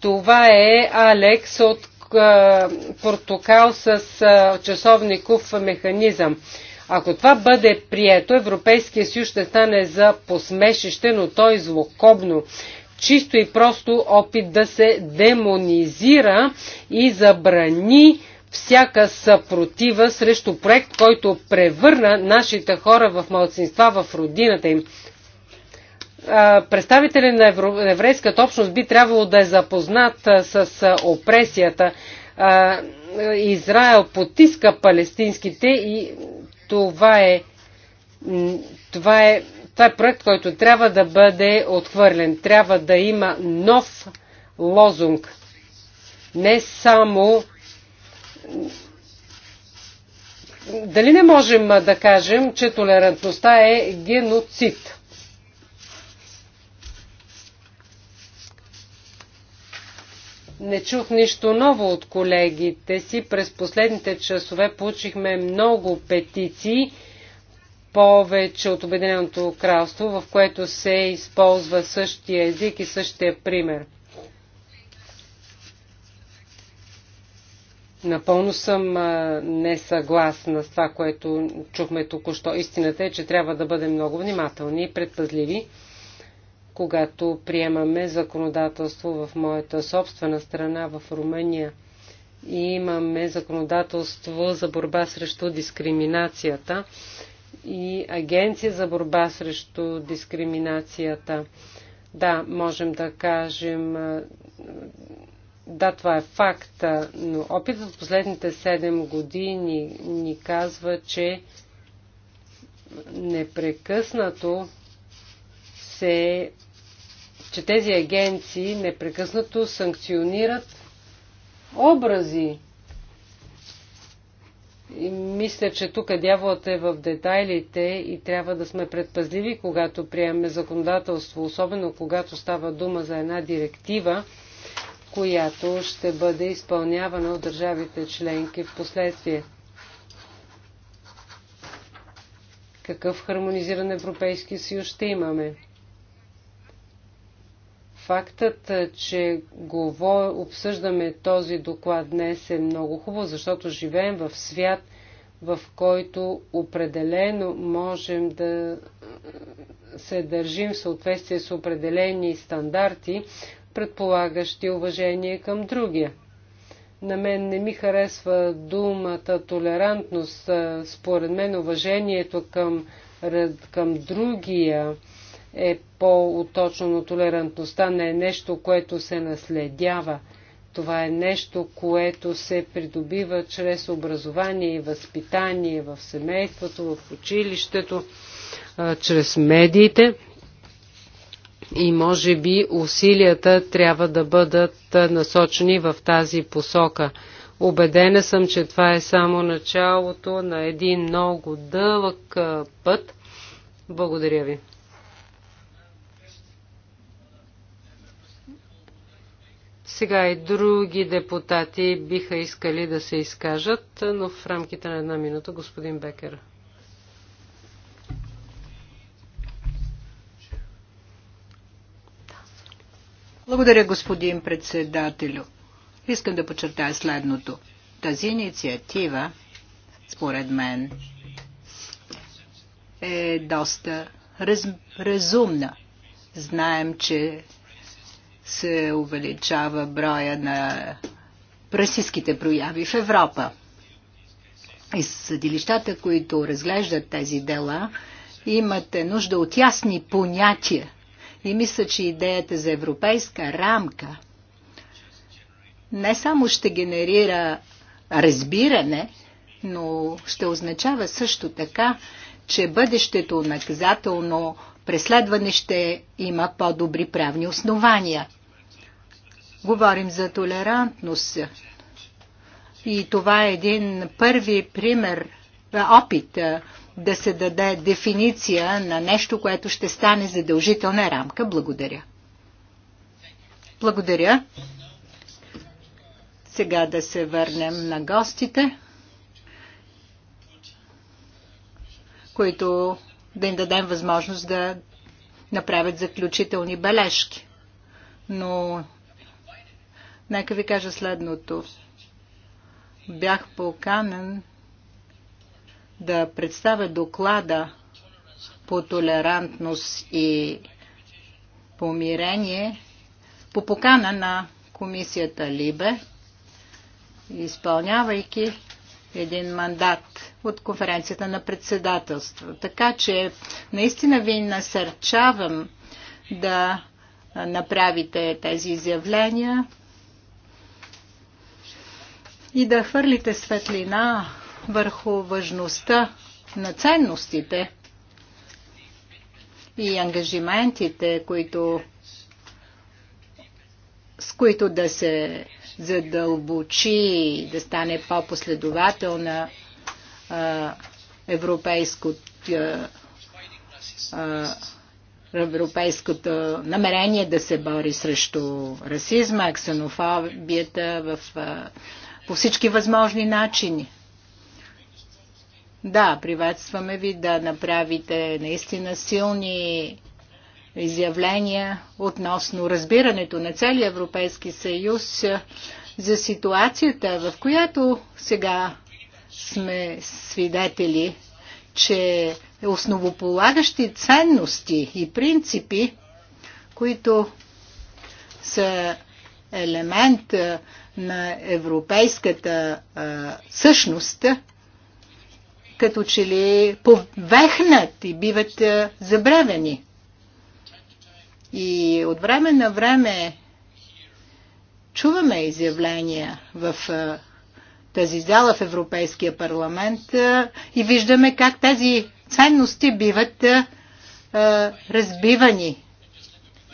Това е Алекс от портокал с часовников механизъм. Ако това бъде прието, Европейския съюз ще стане за посмешище, но то е злокобно чисто и просто опит да се демонизира и забрани всяка съпротива срещу проект, който превърна нашите хора в младсинства в родината им. Представители на еврейската общност би трябвало да е запознат с опресията. Израел потиска палестинските и това е, това е това е проект, който трябва да бъде отхвърлен. Трябва да има нов лозунг. Не само. Дали не можем да кажем, че толерантността е геноцид? Не чух нищо ново от колегите си. През последните часове получихме много петиции повече от Обединеното кралство, в което се използва същия език и същия пример. Напълно съм несъгласна с това, което чухме току-що. Истината е, че трябва да бъдем много внимателни и предпазливи, когато приемаме законодателство в моята собствена страна, в Румъния. И имаме законодателство за борба срещу дискриминацията и Агенция за борба срещу дискриминацията. Да, можем да кажем, да, това е факт, но опитът в последните 7 години ни казва, че непрекъснато се че тези агенции непрекъснато санкционират образи и мисля, че тук дяволът е в детайлите и трябва да сме предпазливи, когато приемаме законодателство, особено когато става дума за една директива, която ще бъде изпълнявана от държавите членки в последствие. Какъв хармонизиран Европейски съюз ще имаме? Фактът, е, че го обсъждаме този доклад днес е много хубаво, защото живеем в свят, в който определено можем да е, се държим в съответствие с определени стандарти, предполагащи уважение към другия. На мен не ми харесва думата толерантност. Е, според мен уважението към, към другия е по-уточно, но толерантността не е нещо, което се наследява. Това е нещо, което се придобива чрез образование и възпитание в семейството, в училището, чрез медиите. И може би усилията трябва да бъдат насочени в тази посока. Обедена съм, че това е само началото на един много дълъг път. Благодаря ви. Сега и други депутати биха искали да се изкажат, но в рамките на една минута господин Бекер. Благодаря, господин председателю. Искам да подчертая следното. Тази инициатива, според мен, е доста раз, разумна. Знаем, че се увеличава броя на расистските прояви в Европа. И съдилищата, които разглеждат тези дела, имате нужда от ясни понятия. И мисля, че идеята за европейска рамка не само ще генерира разбиране, но ще означава също така, че бъдещето наказателно преследване ще има по-добри правни основания. Говорим за толерантност. И това е един първи пример, е, опит е, да се даде дефиниция на нещо, което ще стане задължителна рамка. Благодаря. Благодаря. Сега да се върнем на гостите, които да им дадем възможност да направят заключителни бележки. Но нека ви кажа следното. Бях поканен да представя доклада по толерантност и помирение по покана на комисията Либе, изпълнявайки един мандат от конференцията на председателство. Така че наистина ви насърчавам да направите тези изявления и да хвърлите светлина върху важността на ценностите и ангажиментите, които, с които да се задълбочи, да стане по-последователна европейското европейското намерение да се бори срещу расизма, ксенофобията в, по всички възможни начини. Да, приветстваме ви да направите наистина силни изявления относно разбирането на целия Европейски съюз за ситуацията, в която сега сме свидетели, че основополагащи ценности и принципи, които са елемент на европейската а, същност, като че ли повехнат и биват забравени. И от време на време чуваме изявления в тази зала в Европейския парламент и виждаме как тези ценности биват разбивани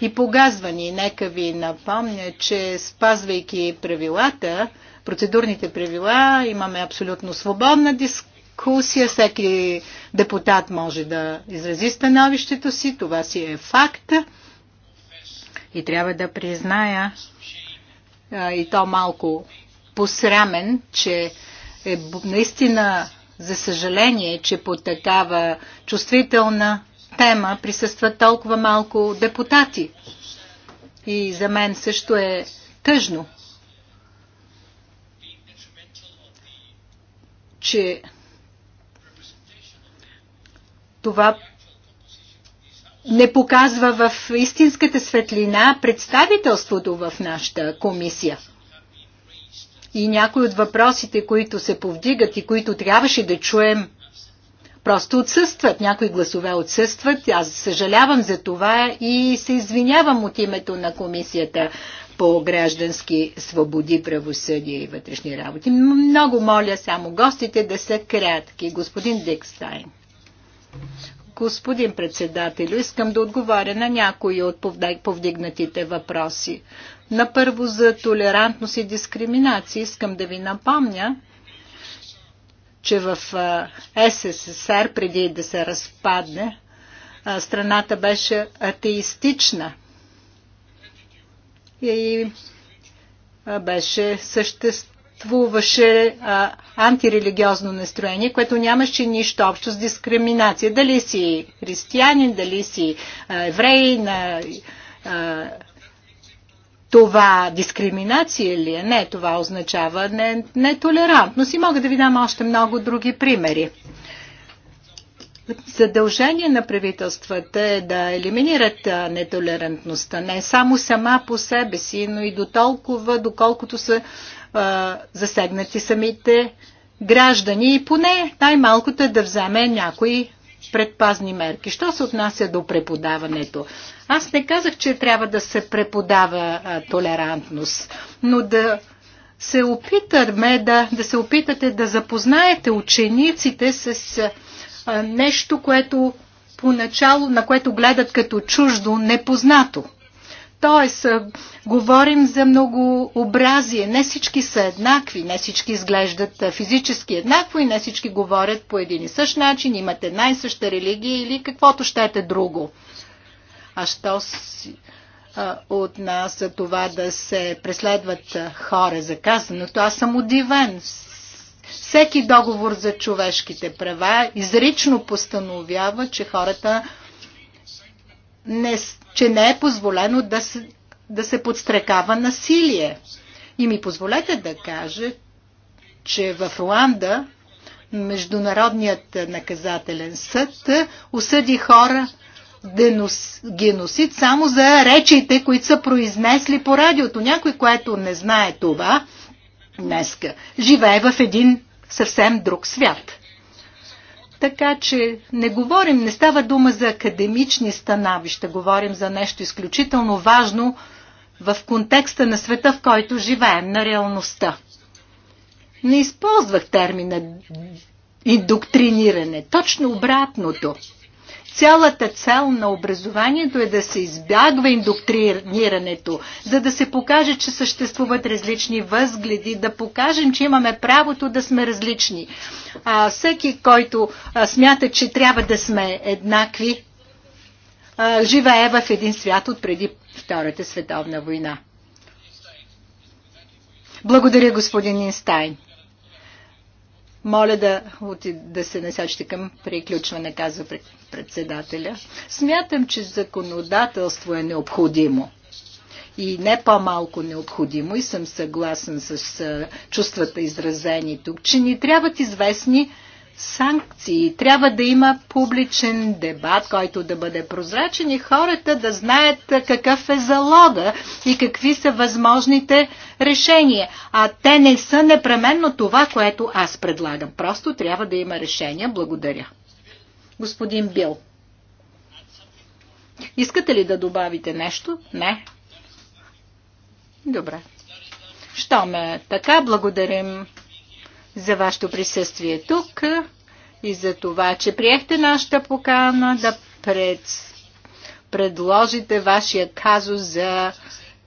и погазвани. Нека ви напомня, че спазвайки правилата, процедурните правила, имаме абсолютно свободна дискусия, всеки депутат може да изрази становището си, това си е факт. И трябва да призная, и то малко посрамен, че е наистина за съжаление, че по такава чувствителна тема присъстват толкова малко депутати. И за мен също е тъжно, че това не показва в истинската светлина представителството в нашата комисия. И някои от въпросите, които се повдигат и които трябваше да чуем, просто отсъстват. Някои гласове отсъстват. Аз съжалявам за това и се извинявам от името на комисията по граждански свободи, правосъдие и вътрешни работи. Много моля само гостите да са кратки. Господин Декстайн. Господин председател, искам да отговаря на някои от повдигнатите въпроси. На първо за толерантност и дискриминация искам да ви напомня, че в СССР, преди да се разпадне, страната беше атеистична и беше съществена съществуваше а, антирелигиозно настроение, което нямаше нищо общо с дискриминация. Дали си християнин, дали си а, еврей, на, а, това дискриминация ли е? Не, това означава не, нетолерантност. И мога да ви дам още много други примери. Задължение на правителствата е да елиминират нетолерантността не само сама по себе си, но и до толкова, доколкото са а, засегнати самите граждани и поне най-малкото е да вземе някои предпазни мерки. Що се отнася до преподаването? Аз не казах, че трябва да се преподава а, толерантност, но да се опитаме да, да се опитате да запознаете учениците с а, нещо, което поначало, на което гледат като чуждо, непознато. Тоест, говорим за многообразие. Не всички са еднакви, не всички изглеждат физически еднакво и не всички говорят по един и същ начин, имат една и съща религия или каквото щете друго. А що си от нас за това да се преследват хора за казаното. Аз съм удивен. Всеки договор за човешките права изрично постановява, че хората не, че не е позволено да се, да се подстрекава насилие. И ми позволете да кажа, че в Руанда Международният наказателен съд осъди хора денос, геносид само за речите, които са произнесли по радиото. Някой, което не знае това, днеска живее в един съвсем друг свят. Така че не говорим, не става дума за академични становища, говорим за нещо изключително важно в контекста на света, в който живеем, на реалността. Не използвах термина индоктриниране, точно обратното – Цялата цел на образованието е да се избягва индоктринирането, за да се покаже, че съществуват различни възгледи, да покажем, че имаме правото да сме различни. А, всеки, който а, смята, че трябва да сме еднакви, а, живее в един свят от преди Втората световна война. Благодаря, господин Инстайн. Моля да, да се насочите към приключване, казва председателя. Смятам, че законодателство е необходимо и не по-малко необходимо и съм съгласен с чувствата изразени тук, че ни трябват известни санкции. Трябва да има публичен дебат, който да бъде прозрачен и хората да знаят какъв е залога и какви са възможните решения. А те не са непременно това, което аз предлагам. Просто трябва да има решения. Благодаря. Господин Бил. Искате ли да добавите нещо? Не. Добре. Що ме така, благодарим за вашето присъствие тук и за това, че приехте нашата покана да пред... предложите вашия казус за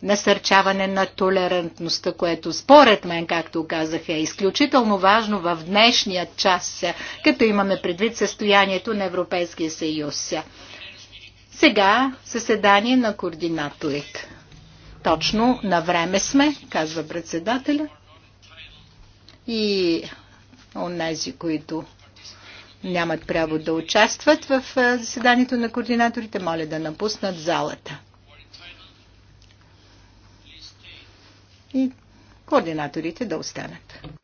насърчаване на толерантността, което според мен, както казах, е изключително важно в днешния час, като имаме предвид състоянието на Европейския съюз. Сега съседание на координаторите. Точно на време сме, казва председателя и онези, които нямат право да участват в заседанието на координаторите, моля да напуснат залата. И координаторите да останат.